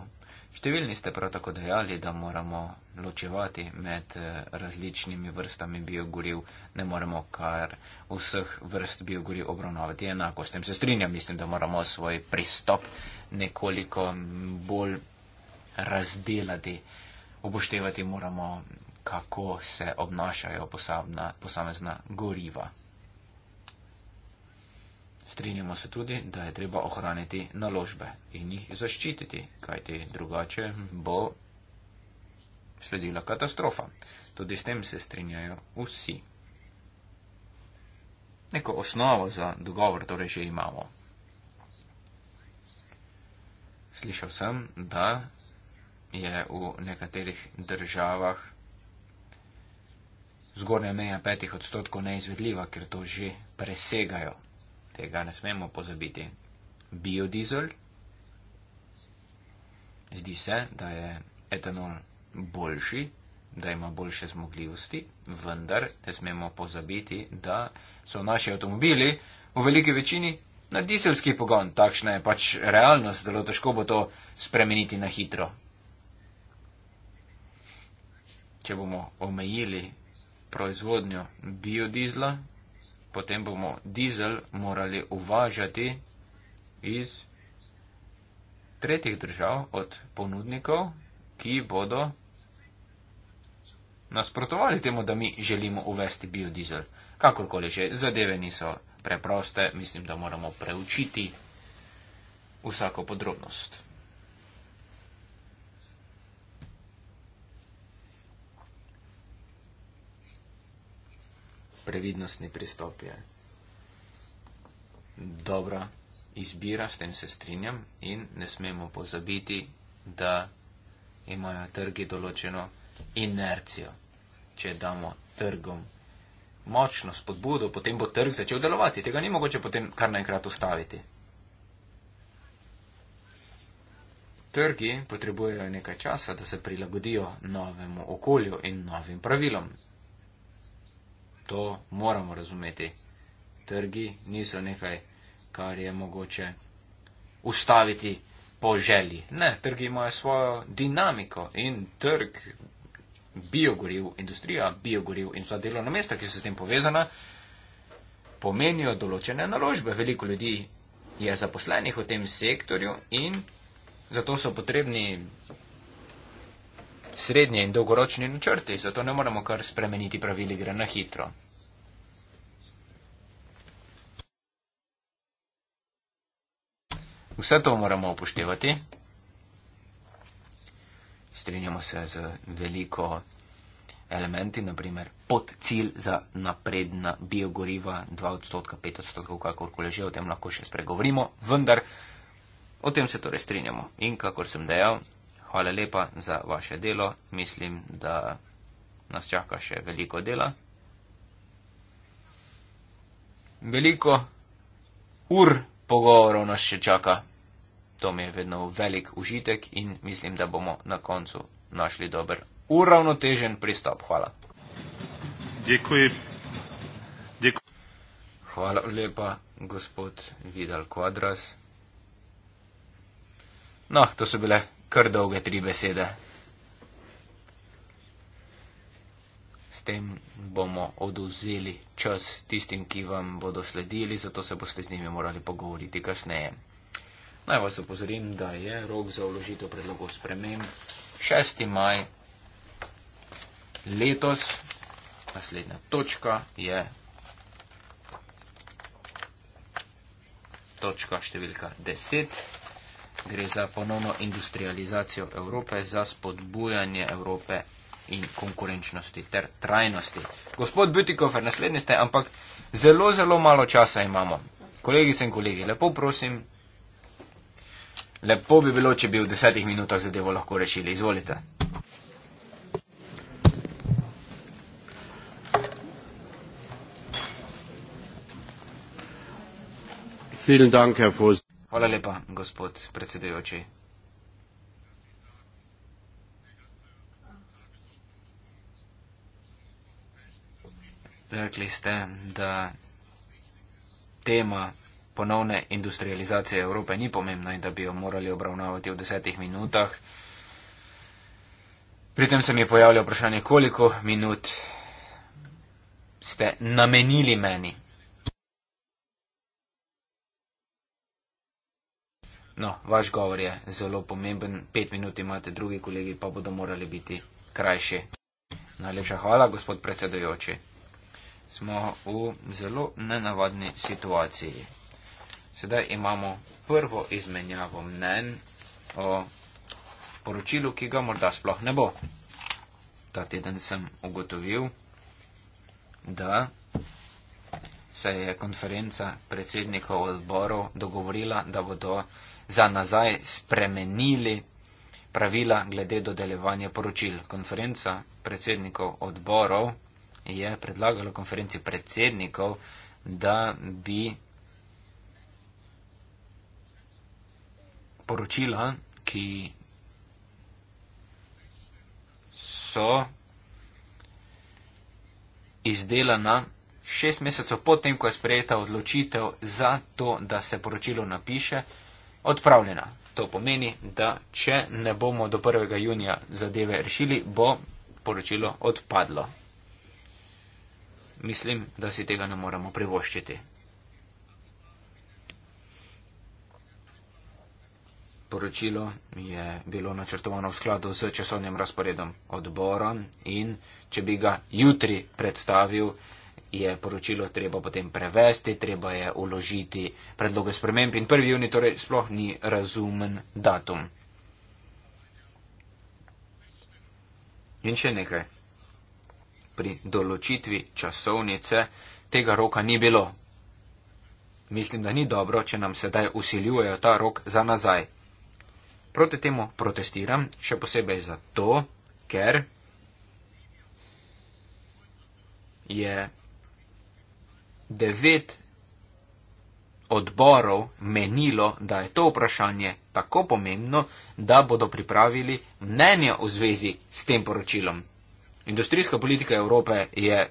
Številni ste prav tako dejali, da moramo ločevati med eh, različnimi vrstami biogoriv, ne moremo kar vseh vrst biogoriv obravnavati enako. S tem se strinjam, mislim, da moramo svoj pristop nekoliko bolj razdelati, upoštevati moramo, kako se obnašajo posamezna goriva. Strinjamo se tudi, da je treba ohraniti naložbe in jih zaščititi, kajti drugače bo sledila katastrofa. Tudi s tem se strinjajo vsi. Neko osnovo za dogovor torej že imamo. Slišal sem, da je v nekaterih državah zgornja meja petih odstotkov neizvedljiva, ker to že presegajo tega ne smemo pozabiti. Biodizel. Zdi se, da je etanol boljši, da ima boljše zmogljivosti, vendar ne smemo pozabiti, da so naši avtomobili v veliki večini na dizelski pogon. Takšna je pač realnost, zelo težko bo to spremeniti na hitro. Če bomo omejili proizvodnjo biodizla, potem bomo dizel morali uvažati iz tretjih držav od ponudnikov, ki bodo nasprotovali temu, da mi želimo uvesti biodizel. Kakorkoli že, zadeve niso preproste, mislim, da moramo preučiti vsako podrobnost. previdnostni pristop je dobra izbira, s tem se strinjam in ne smemo pozabiti, da imajo trgi določeno inercijo. Če damo trgom močno spodbudo, potem bo trg začel delovati. Tega ni mogoče potem kar naenkrat ustaviti. Trgi potrebujejo nekaj časa, da se prilagodijo novemu okolju in novim pravilom to moramo razumeti. Trgi niso nekaj, kar je mogoče ustaviti po želji. Ne, trgi imajo svojo dinamiko in trg biogoriv, industrija biogoriv in vsa delovna mesta, ki so s tem povezana, pomenijo določene naložbe. Veliko ljudi je zaposlenih v tem sektorju in zato so potrebni srednje in dolgoročni načrti, zato ne moremo kar spremeniti pravil igre na hitro. Vse to moramo upoštevati. Strinjamo se z veliko elementi, naprimer pod cilj za napredna biogoriva 2 odstotka, 5 odstotkov, kakorkoli že, o tem lahko še spregovorimo, vendar o tem se torej strinjamo. In kakor sem dejal, Hvala lepa za vaše delo. Mislim, da nas čaka še veliko dela. Veliko ur pogovorov nas še čaka. To mi je vedno velik užitek in mislim, da bomo na koncu našli dober uravnotežen pristop. Hvala. Dekuji. Dekuji. Hvala lepa, gospod Vidal Quadras. No, to so bile kar dolge tri besede. S tem bomo oduzeli čas tistim, ki vam bodo sledili, zato se boste z njimi morali pogovoriti kasneje. Naj vas upozorim, da je rok za vložitev predlogov sprememb 6. maj letos. Naslednja točka je točka številka 10 gre za ponovno industrializacijo Evrope, za spodbujanje Evrope in konkurenčnosti ter trajnosti. Gospod Butikofer, naslednji ste, ampak zelo, zelo malo časa imamo. Kolegice in kolegi, lepo prosim, lepo bi bilo, če bi v desetih minutah zadevo lahko rešili. Izvolite. Vielen Dank, Herr Vorsitzender. Hvala lepa, gospod predsedujoči. Rekli ste, da tema ponovne industrializacije Evrope ni pomembna in da bi jo morali obravnavati v desetih minutah. Pri tem se mi je pojavljalo vprašanje, koliko minut ste namenili meni. No, vaš govor je zelo pomemben, pet minut imate, drugi kolegi pa bodo morali biti krajši. Najlepša hvala, gospod predsedujoči. Smo v zelo nenavadni situaciji. Sedaj imamo prvo izmenjavo mnen o poročilu, ki ga morda sploh ne bo. Ta teden sem ugotovil, da se je konferenca predsednikov odborov dogovorila, da bodo za nazaj spremenili pravila glede dodeljevanja poročil. Konferenca predsednikov odborov je predlagala konferenci predsednikov, da bi poročila, ki so izdelana šest mesecev potem, ko je sprejeta odločitev za to, da se poročilo napiše, odpravljena. To pomeni, da če ne bomo do 1. junija zadeve rešili, bo poročilo odpadlo. Mislim, da si tega ne moremo privoščiti. Poročilo je bilo načrtovano v skladu z časovnim razporedom odbora in če bi ga jutri predstavil, je poročilo treba potem prevesti, treba je uložiti predloge sprememb in 1. juni torej sploh ni razumen datum. In še nekaj. Pri določitvi časovnice tega roka ni bilo. Mislim, da ni dobro, če nam sedaj usiljujejo ta rok za nazaj. Proti temu protestiram, še posebej zato, ker je devet odborov menilo, da je to vprašanje tako pomembno, da bodo pripravili mnenje v zvezi s tem poročilom. Industrijska politika Evrope je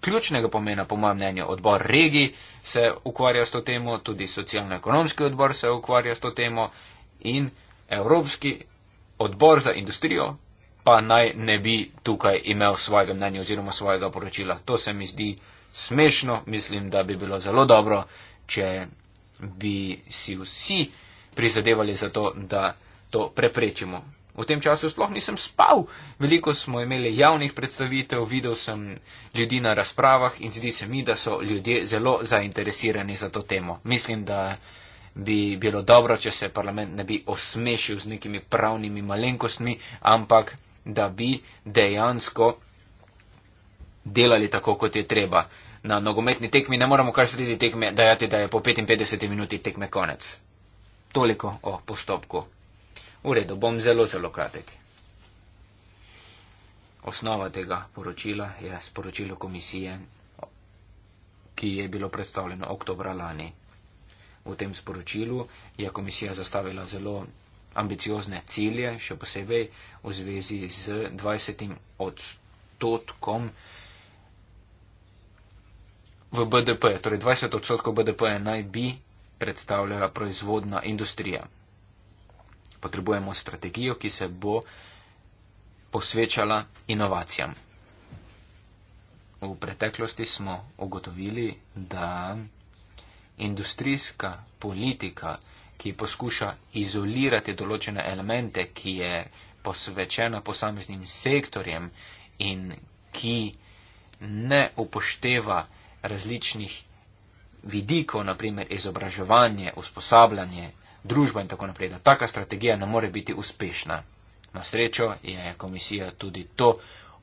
ključnega pomena, po mojem mnenju, odbor regij se ukvarja s to temo, tudi socialno-ekonomski odbor se ukvarja s to temo in Evropski odbor za industrijo pa naj ne bi tukaj imel svojega mnenja oziroma svojega poročila. To se mi zdi smešno, mislim, da bi bilo zelo dobro, če bi si vsi prizadevali za to, da to preprečimo. V tem času sploh nisem spal, veliko smo imeli javnih predstavitev, videl sem ljudi na razpravah in zdi se mi, da so ljudje zelo zainteresirani za to temo. Mislim, da bi bilo dobro, če se parlament ne bi osmešil z nekimi pravnimi malenkostmi, ampak da bi dejansko delali tako, kot je treba. Na nogometni tekmi ne moramo kar sredi tekme dajati, da je po 55 minuti tekme konec. Toliko o postopku. V redu, bom zelo, zelo kratek. Osnova tega poročila je sporočilo komisije, ki je bilo predstavljeno oktobra lani. V tem sporočilu je komisija zastavila zelo ambiciozne cilje, še posebej v zvezi z 20 odstotkom v BDP. Torej 20 odstotkov BDP -ja naj bi predstavljala proizvodna industrija. Potrebujemo strategijo, ki se bo posvečala inovacijam. V preteklosti smo ugotovili, da industrijska politika ki poskuša izolirati določene elemente, ki je posvečena posameznim sektorjem in ki ne upošteva različnih vidikov, naprimer izobraževanje, usposabljanje, družba in tako naprej, da taka strategija ne more biti uspešna. Na srečo je komisija tudi to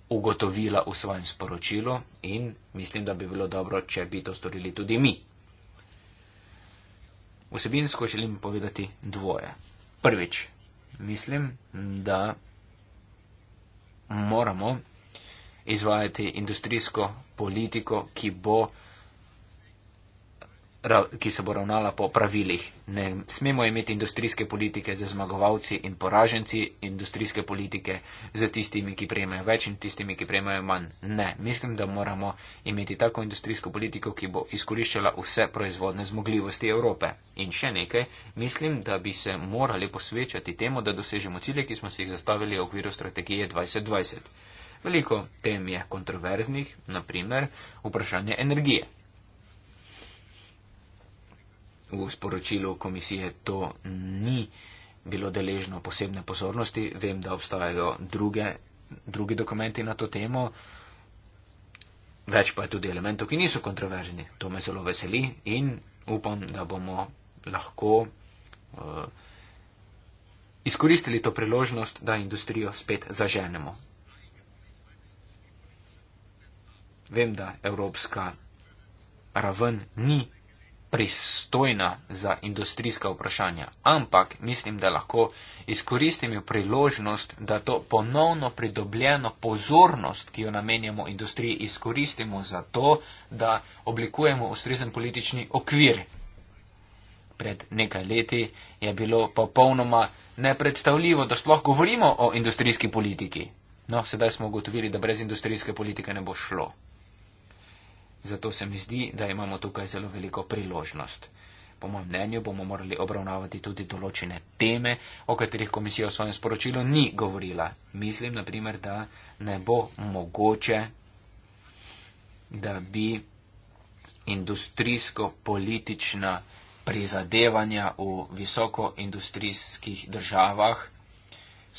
ugotovila v svojem sporočilu in mislim, da bi bilo dobro, če bi to storili tudi mi. Vsebinsko želim povedati dvoje. Prvič, mislim, da moramo izvajati industrijsko politiko, ki bo ki se bo ravnala po pravilih. Ne smemo imeti industrijske politike za zmagovalci in poraženci, industrijske politike za tistimi, ki prejmejo več in tistimi, ki prejmejo manj. Ne, mislim, da moramo imeti tako industrijsko politiko, ki bo izkoriščala vse proizvodne zmogljivosti Evrope. In še nekaj, mislim, da bi se morali posvečati temu, da dosežemo cilje, ki smo si jih zastavili v okviru strategije 2020. Veliko tem je kontroverznih, naprimer vprašanje energije v sporočilu komisije to ni bilo deležno posebne pozornosti. Vem, da obstajajo druge, drugi dokumenti na to temo, več pa je tudi elementov, ki niso kontroverzni. To me zelo veseli in upam, da bomo lahko uh, izkoristili to priložnost, da industrijo spet zaženemo. Vem, da evropska raven ni pristojna za industrijska vprašanja, ampak mislim, da lahko izkoristim priložnost, da to ponovno pridobljeno pozornost, ki jo namenjamo industriji, izkoristimo za to, da oblikujemo ustrezen politični okvir. Pred nekaj leti je bilo popolnoma nepredstavljivo, da sploh govorimo o industrijski politiki. No, sedaj smo ugotovili, da brez industrijske politike ne bo šlo. Zato se mi zdi, da imamo tukaj zelo veliko priložnost. Po mojem mnenju bomo morali obravnavati tudi določene teme, o katerih komisija v svojem sporočilu ni govorila. Mislim, naprimer, da ne bo mogoče, da bi industrijsko-politična prizadevanja v visokoindustrijskih državah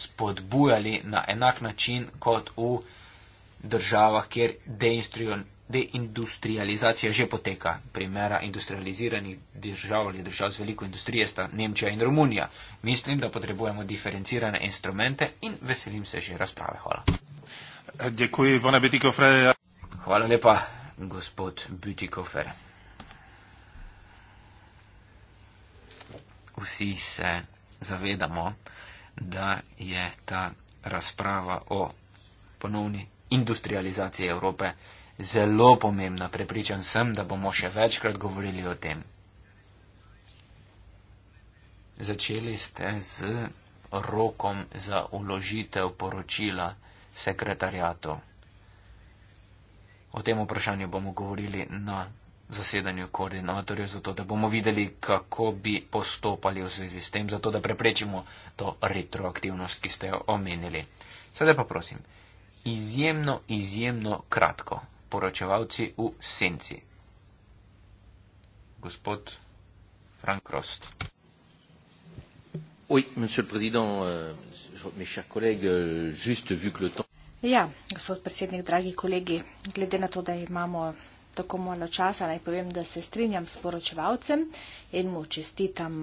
spodbujali na enak način kot v državah, kjer deinstitucionalizirajo deindustrializacija že poteka. Primera industrializiranih držav ali držav z veliko industrije sta Nemčija in Romunija. Mislim, da potrebujemo diferencirane instrumente in veselim se že razprave. Hvala. Dekuji, bon Hvala lepa, gospod Bütikofer. Vsi se zavedamo, da je ta razprava o ponovni industrializaciji Evrope zelo pomembna. Prepričan sem, da bomo še večkrat govorili o tem. Začeli ste z rokom za uložitev poročila sekretarjato. O tem vprašanju bomo govorili na zasedanju koordinatorjev, zato da bomo videli, kako bi postopali v zvezi s tem, zato da preprečimo to retroaktivnost, ki ste jo omenili. Sedaj pa prosim, izjemno, izjemno kratko poročevalci v senci. Gospod Frank Rost. Euh, euh, ja, gospod predsednik, dragi kolegi, glede na to, da imamo tako malo časa, naj povem, da se strinjam s poročevalcem in mu čestitam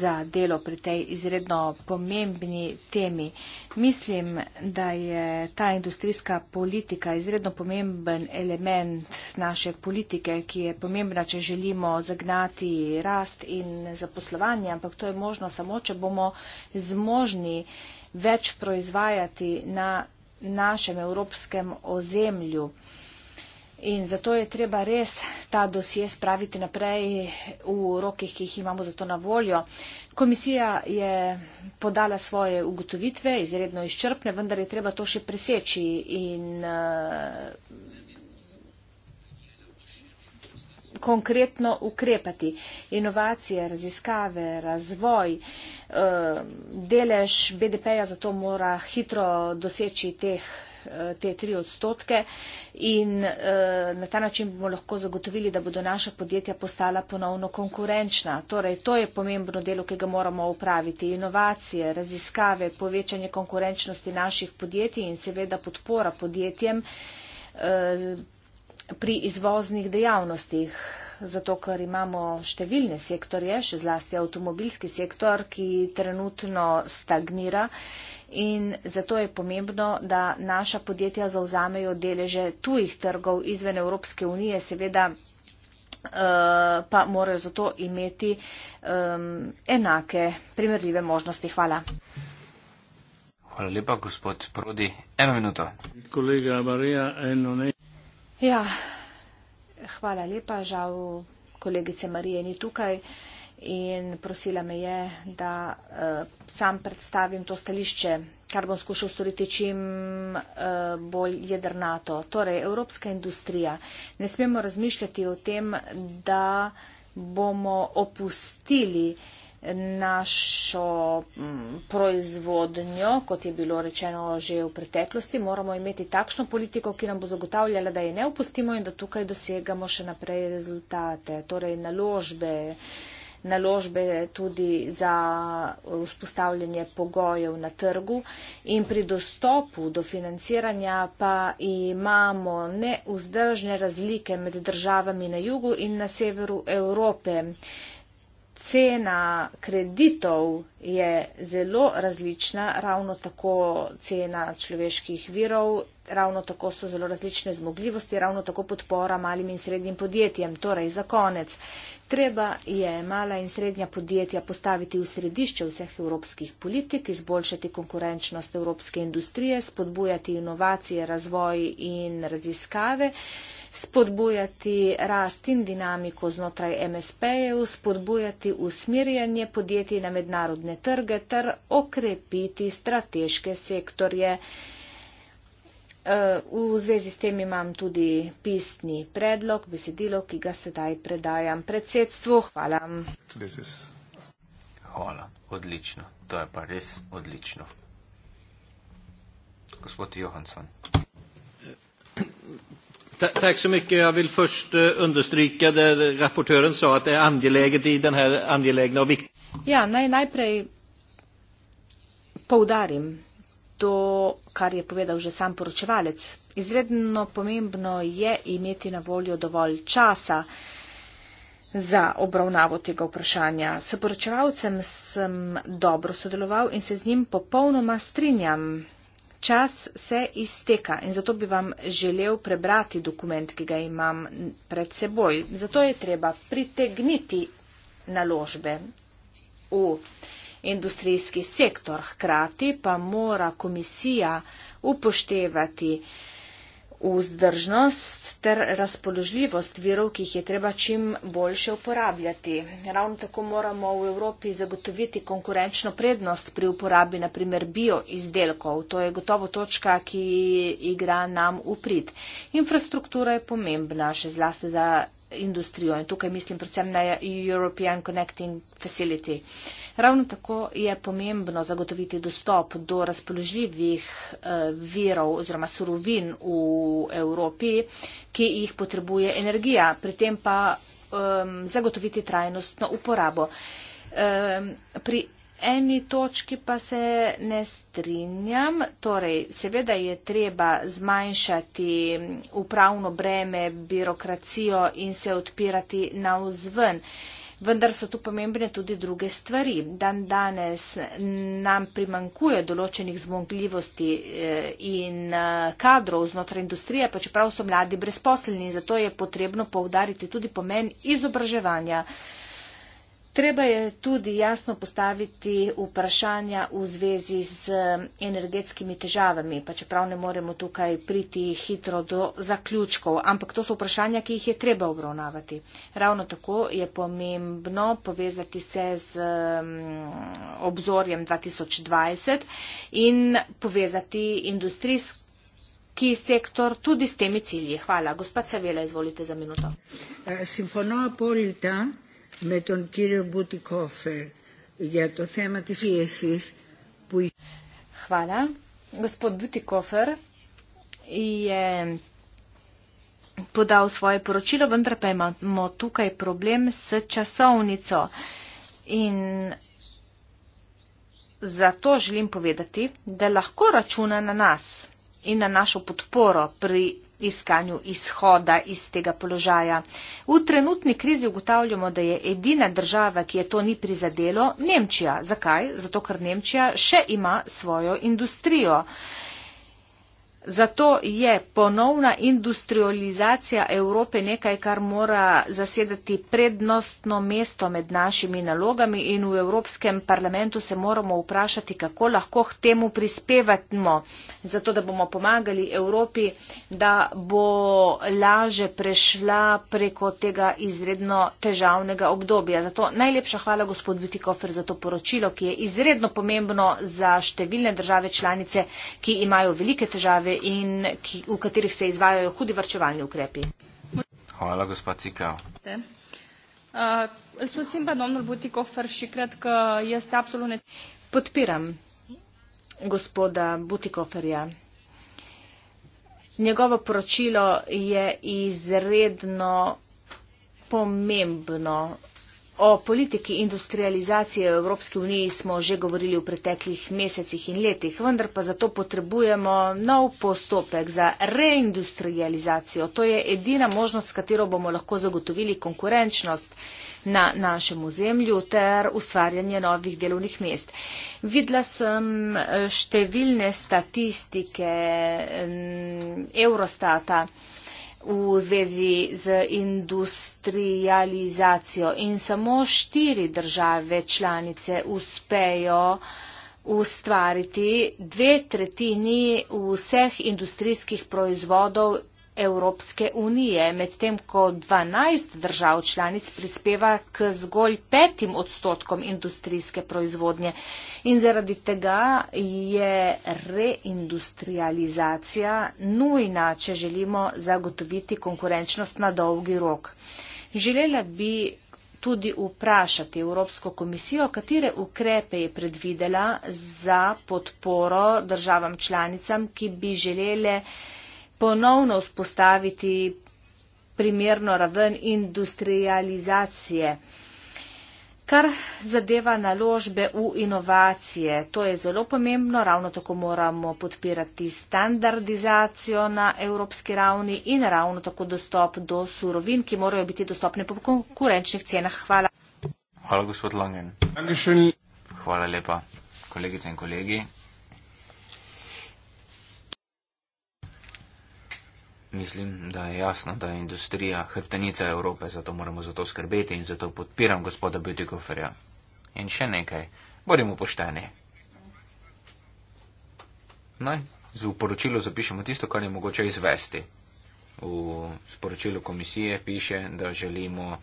za delo pri tej izredno pomembni temi. Mislim, da je ta industrijska politika izredno pomemben element naše politike, ki je pomembna, če želimo zagnati rast in zaposlovanje, ampak to je možno samo, če bomo zmožni več proizvajati na našem evropskem ozemlju. In zato je treba res ta dosje spraviti naprej v rokih, ki jih imamo za to na voljo. Komisija je podala svoje ugotovitve, izredno izčrpne, vendar je treba to še preseči in eh, konkretno ukrepati. Inovacije, raziskave, razvoj, eh, delež BDP-ja zato mora hitro doseči teh Eh, te tri odstotke in eh, na ta način bomo lahko zagotovili, da bodo naša podjetja postala ponovno konkurenčna. Torej, to je pomembno delo, ki ga moramo upraviti. Inovacije, raziskave, povečanje konkurenčnosti naših podjetij in seveda podpora podjetjem eh, pri izvoznih dejavnostih. Zato, ker imamo številne sektorje, še zlasti avtomobilski sektor, ki trenutno stagnira in zato je pomembno, da naša podjetja zauzamejo deleže tujih trgov izven Evropske unije, seveda eh, pa morajo zato imeti enake primerljive možnosti. Hvala. Hvala lepa, gospod Prodi. Eno minuto. Kolega Marija, eno ne. Ja, hvala lepa, žal kolegice Marije ni tukaj in prosila me je, da uh, sam predstavim to stališče, kar bom skušal storiti čim uh, bolj jedrnato. Torej, evropska industrija. Ne smemo razmišljati o tem, da bomo opustili našo mm, proizvodnjo, kot je bilo rečeno že v preteklosti, moramo imeti takšno politiko, ki nam bo zagotavljala, da je ne upustimo in da tukaj dosegamo še naprej rezultate, torej naložbe, eh, naložbe tudi za vzpostavljanje pogojev na trgu in pri dostopu do financiranja pa imamo neuzdržne razlike med državami na jugu in na severu Evrope. Cena kreditov je zelo različna, ravno tako cena človeških virov, ravno tako so zelo različne zmogljivosti, ravno tako podpora malim in srednjim podjetjem. Torej, za konec, Treba je mala in srednja podjetja postaviti v središče vseh evropskih politik, izboljšati konkurenčnost evropske industrije, spodbujati inovacije, razvoj in raziskave, spodbujati rast in dinamiko znotraj MSP-jev, spodbujati usmirjanje podjetij na mednarodne trge ter okrepiti strateške sektorje. Eh, v zvezi s tem imam tudi pisni predlog, besedilo, ki ga sedaj predajam predsedstvu. Hvala. Hvala. Odlično. To je pa res odlično. Gospod Johansson. Tack så mycket. Jag vill först eh, understryka det rapportören sa att det är angeläget i den här angelägna och viktiga... Ja, nej, nej, pre... Poudarim to, kar je povedal že sam poročevalec. Izredno pomembno je imeti na voljo dovolj časa za obravnavo tega vprašanja. S poročevalcem sem dobro sodeloval in se z njim popolnoma strinjam. Čas se izteka in zato bi vam želel prebrati dokument, ki ga imam pred seboj. Zato je treba pritegniti naložbe v. Uh industrijski sektor. Hkrati pa mora komisija upoštevati vzdržnost ter razpoložljivost virov, ki jih je treba čim boljše uporabljati. Ravno tako moramo v Evropi zagotoviti konkurenčno prednost pri uporabi naprimer bioizdelkov. To je gotovo točka, ki igra nam uprit. Infrastruktura je pomembna, še zlasti, da industrijo in tukaj mislim predvsem na European Connecting Facility. Ravno tako je pomembno zagotoviti dostop do razpoložljivih eh, virov oziroma surovin v Evropi, ki jih potrebuje energija, pri tem pa um, zagotoviti trajnostno uporabo. Um, pri eni točki pa se ne strinjam. Torej, seveda je treba zmanjšati upravno breme, birokracijo in se odpirati na vzven. Vendar so tu pomembne tudi druge stvari. Dan danes nam primankuje določenih zmogljivosti eh, in eh, kadrov znotraj industrije, pa čeprav so mladi brezposleni, zato je potrebno povdariti tudi pomen izobraževanja. Treba je tudi jasno postaviti vprašanja v zvezi z energetskimi težavami, pa čeprav ne moremo tukaj priti hitro do zaključkov, ampak to so vprašanja, ki jih je treba obravnavati. Ravno tako je pomembno povezati se z mm, obzorjem 2020 in povezati industrijski sektor tudi s temi cilji. Hvala. Gospod Savela, izvolite za minuto. Eh, Simfonija Politana με τον κύριο Μπουτικόφερ για το θέμα της πίεσης που... Χβάλα, господ Бутикофер е подал свое поручило, вендре па имамо тукај проблем с часовницо. И за то желим поведати да лахко рачуна на нас и на нашу подпору при iskanju izhoda iz tega položaja. V trenutni krizi ugotavljamo, da je edina država, ki je to ni prizadelo, Nemčija. Zakaj? Zato, ker Nemčija še ima svojo industrijo. Zato je ponovna industrializacija Evrope nekaj, kar mora zasedati prednostno mesto med našimi nalogami in v Evropskem parlamentu se moramo vprašati, kako lahko k temu prispevamo, zato da bomo pomagali Evropi, da bo laže prešla preko tega izredno težavnega obdobja. Zato najlepša hvala gospod Vitikofer za to poročilo, ki je izredno pomembno za številne države članice, ki imajo velike težave države in ki, v katerih se izvajajo hudi varčevalni ukrepi. Hvala, gospod Cikav. Podpiram gospoda Butikoferja. Njegovo poročilo je izredno pomembno O politiki industrializacije v Evropski uniji smo že govorili v preteklih mesecih in letih, vendar pa zato potrebujemo nov postopek za reindustrializacijo. To je edina možnost, s katero bomo lahko zagotovili konkurenčnost na našem ozemlju ter ustvarjanje novih delovnih mest. Videla sem številne statistike mm, Eurostata, v zvezi z industrializacijo in samo štiri države članice uspejo ustvariti dve tretjini vseh industrijskih proizvodov Evropske unije, medtem ko 12 držav članic prispeva k zgolj petim odstotkom industrijske proizvodnje. In zaradi tega je reindustrializacija nujna, če želimo zagotoviti konkurenčnost na dolgi rok. Želela bi tudi vprašati Evropsko komisijo, katere ukrepe je predvidela za podporo državam članicam, ki bi želele ponovno vzpostaviti primerno raven industrializacije. Kar zadeva naložbe v inovacije, to je zelo pomembno, ravno tako moramo podpirati standardizacijo na evropski ravni in ravno tako dostop do surovin, ki morajo biti dostopne po konkurenčnih cenah. Hvala. Hvala, gospod Langen. Hvala lepa, kolegice in kolegi. Mislim, da je jasno, da je industrija hrbtenica Evrope, zato moramo za to skrbeti in zato podpiram gospoda Bütikoferja. In še nekaj, bodimo pošteni. Naj z uporočilo zapišemo tisto, kar je mogoče izvesti. V sporočilu komisije piše, da želimo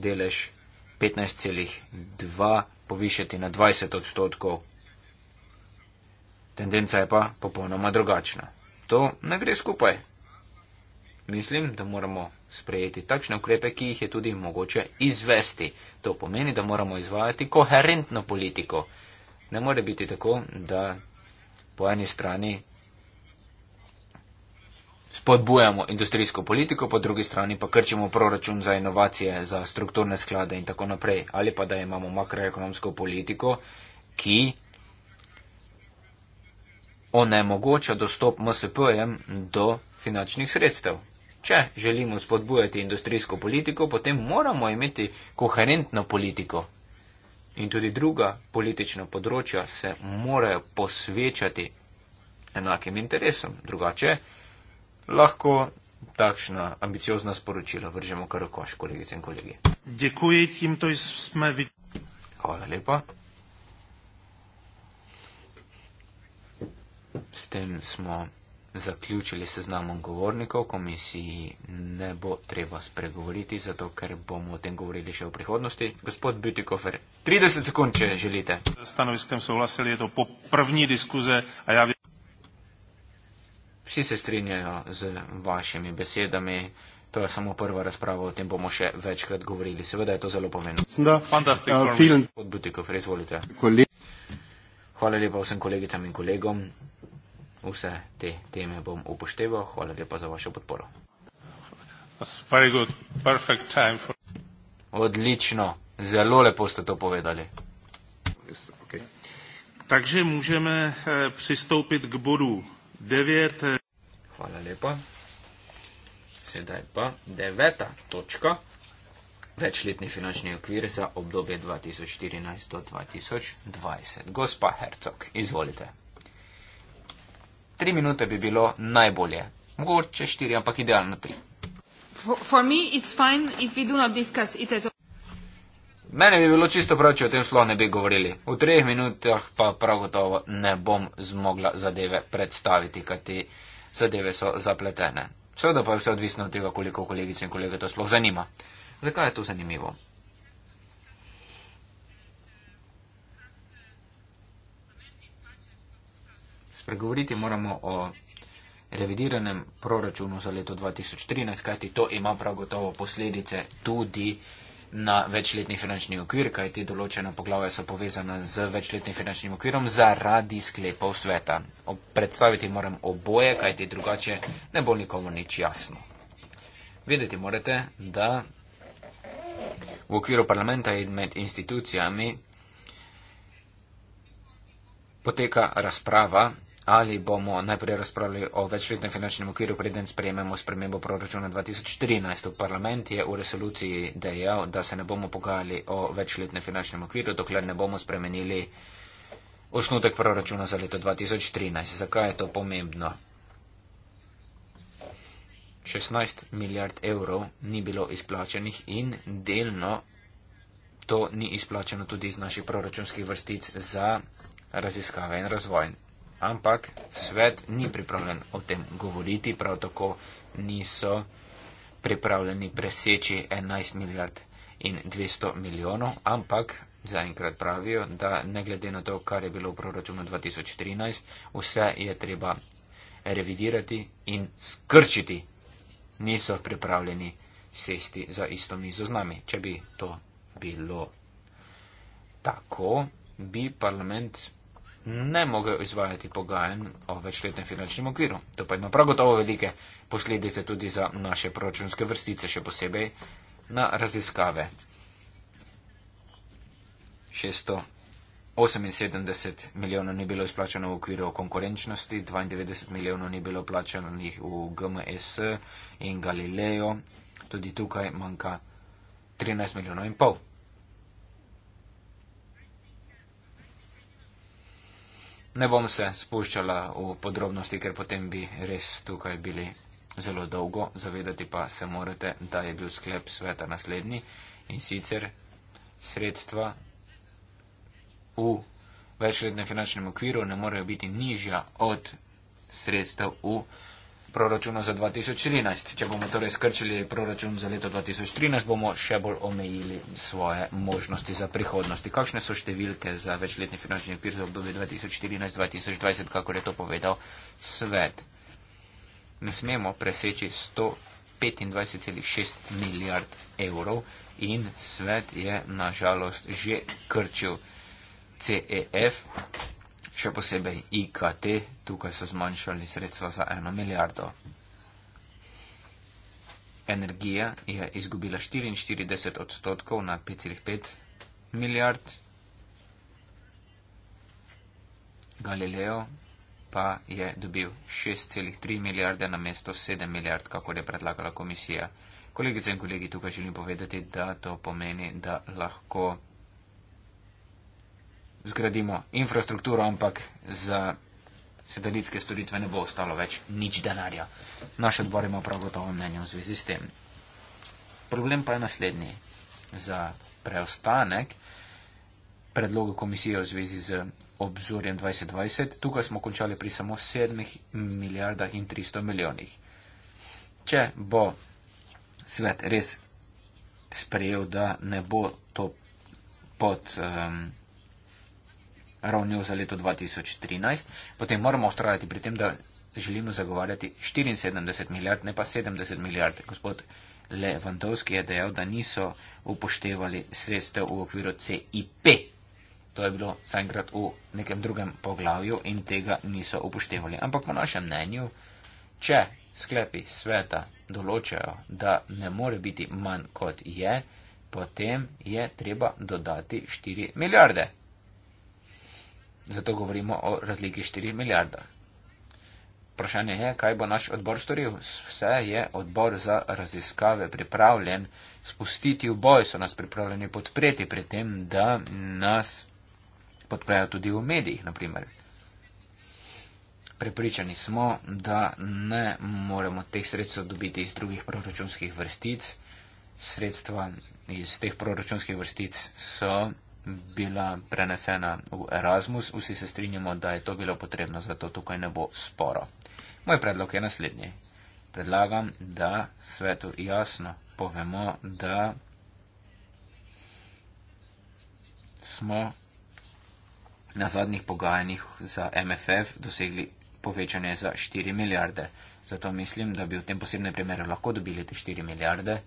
delež 15,2 povišati na 20 odstotkov. Tendenca je pa popolnoma drugačna. To ne gre skupaj. Mislim, da moramo sprejeti takšne ukrepe, ki jih je tudi mogoče izvesti. To pomeni, da moramo izvajati koherentno politiko. Ne more biti tako, da po eni strani spodbujamo industrijsko politiko, po drugi strani pa krčimo proračun za inovacije, za strukturne sklade in tako naprej. Ali pa da imamo makroekonomsko politiko, ki onemogoča dostop MSP-jem do finančnih sredstev. Če želimo spodbujati industrijsko politiko, potem moramo imeti koherentno politiko. In tudi druga politična področja se morajo posvečati enakim interesom. Drugače lahko takšna ambiciozna sporočila vržemo kar okoš, kolegice in kolegi. Hvala lepa. S tem smo zaključili seznamom govornikov, komisiji ne bo treba spregovoriti, zato ker bomo o tem govorili še v prihodnosti. Gospod Butikofer, 30 sekund, če želite. Stanoviskem soglasili je to po prvni diskuze, a ja. Vsi se strinjajo z vašimi besedami. To je samo prva razprava, o tem bomo še večkrat govorili. Seveda je to zelo pomembno. Ja, Fantastičen eh, film. Hvala lepa vsem kolegicam in kolegom vse te teme bom upošteval. Hvala lepa za vašo podporo. For... Odlično, zelo lepo ste to povedali. Yes, okay. Takže můžeme eh, přistoupit k bodu 9. Eh. Hvala lepa. Sedaj pa deveta točka. Večletni finančni okvir za obdobje 2014-2020. Gospa Hercog, izvolite. Tri minute bi bilo najbolje, mogoče štiri, ampak idealno tri. For, for Mene bi bilo čisto prav, če o tem sploh ne bi govorili. V treh minutah pa prav gotovo ne bom zmogla zadeve predstaviti, kajti zadeve so zapletene. Seveda pa je vse odvisno od tega, koliko kolegic in kolega to sploh zanima. Zakaj je to zanimivo? spregovoriti moramo o revidiranem proračunu za leto 2013, kajti to ima prav gotovo posledice tudi na večletni finančni okvir, kajti določena poglavja so povezana z večletnim finančnim okvirom zaradi sklepov sveta. Predstaviti moram oboje, kajti drugače ne bo nikomu nič jasno. Vedeti morate, da v okviru parlamenta in med institucijami poteka razprava ali bomo najprej razpravljali o večletnem finančnem okviru, preden sprejememo spremembo proračuna 2014. Parlament je v resoluciji dejal, da se ne bomo pogajali o večletnem finančnem okviru, dokler ne bomo spremenili osnutek proračuna za leto 2013. Zakaj je to pomembno? 16 milijard evrov ni bilo izplačenih in delno to ni izplačeno tudi iz naših proračunskih vrstic za raziskave in razvoj ampak svet ni pripravljen o tem govoriti, prav tako niso pripravljeni preseči 11 milijard in 200 milijonov, ampak zaenkrat pravijo, da ne glede na to, kar je bilo v proračunu 2013, vse je treba revidirati in skrčiti. Niso pripravljeni sesti za isto mizo z nami. Če bi to bilo tako, bi parlament ne mogejo izvajati pogajanj o večletnem finančnem okviru. To pa ima prav gotovo velike posledice tudi za naše proračunske vrstice, še posebej na raziskave 600. 78 milijonov ni bilo izplačeno v okviru konkurenčnosti, 92 milijonov ni bilo plačanih v GMS in Galileo, tudi tukaj manjka 13 milijonov in pol. Ne bom se spuščala v podrobnosti, ker potem bi res tukaj bili zelo dolgo. Zavedati pa se morate, da je bil sklep sveta naslednji in sicer sredstva v večletnem finančnem okviru ne morejo biti nižja od sredstev v proračuna za 2013. Če bomo torej skrčili proračun za leto 2013, bomo še bolj omejili svoje možnosti za prihodnosti. Kakšne so številke za večletni finančni okvir za obdobje 2014-2020, kako je to povedal svet? Ne smemo preseči 125,6 milijard evrov in svet je nažalost že krčil CEF še posebej IKT, tukaj so zmanjšali sredstva za eno milijardo. Energija je izgubila 44 odstotkov na 5,5 milijard, Galileo pa je dobil 6,3 milijarde na mesto 7 milijard, kako je predlagala komisija. Kolegice in kolegi, tukaj želim povedati, da to pomeni, da lahko zgradimo infrastrukturo, ampak za satelitske storitve ne bo ostalo več nič denarja. Naš odbor ima prav gotovo mnenje v zvezi s tem. Problem pa je naslednji. Za preostanek predloga komisije v zvezi z obzorjem 2020, tukaj smo končali pri samo 7 milijardah in 300 milijonih. Če bo svet res sprejel, da ne bo to pod. Um, ravnjo za leto 2013, potem moramo ustrajati pri tem, da želimo zagovarjati 74 milijard, ne pa 70 milijard. Gospod Levandovski je dejal, da niso upoštevali sredstev v okviru CIP. To je bilo vsakrat v nekem drugem poglavju in tega niso upoštevali. Ampak po našem mnenju, če sklepi sveta določajo, da ne more biti manj kot je, potem je treba dodati 4 milijarde. Zato govorimo o razliki 4 milijardah. Vprašanje je, kaj bo naš odbor storil. Vse je odbor za raziskave pripravljen spustiti v boj, so nas pripravljeni podpreti pri tem, da nas podprejo tudi v medijih, naprimer. Prepričani smo, da ne moremo teh sredstev dobiti iz drugih proračunskih vrstic. Sredstva iz teh proračunskih vrstic so bila prenesena v Erasmus. Vsi se strinjamo, da je to bilo potrebno, zato tukaj ne bo sporo. Moj predlog je naslednji. Predlagam, da svetu jasno povemo, da smo na zadnjih pogajanjih za MFF dosegli povečanje za 4 milijarde. Zato mislim, da bi v tem posebnem primeru lahko dobili te 4 milijarde.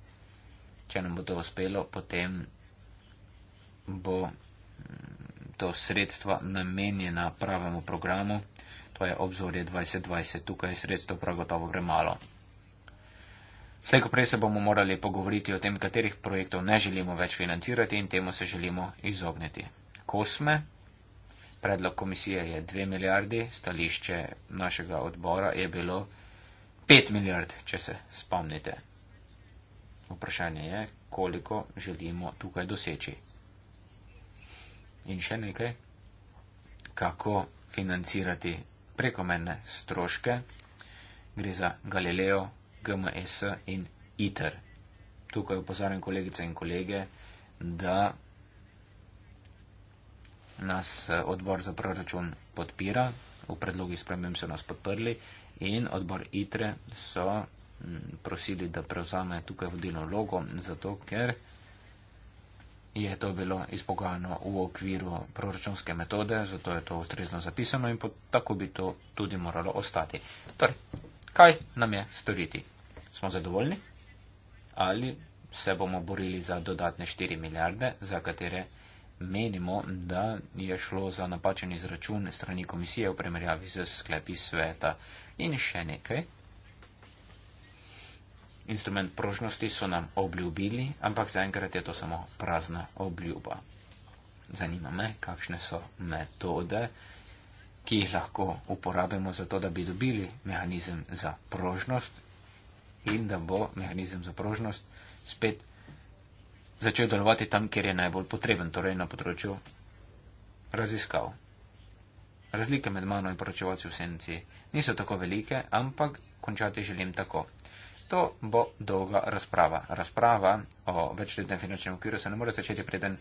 Če nam bo to uspelo, potem bo mm, to sredstva namenjena pravemu programu, to je obzorje 2020. Tukaj je sredstvo pragotovo premalo. Slejko prej se bomo morali pogovoriti o tem, katerih projektov ne želimo več financirati in temu se želimo izogniti. Kosme, predlog komisije je 2 milijardi, stališče našega odbora je bilo 5 milijard, če se spomnite. Vprašanje je, koliko želimo tukaj doseči. In še nekaj, kako financirati prekomerne stroške, gre za Galileo, GMS in ITER. Tukaj upozorim kolegice in kolege, da nas eh, odbor za proračun podpira, v predlogi spremem so nas podprli in odbor ITRE so mm, prosili, da prevzame tukaj vodilno logo, zato ker je to bilo izpogajano v okviru proračunske metode, zato je to ustrezno zapisano in tako bi to tudi moralo ostati. Torej, kaj nam je storiti? Smo zadovoljni? Ali se bomo borili za dodatne 4 milijarde, za katere menimo, da je šlo za napačen izračun strani komisije v primerjavi z sklepi sveta in še nekaj? instrument prožnosti so nam obljubili, ampak zaenkrat je to samo prazna obljuba. Zanima me, kakšne so metode, ki jih lahko uporabimo za to, da bi dobili mehanizem za prožnost in da bo mehanizem za prožnost spet začel delovati tam, kjer je najbolj potreben, torej na področju raziskav. Razlike med mano in poročevalci v senci niso tako velike, ampak končati želim tako. To bo dolga razprava. Razprava o večletnem finančnem okviru se ne more začeti, preden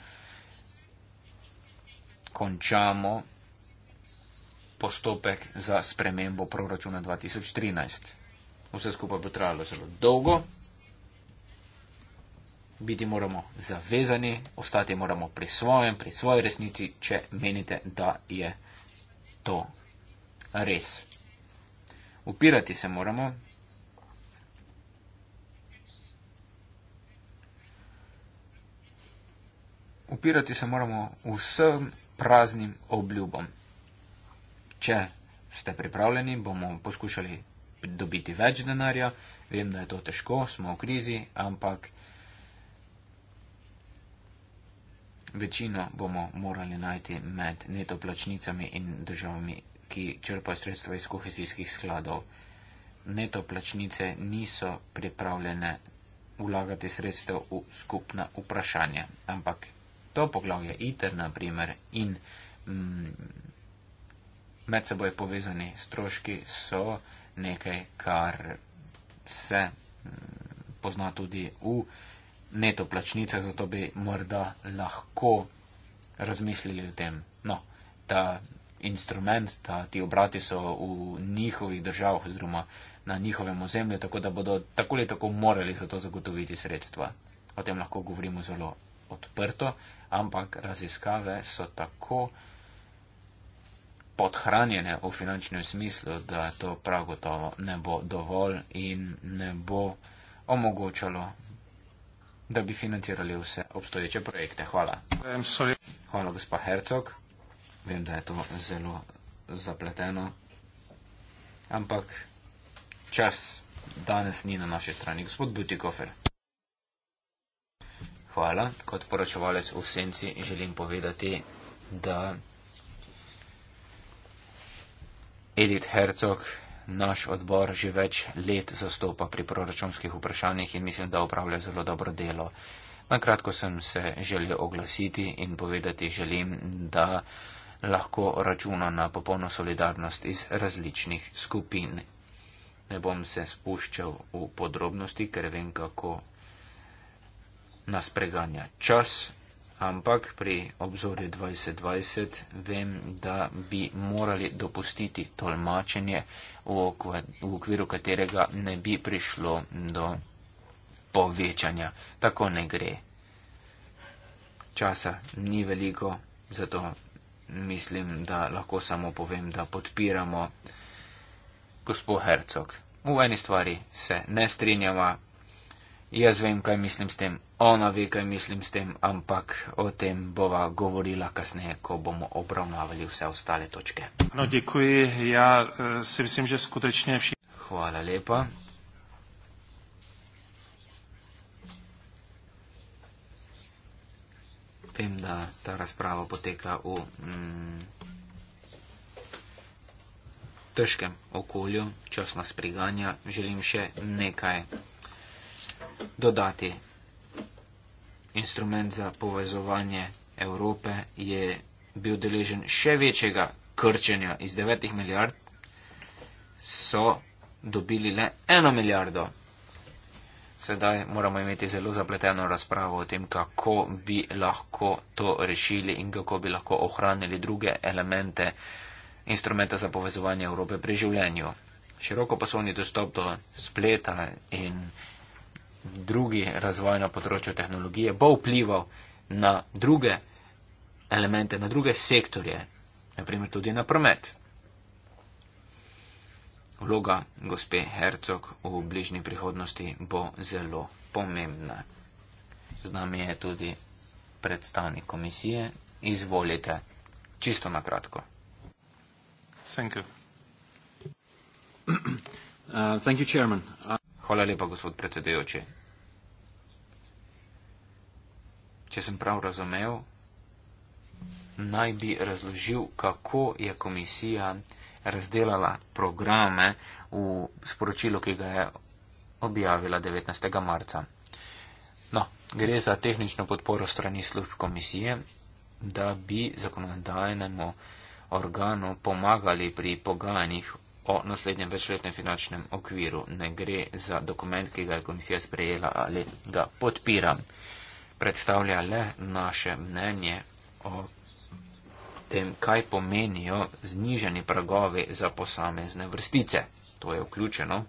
končamo postopek za spremembo proračuna 2013. Vse skupaj bo trajalo zelo dolgo. Biti moramo zavezani, ostati moramo pri svojem, pri svoji resnici, če menite, da je to res. Upirati se moramo, upirati se moramo vsem praznim obljubam. Če ste pripravljeni, bomo poskušali dobiti več denarja. Vem, da je to težko, smo v krizi, ampak večino bomo morali najti med netoplačnicami in državami, ki črpajo sredstva iz kohezijskih skladov. Netoplačnice niso pripravljene vlagati sredstev v skupna vprašanja, ampak to poglavje, ITER, naprimer, in mm, med seboj povezani stroški so nekaj, kar se mm, pozna tudi v neto plačnice, zato bi morda lahko razmislili o tem. No, ta instrument, ta, ti obrati so v njihovih državah oziroma na njihovem ozemlju, tako da bodo tako ali tako morali za to zagotoviti sredstva. O tem lahko govorimo zelo odprto, ampak raziskave so tako podhranjene v finančnem smislu, da to prav gotovo ne bo dovolj in ne bo omogočalo, da bi financirali vse obstoječe projekte. Hvala. Hvala, gospa Hercog. Vem, da je to zelo zapleteno, ampak čas danes ni na naši strani. Gospod Butikofer. Hvala. Kot poročevalec v senci želim povedati, da Edith Herzog naš odbor že več let zastopa pri proračunskih vprašanjih in mislim, da upravlja zelo dobro delo. Na kratko sem se želel oglasiti in povedati želim, da lahko računa na popolno solidarnost iz različnih skupin. Ne bom se spuščal v podrobnosti, ker vem, kako nas preganja čas, ampak pri obzorju 2020 vem, da bi morali dopustiti tolmačenje, v okviru katerega ne bi prišlo do povečanja. Tako ne gre. Časa ni veliko, zato mislim, da lahko samo povem, da podpiramo gospod Hercog. V eni stvari se ne strinjava, Jaz vem, kaj mislim s tem, ona ve, kaj mislim s tem, ampak o tem bova govorila kasneje, ko bomo obravnavali vse ostale točke. No, děkuji, ja eh, se mislim, že skutečne vši. Hvala lepa. Vem, da ta razprava poteka v mm, težkem okolju, čas nas priganja. Želim še nekaj dodati. Instrument za povezovanje Evrope je bil deležen še večjega krčenja iz 9 milijard, so dobili le 1 milijardo. Sedaj moramo imeti zelo zapleteno razpravo o tem, kako bi lahko to rešili in kako bi lahko ohranili druge elemente instrumenta za povezovanje Evrope pri življenju. Široko poslovni dostop do spleta in drugi razvoj na področju tehnologije bo vplival na druge elemente, na druge sektorje, naprimer tudi na promet. Vloga gospe Hercog v bližnji prihodnosti bo zelo pomembna. Z nami je tudi predstavnik komisije. Izvolite, čisto na kratko. Thank you. Uh, thank you, chairman. Uh... Hvala lepa, gospod predsedujoči. Če sem prav razumel, naj bi razložil, kako je komisija razdelala programe v sporočilu, ki ga je objavila 19. marca. No, gre za tehnično podporo strani služb komisije, da bi zakonodajnemu organu pomagali pri pogajanjih o naslednjem večletnem finančnem okviru. Ne gre za dokument, ki ga je komisija sprejela ali ga podpira. Predstavlja le naše mnenje o tem, kaj pomenijo zniženi pragovi za posamezne vrstice. To je vključeno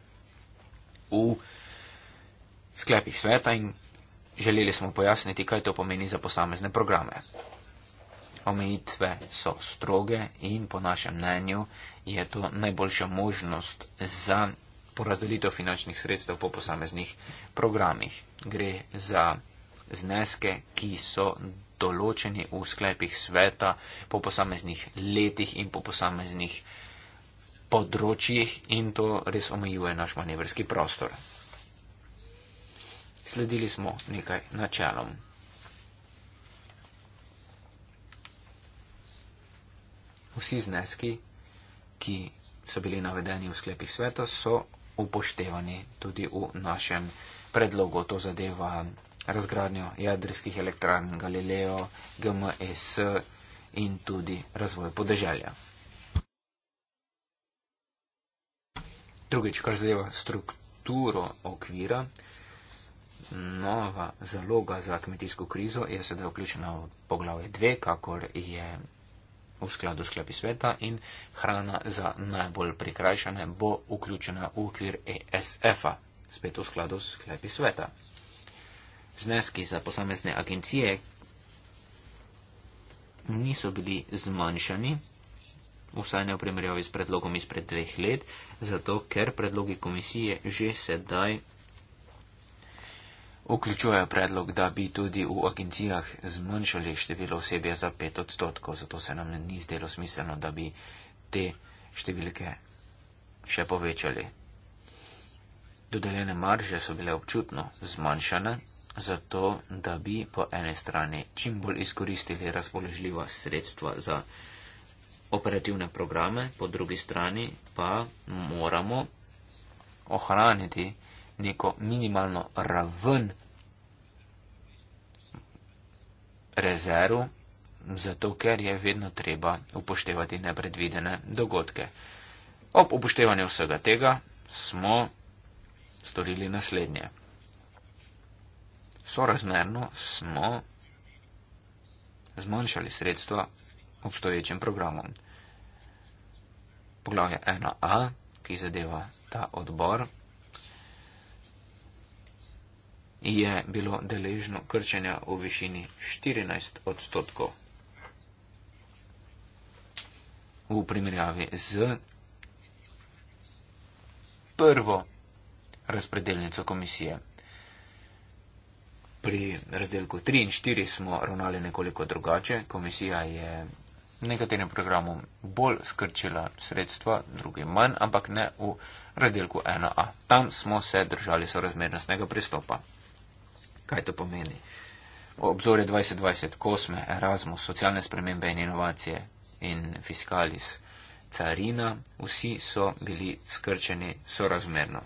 v sklepih sveta in želeli smo pojasniti, kaj to pomeni za posamezne programe omejitve so stroge in po našem mnenju je to najboljša možnost za porazdelitev finančnih sredstev po posameznih programih. Gre za zneske, ki so določeni v sklepih sveta po posameznih letih in po posameznih področjih in to res omejuje naš manevrski prostor. Sledili smo nekaj načelom. vsi zneski, ki so bili navedeni v sklepih sveta, so upoštevani tudi v našem predlogu. To zadeva razgradnjo jadrskih elektran Galileo, GMS in tudi razvoj podeželja. Drugič, kar zadeva strukturo okvira, nova zaloga za kmetijsko krizo je sedaj vključena v poglavje 2, kakor je v skladu s sklepi sveta in hrana za najbolj prikrajšane bo vključena v okvir ESF-a, spet v skladu s sklepi sveta. Zneski za posamezne agencije niso bili zmanjšani, vsaj ne v primerjavi s predlogom izpred dveh let, zato ker predlogi komisije že sedaj vključujejo predlog, da bi tudi v agencijah zmanjšali število osebja za pet odstotkov, zato se nam ni zdelo smiselno, da bi te številke še povečali. Dodeljene marže so bile občutno zmanjšane, zato da bi po ene strani čim bolj izkoristili razpoložljiva sredstva za operativne programe, po drugi strani pa moramo ohraniti neko minimalno raven rezerv, zato ker je vedno treba upoštevati nepredvidene dogodke. Ob upoštevanju vsega tega smo storili naslednje. Sorazmerno smo zmanjšali sredstva obstoječim programom. Poglavje 1a, ki zadeva ta odbor, je bilo deležno krčenja v višini 14 odstotkov. V primerjavi z prvo razpredelnico komisije. Pri razdelku 3 in 4 smo ravnali nekoliko drugače. Komisija je nekaterim programom bolj skrčila sredstva, drugim manj, ampak ne v razdelku 1a. Tam smo se držali sorazmernostnega pristopa kaj to pomeni. Obzorje 2020, kosme, Erasmus, socialne spremembe in inovacije in fiskalis, carina, vsi so bili skrčeni sorazmerno.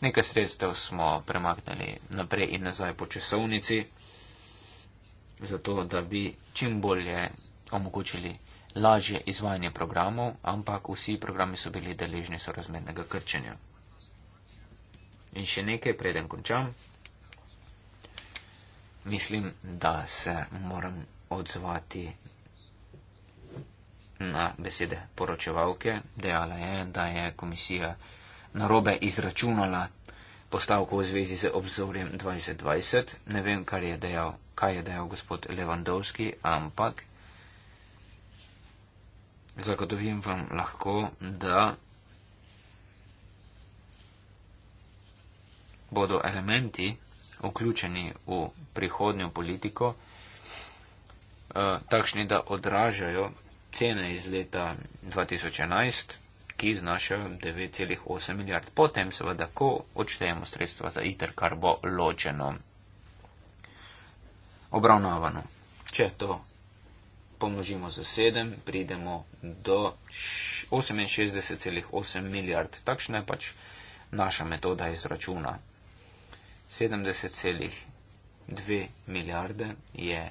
Nekaj sredstev smo premaknili naprej in nazaj po časovnici, zato da bi čim bolje omogočili lažje izvajanje programov, ampak vsi programi so bili deležni sorazmernega krčenja. In še nekaj, preden končam mislim, da se moram odzvati na besede poročevalke. Dejala je, da je komisija narobe izračunala postavko v zvezi z obzorjem 2020. Ne vem, je dejal, kaj je dejal gospod Levandovski, ampak zagotovim vam lahko, da bodo elementi vključeni v prihodnjo politiko, eh, takšni, da odražajo cene iz leta 2011, ki znašajo 9,8 milijard. Potem seveda, ko odštejemo sredstva za ITER, kar bo ločeno obravnavano. Če to pomnožimo z 7, pridemo do 68,8 milijard. Takšna je pač naša metoda izračuna. 70,2 milijarde je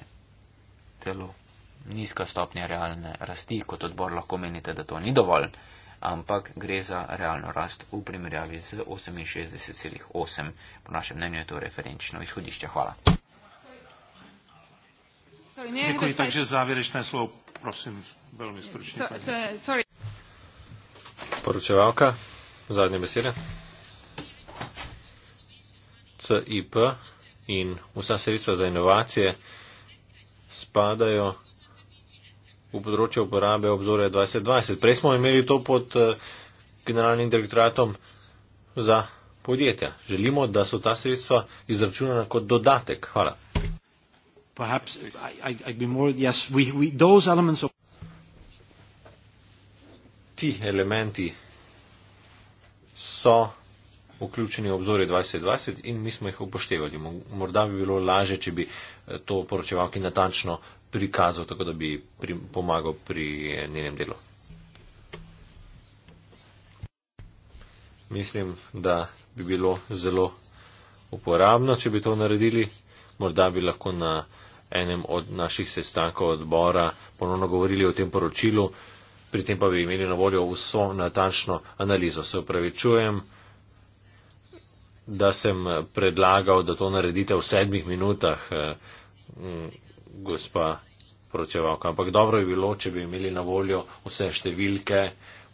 telo nizka stopnja realne rasti, kot odbor lahko menite, da to ni dovolj, ampak gre za realno rast v primerjavi z 68,8. Po našem mnenju je to referenčno izhodišče. Hvala. Nekaj takšne zavirešne slov, prosim, veljni stručni. So, so, Poročevalka, zadnje besede. CIP in vsa sredstva za inovacije spadajo v področje uporabe obzorja 2020. Prej smo imeli to pod eh, generalnim direktoratom za podjetja. Želimo, da so ta sredstva izračunana kot dodatek. Hvala. Ti elementi so vključeni v obzorje 2020 in mi smo jih upoštevali. Morda bi bilo laže, če bi eh, to poročevalki natančno prikazal, tako da bi pri, pomagal pri eh, njenem delu. Mislim, da bi bilo zelo uporabno, če bi to naredili. Morda bi lahko na enem od naših sestankov odbora ponovno govorili o tem poročilu, pri tem pa bi imeli na voljo vso natančno analizo. Se upravičujem da sem eh, predlagal, da to naredite v sedmih minutah, eh, gospa poročevalka. Ampak dobro bi bilo, če bi imeli na voljo vse številke,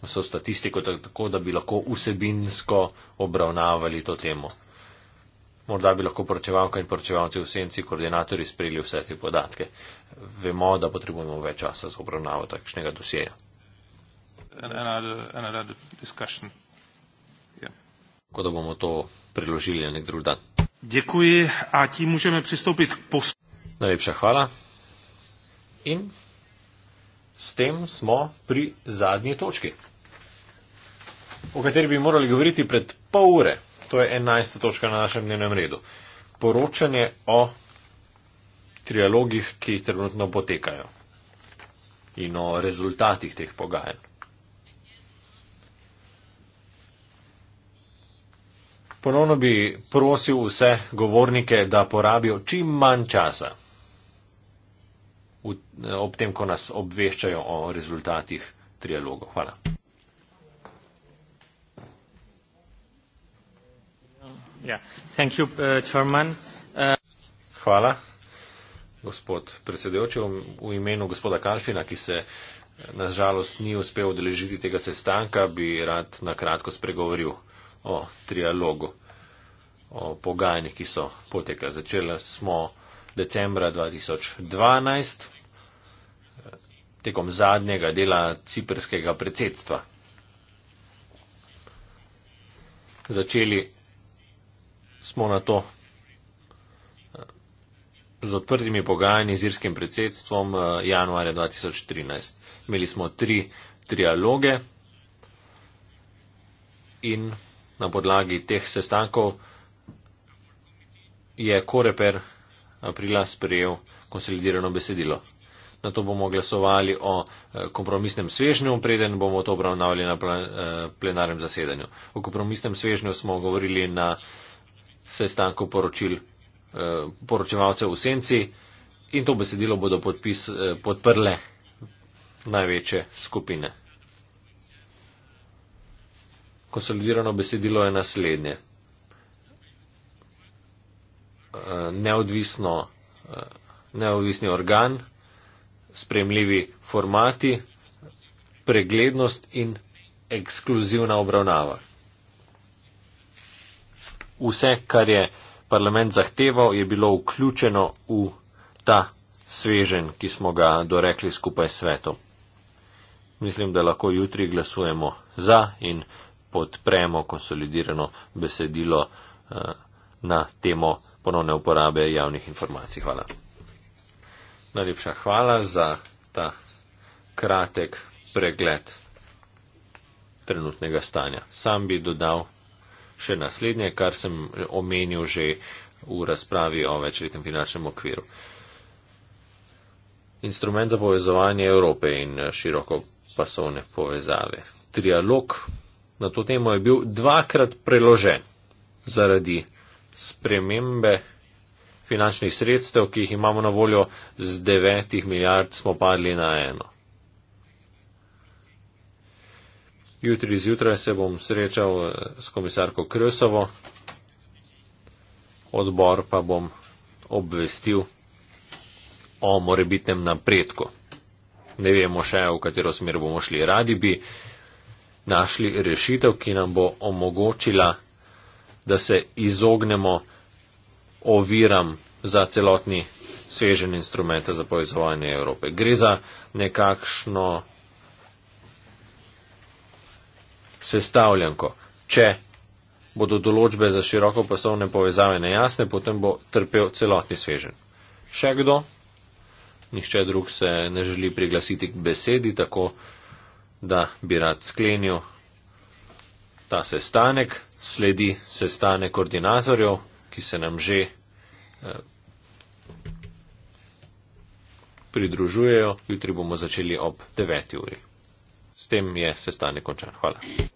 vso statistiko, tako da bi lahko vsebinsko obravnavali to temo. Morda bi lahko poročevalka in poročevalci v senci koordinatorji sprejeli vse te podatke. Vemo, da potrebujemo več časa za obravnavo takšnega dosjeja. Another, another discussion tako da bomo to preložili na nek drug dan. Děkuji, a ti můžeme přistoupit k poslu. Najlepša hvala. In s tem smo pri zadnji točki, o kateri bi morali govoriti pred pol ure. To je 11. točka na našem dnevnem redu. Poročanje o trialogih, ki trenutno potekajo in o rezultatih teh pogajanj. Ponovno bi prosil vse govornike, da porabijo čim manj časa ob tem, ko nas obveščajo o rezultatih trialogov. Hvala. Uh, uh, Hvala, gospod predsedujoči, v imenu gospoda Kalfina, ki se na žalost ni uspel odeležiti tega sestanka, bi rad na kratko spregovoril o trialogu, o pogajanjih, ki so potekla. Začela smo decembra 2012, tekom zadnjega dela ciperskega predsedstva. Začeli smo na to z odprtimi pogajanji z irskim predsedstvom eh, januarja 2013. Imeli smo tri trialoge in Na podlagi teh sestankov je Koreper aprila sprejel konsolidirano besedilo. Na to bomo glasovali o eh, kompromisnem svežnju, preden bomo to obravnavali na eh, plenarnem zasedanju. O kompromisnem svežnju smo govorili na sestanku poročil, eh, poročevalcev v senci in to besedilo bodo podpis, podprle največje skupine konsolidirano besedilo je naslednje. Eh, neodvisno, eh, neodvisni organ, spremljivi formati, preglednost in ekskluzivna obravnava. Vse, kar je parlament zahteval, je bilo vključeno v ta svežen, ki smo ga dorekli skupaj s svetom. Mislim, da lahko jutri glasujemo za in podpremo konsolidirano besedilo eh, na temo ponovne uporabe javnih informacij. Hvala. Najlepša hvala za ta kratek pregled trenutnega stanja. Sam bi dodal še naslednje, kar sem omenil že v razpravi o večletnem finančnem okviru. Instrument za povezovanje Evrope in široko pasovne povezave. Trialog na to temo je bil dvakrat preložen zaradi spremembe finančnih sredstev, ki jih imamo na voljo, z devetih milijard smo padli na eno. Jutri zjutraj se bom srečal eh, s komisarko Krösovo, odbor pa bom obvestil o morebitnem napredku. Ne vemo še, v katero smer bomo šli. Radi bi našli rešitev, ki nam bo omogočila, da se izognemo oviram za celotni svežen instrumenta za povezovanje Evrope. Gre za nekakšno sestavljanko. Če bodo določbe za široko poslovne povezave nejasne, potem bo trpel celotni svežen. Še kdo? Nihče drug se ne želi priglasiti k besedi, tako da bi rad sklenil ta sestanek. Sledi sestanek koordinatorjev, ki se nam že eh, pridružujejo. Jutri bomo začeli ob 9. uri. S tem je sestanek končan. Hvala.